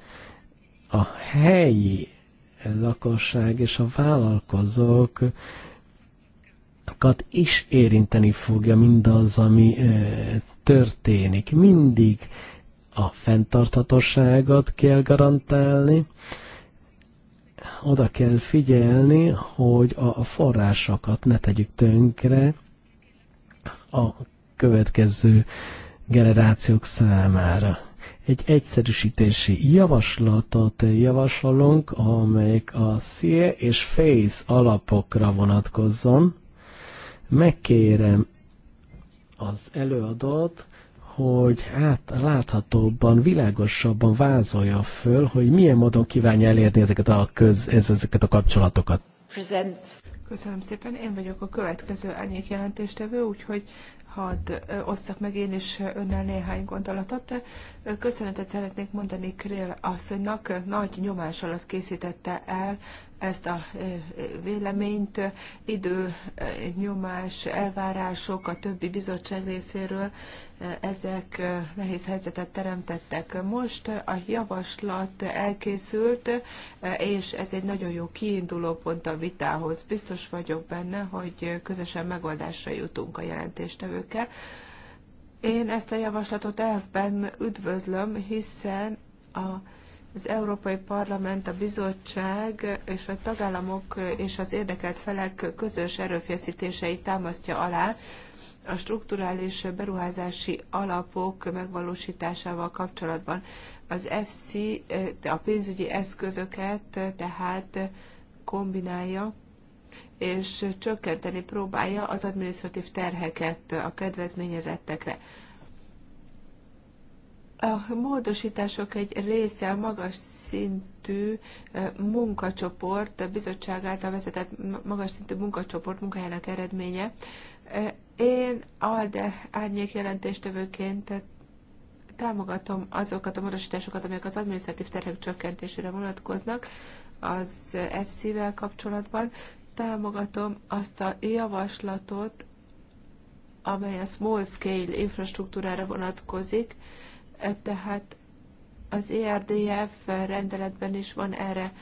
a helyi lakosság és a vállalkozókat is érinteni fogja mindaz, ami történik. Mindig a fenntarthatóságot kell garantálni, oda kell figyelni, hogy a forrásokat ne tegyük tönkre, a következő generációk számára. Egy egyszerűsítési javaslatot javasolunk, amelyik a SZIE és FACE alapokra vonatkozzon. Megkérem az előadót, hogy hát láthatóbban, világosabban vázolja föl, hogy milyen módon kívánja elérni ezeket a, köz, ezeket a kapcsolatokat. Köszönöm szépen, én vagyok a következő árnyék jelentéstevő, úgyhogy hadd osszak meg én is önnel néhány gondolatot. Köszönetet szeretnék mondani Krél asszonynak, nagy nyomás alatt készítette el ezt a véleményt idő, nyomás, elvárások a többi bizottság részéről, ezek nehéz helyzetet teremtettek. Most a javaslat elkészült, és ez egy nagyon jó kiinduló pont a vitához. Biztos vagyok benne, hogy közösen megoldásra jutunk a jelentéstevőkkel. Én ezt a javaslatot elfben üdvözlöm, hiszen a az Európai Parlament, a bizottság és a tagállamok és az érdekelt felek közös erőfeszítéseit támasztja alá a strukturális beruházási alapok megvalósításával kapcsolatban. Az FC eh, a pénzügyi eszközöket tehát kombinálja és csökkenteni próbálja az administratív terheket a kedvezményezettekre. A módosítások egy része a magas szintű munkacsoport, a bizottság által vezetett magas szintű munkacsoport munkájának eredménye. Én ALDE árnyék jelentéstevőként támogatom azokat a módosításokat, amelyek az adminisztratív terhek csökkentésére vonatkoznak az FC-vel kapcsolatban. Támogatom azt a javaslatot, amely a small scale infrastruktúrára vonatkozik, E, tehát az ERDF rendeletben is van erre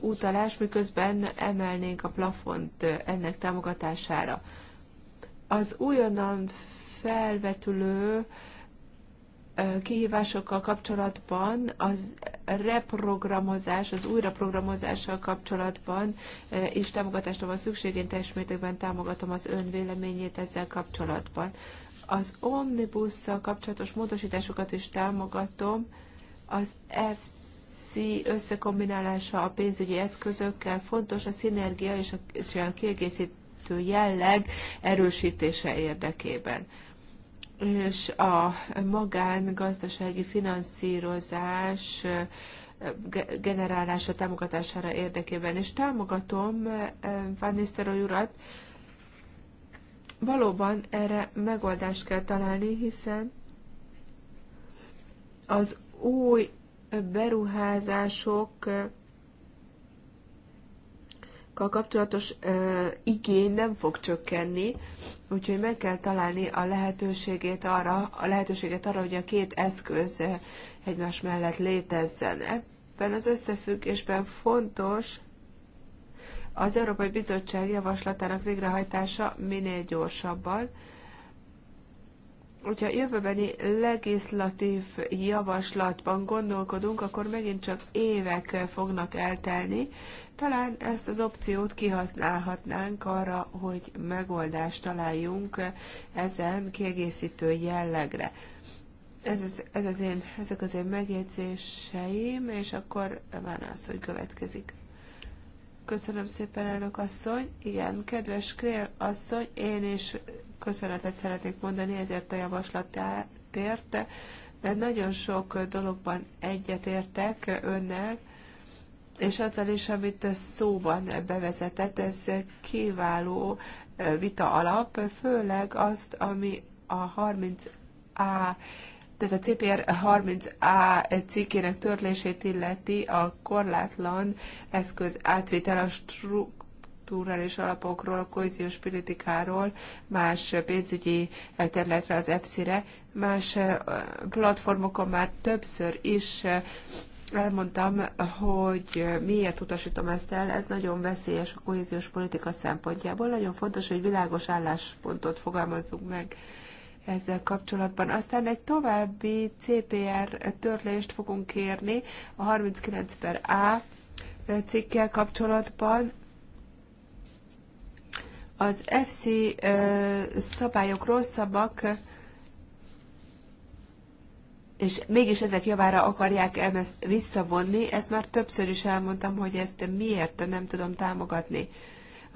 utalás, miközben emelnénk a plafont ennek támogatására. Az újonnan felvetülő kihívásokkal kapcsolatban, az reprogramozás, az újraprogramozással kapcsolatban és támogatásra van szükség. Én teljes mértékben támogatom az ön véleményét ezzel kapcsolatban. Az omnibusszal kapcsolatos módosításokat is támogatom. Az FC összekombinálása a pénzügyi eszközökkel fontos, a szinergia és a, és a kiegészítő jelleg erősítése érdekében és a magángazdasági finanszírozás generálása, támogatására érdekében. És támogatom Van Nistelrooy urat valóban erre megoldást kell találni, hiszen az új beruházásokkal kapcsolatos igény nem fog csökkenni, úgyhogy meg kell találni a lehetőségét arra, a lehetőséget arra, hogy a két eszköz egymás mellett létezzen. Ebben az összefüggésben fontos, az Európai Bizottság javaslatának végrehajtása minél gyorsabban. Hogyha jövőbeni legislatív javaslatban gondolkodunk, akkor megint csak évek fognak eltelni. Talán ezt az opciót kihasználhatnánk arra, hogy megoldást találjunk ezen kiegészítő jellegre. Ez az, ez az én, ezek az én megjegyzéseim, és akkor van az, hogy következik. Köszönöm szépen, elnök asszony. Igen, kedves Krél asszony, én is köszönetet szeretnék mondani ezért a javaslatért. Nagyon sok dologban egyetértek önnel, és azzal is, amit szóban bevezetett, ez kiváló vita alap, főleg azt, ami a 30A ez a CPR 30A cikkének törlését illeti a korlátlan eszköz átvétel a struktúrális alapokról, a kohéziós politikáról, más pénzügyi területre, az EFSI-re, más platformokon már többször is elmondtam, hogy miért utasítom ezt el, ez nagyon veszélyes a kohéziós politika szempontjából. Nagyon fontos, hogy világos álláspontot fogalmazzunk meg ezzel kapcsolatban. Aztán egy további CPR törlést fogunk kérni a 39 per A cikkel kapcsolatban. Az FC szabályok rosszabbak, és mégis ezek javára akarják ezt visszavonni. Ezt már többször is elmondtam, hogy ezt miért nem tudom támogatni.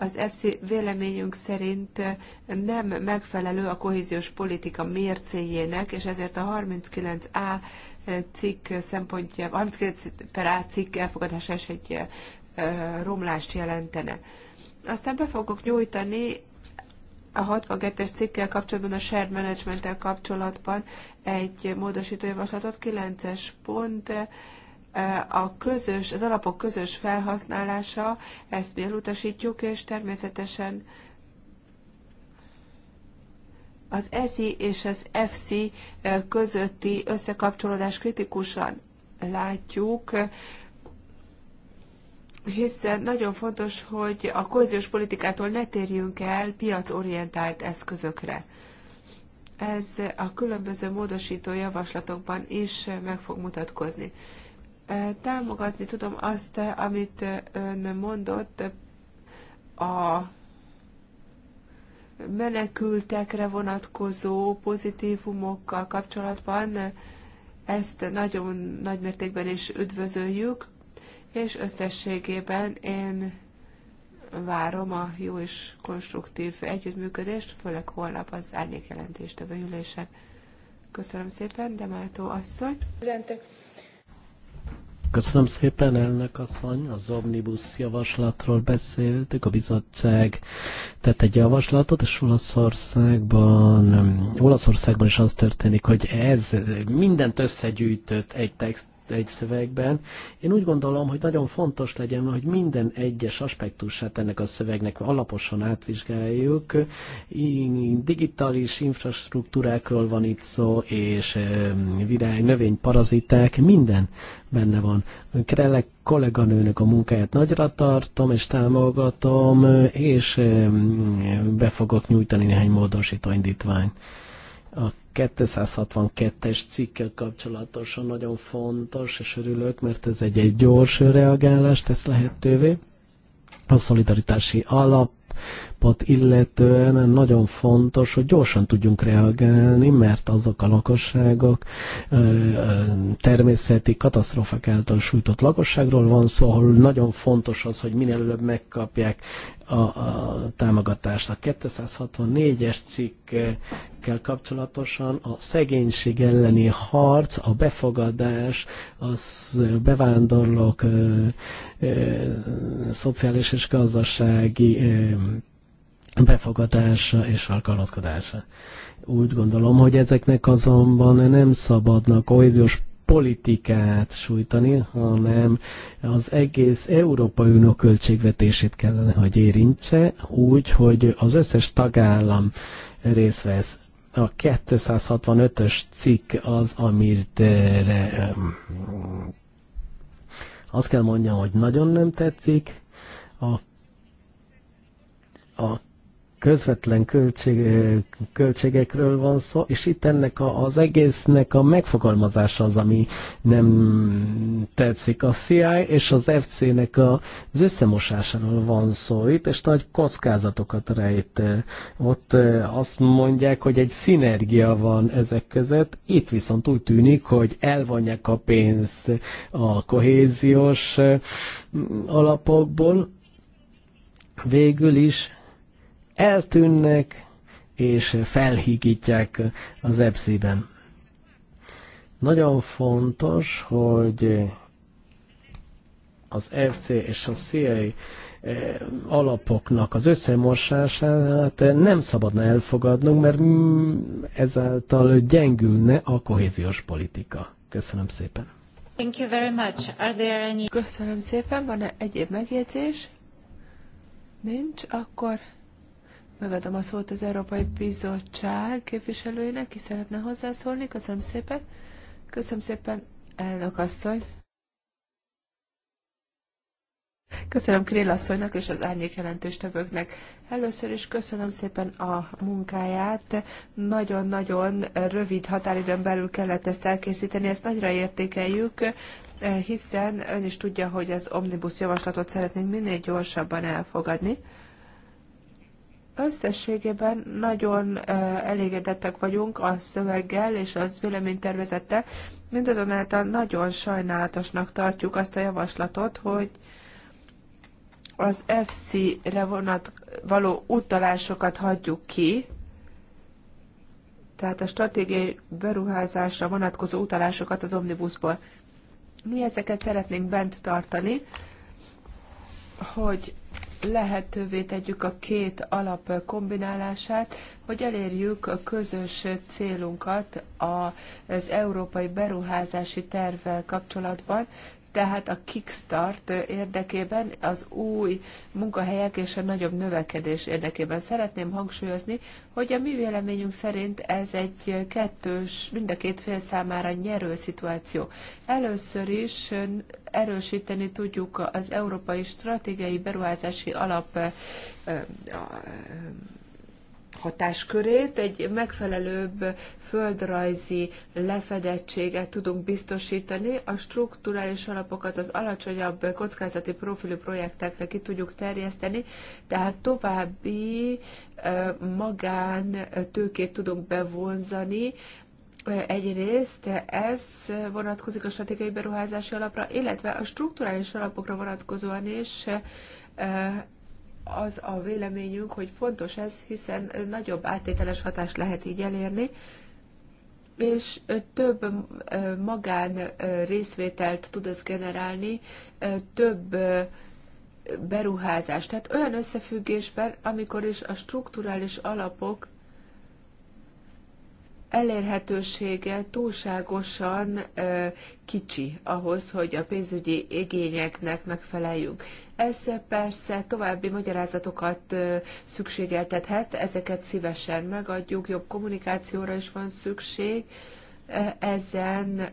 Az EFSI véleményünk szerint nem megfelelő a kohéziós politika mércéjének, és ezért a 39A cikk szempontja, 39 per A cikk elfogadása is egy romlást jelentene. Aztán be fogok nyújtani a 62-es cikkel kapcsolatban, a shared management kapcsolatban egy módosítójavaslatot, 9-es pont, E, a közös, az alapok közös felhasználása, ezt mi elutasítjuk, és természetesen az ESI és az EFSI e, közötti összekapcsolódás kritikusan látjuk, hiszen nagyon fontos, hogy a kohéziós politikától ne térjünk el piacorientált eszközökre. Ez a különböző módosító javaslatokban is meg fog mutatkozni. Támogatni tudom azt, amit ön mondott, a menekültekre vonatkozó pozitívumokkal kapcsolatban ezt nagyon nagy mértékben is üdvözöljük, és összességében én várom a jó és konstruktív együttműködést, főleg holnap az árnyékjelentést a bőülésen. Köszönöm szépen, Demátó asszony. Rendben. Köszönöm szépen, elnök asszony. Az omnibus javaslatról beszéltük. A bizottság tett egy javaslatot, és Olaszországban, Olaszországban is az történik, hogy ez mindent összegyűjtött egy text egy szövegben. Én úgy gondolom, hogy nagyon fontos legyen, hogy minden egyes aspektusát ennek a szövegnek alaposan átvizsgáljuk. Digitális infrastruktúrákról van itt szó, és virág, növény, paraziták, minden benne van. Krelek kolléganőnök a munkáját nagyra tartom és támogatom, és be fogok nyújtani néhány módosító indítványt. A 262-es cikkel kapcsolatosan nagyon fontos, és örülök, mert ez egy, egy gyors reagálást tesz lehetővé. A szolidaritási alap alapot illetően nagyon fontos, hogy gyorsan tudjunk reagálni, mert azok a lakosságok természeti katasztrofák által sújtott lakosságról van szó, ahol nagyon fontos az, hogy minél előbb megkapják a, a támogatást. A 264-es cikkkel kapcsolatosan a szegénység elleni harc, a befogadás, az bevándorlók ö, ö, szociális és gazdasági ö, befogadása és alkalmazkodása. Úgy gondolom, hogy ezeknek azonban nem szabadnak kohéziós politikát sújtani, hanem az egész Európai Unió költségvetését kellene, hogy érintse, úgy, hogy az összes tagállam részt vesz. A 265-ös cikk az, amit eh, azt kell mondjam, hogy nagyon nem tetszik. A, a közvetlen költség, költségekről van szó, és itt ennek a, az egésznek a megfogalmazása az, ami nem tetszik. A CI és az FC-nek a, az összemosásáról van szó itt, és nagy kockázatokat rejt. Ott azt mondják, hogy egy szinergia van ezek között, itt viszont úgy tűnik, hogy elvonják a pénzt a kohéziós alapokból, végül is eltűnnek, és felhigítják az epsziben. Nagyon fontos, hogy az FC és a CIA eh, alapoknak az összemosását nem szabadna elfogadnunk, mert ezáltal gyengülne a kohéziós politika. Köszönöm szépen. Thank you very much. Are there any... Köszönöm szépen. Van-e egyéb megjegyzés? Nincs, akkor Megadom a szót az Európai Bizottság képviselőjének, ki szeretne hozzászólni. Köszönöm szépen. Köszönöm szépen, elnök asszony. Köszönöm Krél asszonynak és az árnyék jelentéstevőknek. Először is köszönöm szépen a munkáját. Nagyon-nagyon rövid határidőn belül kellett ezt elkészíteni, ezt nagyra értékeljük, hiszen ön is tudja, hogy az omnibus javaslatot szeretnénk minél gyorsabban elfogadni. Összességében nagyon elégedettek vagyunk a szöveggel és az véleménytervezettel, mindazonáltal nagyon sajnálatosnak tartjuk azt a javaslatot, hogy az FC-re vonat való utalásokat hagyjuk ki, tehát a stratégiai beruházásra vonatkozó utalásokat az omnibusból. Mi ezeket szeretnénk bent tartani, hogy lehetővé tegyük a két alap kombinálását, hogy elérjük a közös célunkat az európai beruházási tervvel kapcsolatban, tehát a kickstart érdekében, az új munkahelyek és a nagyobb növekedés érdekében. Szeretném hangsúlyozni, hogy a mi véleményünk szerint ez egy kettős, mind a két fél számára nyerő szituáció. Először is erősíteni tudjuk az Európai Stratégiai Beruházási Alap hatáskörét, egy megfelelőbb földrajzi lefedettséget tudunk biztosítani, a strukturális alapokat az alacsonyabb kockázati profilú projektekre ki tudjuk terjeszteni, tehát további magán tőkét tudunk bevonzani, Egyrészt ez vonatkozik a stratégiai beruházási alapra, illetve a strukturális alapokra vonatkozóan is az a véleményünk, hogy fontos ez, hiszen nagyobb áttételes hatást lehet így elérni, és több magán részvételt tud ez generálni, több beruházást. Tehát olyan összefüggésben, amikor is a strukturális alapok elérhetősége túlságosan kicsi ahhoz, hogy a pénzügyi igényeknek megfeleljünk. Ez persze további magyarázatokat szükségeltethet, ezeket szívesen megadjuk, jobb kommunikációra is van szükség ezen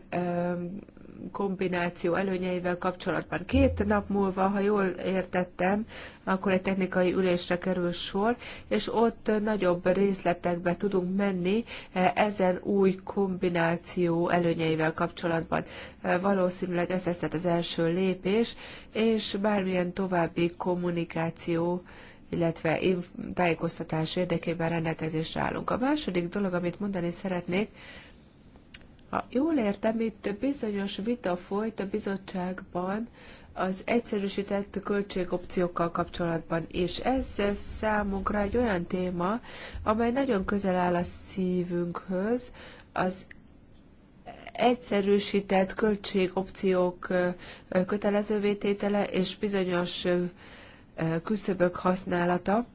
kombináció előnyeivel kapcsolatban. Két nap múlva, ha jól értettem, akkor egy technikai ülésre kerül sor, és ott nagyobb részletekbe tudunk menni e, ezen új kombináció előnyeivel kapcsolatban. E, valószínűleg ez lesz az első lépés, és bármilyen további kommunikáció illetve tájékoztatás érdekében rendelkezésre állunk. A második dolog, amit mondani szeretnék, ha jól értem, itt bizonyos vita folyt a bizottságban az egyszerűsített költségopciókkal kapcsolatban, és ez számunkra egy olyan téma, amely nagyon közel áll a szívünkhöz, az egyszerűsített költségopciók kötelezővé tétele és bizonyos küszöbök használata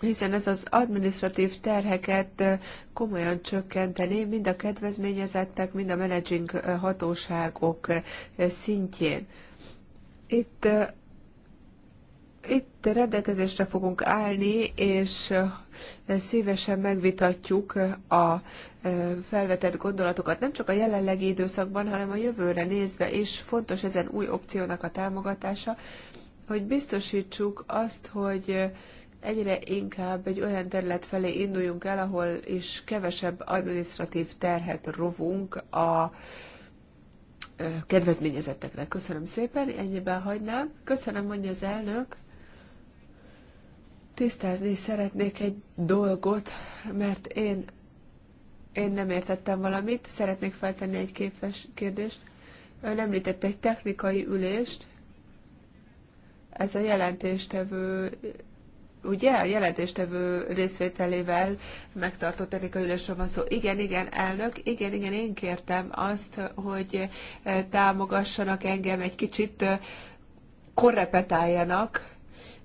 hiszen ez az administratív terheket komolyan csökkenteni mind a kedvezményezettek, mind a managing hatóságok szintjén. Itt, itt rendelkezésre fogunk állni, és szívesen megvitatjuk a felvetett gondolatokat, nem csak a jelenlegi időszakban, hanem a jövőre nézve is fontos ezen új opciónak a támogatása, hogy biztosítsuk azt, hogy egyre inkább egy olyan terület felé induljunk el, ahol is kevesebb administratív terhet rovunk a kedvezményezettekre. Köszönöm szépen, ennyiben hagynám. Köszönöm, mondja az elnök. Tisztázni szeretnék egy dolgot, mert én, én nem értettem valamit. Szeretnék feltenni egy képes kérdést. Ön említette egy technikai ülést. Ez a jelentéstevő ugye a jelentéstevő részvételével megtartott ülésről van szó. Igen, igen, elnök, igen, igen, én kértem azt, hogy eh, támogassanak engem egy kicsit, eh, korrepetáljanak,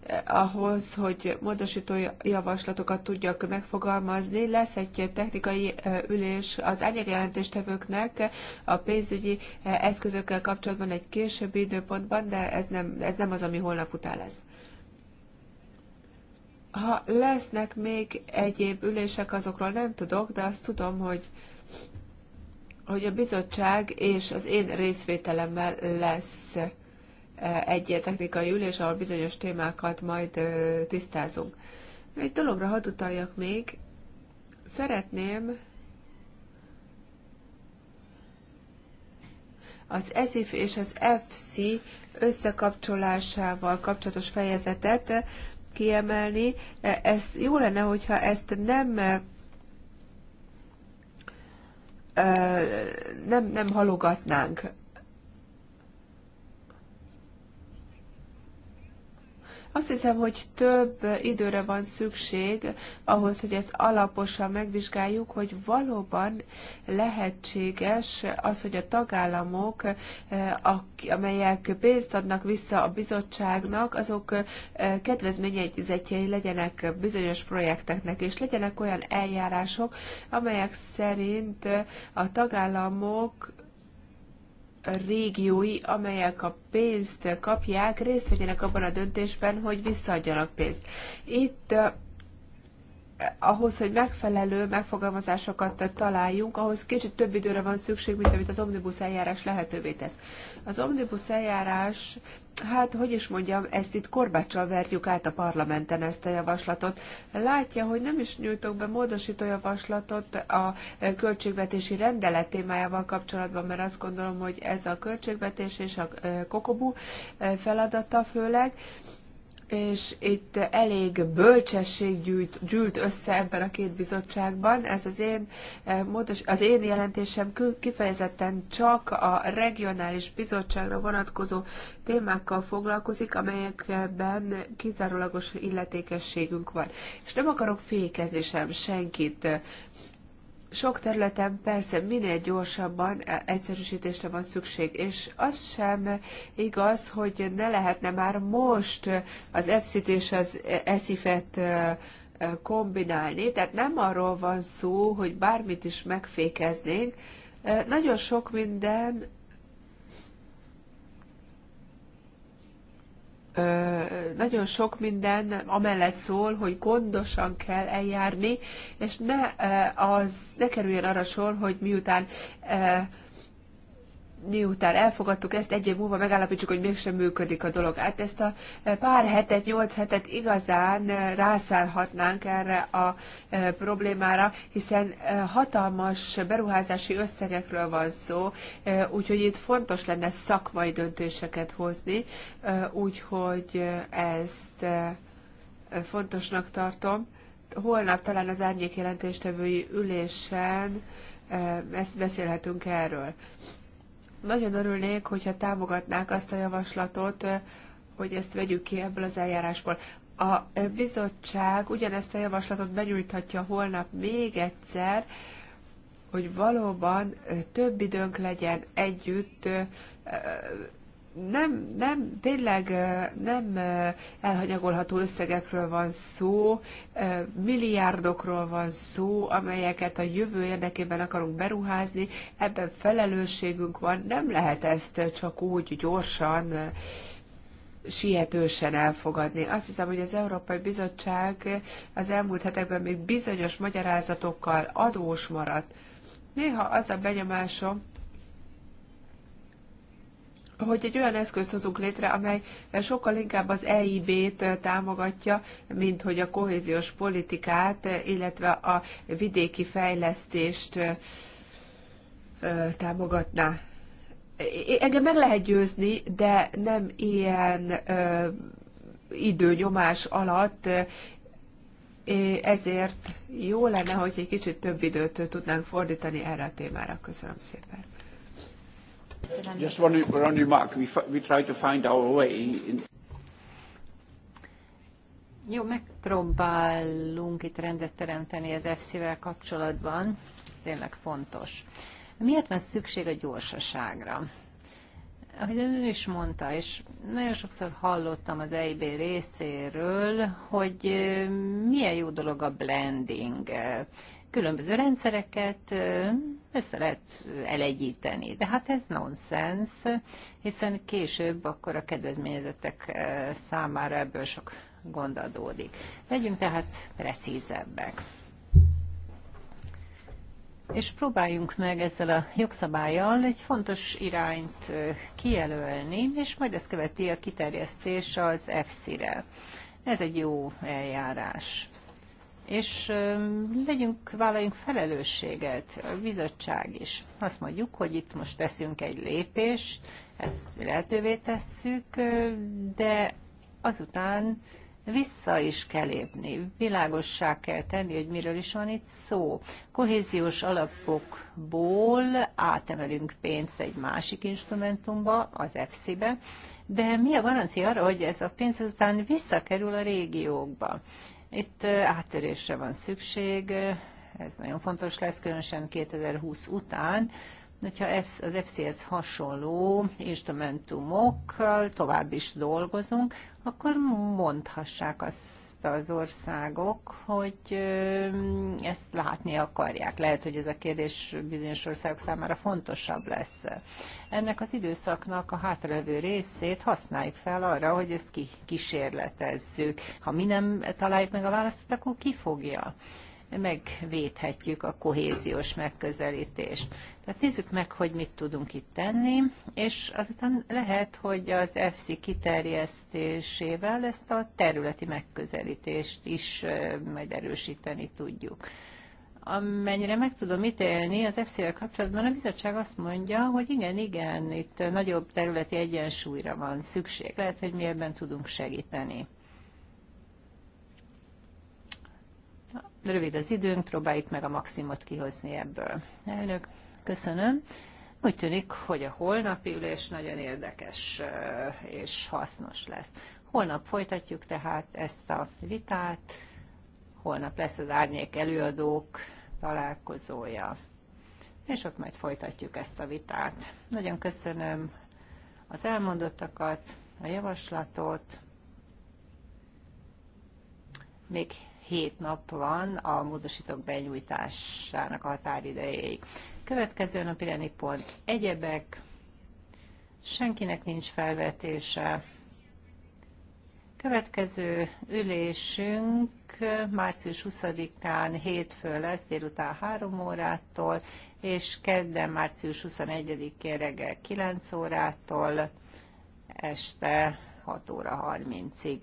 eh, ahhoz, hogy módosító javaslatokat tudjak megfogalmazni. Lesz egy technikai ülés az anyagjelentéstevőknek a pénzügyi eszközökkel kapcsolatban egy későbbi időpontban, de ez nem, ez nem az, ami holnap után lesz. Ha lesznek még egyéb ülések, azokról nem tudok, de azt tudom, hogy hogy a bizottság és az én részvételemmel lesz e, egy technikai ülés, ahol bizonyos témákat majd e, tisztázunk. Egy dologra hadd utaljak még. Szeretném az ESIF és az FC összekapcsolásával kapcsolatos fejezetet kiemelni. E, ez jó lenne, hogyha ezt nem e, e, nem, nem halogatnánk. Azt hiszem, hogy több időre van szükség ahhoz, hogy ezt alaposan megvizsgáljuk, hogy valóban lehetséges az, hogy a tagállamok, eh, amelyek pénzt adnak vissza a bizottságnak, azok eh, kedvezményezetjei legyenek bizonyos projekteknek, és legyenek olyan eljárások, amelyek szerint a tagállamok régiói, amelyek a pénzt kapják, részt vegyenek abban a döntésben, hogy visszaadjanak pénzt. Itt ahhoz, hogy megfelelő megfogalmazásokat találjunk, ahhoz kicsit több időre van szükség, mint amit az omnibus eljárás lehetővé tesz. Az omnibus eljárás, hát hogy is mondjam, ezt itt korbácsal verjük át a parlamenten ezt a javaslatot. Látja, hogy nem is nyújtok be módosító javaslatot a költségvetési rendelet témájával kapcsolatban, mert azt gondolom, hogy ez a költségvetés és a kokobú feladata főleg, és itt elég bölcsesség gyűjt, gyűlt össze ebben a két bizottságban. Ez az én, eh, az én jelentésem kifejezetten csak a regionális bizottságra vonatkozó témákkal foglalkozik, amelyekben kizárólagos illetékességünk van. És nem akarok fékezni sem senkit. Eh, sok területen persze minél gyorsabban e, egyszerűsítésre van szükség, és az sem igaz, hogy ne lehetne már most az EFSZIT és az esif e, e, kombinálni, tehát nem arról van szó, hogy bármit is megfékeznénk, nagyon sok minden nagyon sok minden amellett szól, hogy gondosan kell eljárni, és ne, az, ne kerüljön arra sor, hogy miután miután elfogadtuk ezt, egy év múlva megállapítsuk, hogy mégsem működik a dolog. Hát ezt a pár hetet, nyolc hetet igazán eh, rászállhatnánk erre a eh, problémára, hiszen eh, hatalmas beruházási összegekről van szó, úgyhogy itt fontos lenne szakmai döntéseket hozni, úgyhogy ezt fontosnak tartom. Holnap talán az árnyék jelentéstevői ülésen ezt beszélhetünk erről. Nagyon örülnék, hogyha támogatnák azt a javaslatot, hogy ezt vegyük ki ebből az eljárásból. A bizottság ugyanezt a javaslatot benyújthatja holnap még egyszer, hogy valóban több időnk legyen együtt nem, nem, tényleg nem elhanyagolható összegekről van szó, milliárdokról van szó, amelyeket a jövő érdekében akarunk beruházni, ebben felelősségünk van, nem lehet ezt csak úgy gyorsan sietősen elfogadni. Azt hiszem, hogy az Európai Bizottság az elmúlt hetekben még bizonyos magyarázatokkal adós maradt. Néha az a benyomásom, hogy egy olyan eszközt hozunk létre, amely sokkal inkább az EIB-t támogatja, mint hogy a kohéziós politikát, illetve a vidéki fejlesztést támogatná. Engem meg lehet győzni, de nem ilyen időnyomás alatt, ezért jó lenne, hogy egy kicsit több időt tudnánk fordítani erre a témára. Köszönöm szépen. Just one, one remark. We, we try to find our way. In... Jó, megpróbálunk itt rendet teremteni az FC-vel kapcsolatban. Ez tényleg fontos. Miért van szükség a gyorsaságra? ahogy ő is mondta, és nagyon sokszor hallottam az EIB részéről, hogy milyen jó dolog a blending. Különböző rendszereket össze lehet elegyíteni. De hát ez nonsens, hiszen később akkor a kedvezményezettek eh, számára ebből sok gond adódik. Legyünk tehát precízebbek. És próbáljunk meg ezzel a jogszabályjal egy fontos irányt eh, kijelölni, és majd ezt követi a kiterjesztés az EFSZ-re. Ez egy jó eljárás és legyünk, vállaljunk felelősséget, a bizottság is. Azt mondjuk, hogy itt most teszünk egy lépést, ezt lehetővé tesszük, de azután vissza is kell lépni, világossá kell tenni, hogy miről is van itt szó. Kohéziós alapokból átemelünk pénzt egy másik instrumentumba, az EFSI-be, de mi a garancia arra, hogy ez a pénz azután visszakerül a régiókba? Itt áttörésre van szükség, ez nagyon fontos lesz, különösen 2020 után, hogyha az FCS hasonló instrumentumokkal tovább is dolgozunk, akkor mondhassák azt azt az országok, hogy ezt látni akarják. Lehet, hogy ez a kérdés bizonyos országok számára fontosabb lesz. Ennek az időszaknak a hátralévő részét használjuk fel arra, hogy ezt kísérletezzük. Ha mi nem találjuk meg a választ, akkor ki fogja? megvédhetjük a kohéziós megközelítést. Tehát nézzük meg, hogy mit tudunk itt tenni, és azután lehet, hogy az EFSI kiterjesztésével ezt a területi megközelítést is majd erősíteni tudjuk amennyire meg tudom ítélni, az EFSZ-vel kapcsolatban a bizottság azt mondja, hogy igen, igen, itt nagyobb területi egyensúlyra van szükség. Lehet, hogy mi ebben tudunk segíteni. rövid az időnk, próbáljuk meg a maximumot kihozni ebből. Elnök, köszönöm. Úgy tűnik, hogy a holnapi ülés nagyon érdekes és hasznos lesz. Holnap folytatjuk tehát ezt a vitát, holnap lesz az árnyék előadók találkozója, és ott majd folytatjuk ezt a vitát. Nagyon köszönöm az elmondottakat, a javaslatot. Még hét nap van a módosítók benyújtásának a határidejéig. Következő napi pont egyebek, senkinek nincs felvetése. Következő ülésünk március 20-án hétfő lesz délután 3 órától, és kedden március 21-én reggel 9 órától este 6 óra 30-ig.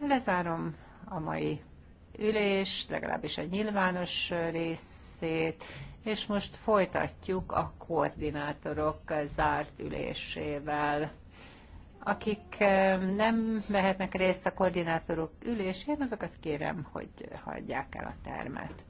Lezárom a mai ülés, legalábbis a nyilvános részét, és most folytatjuk a koordinátorok zárt ülésével. Akik nem vehetnek részt a koordinátorok ülésén, azokat kérem, hogy hagyják el a termet.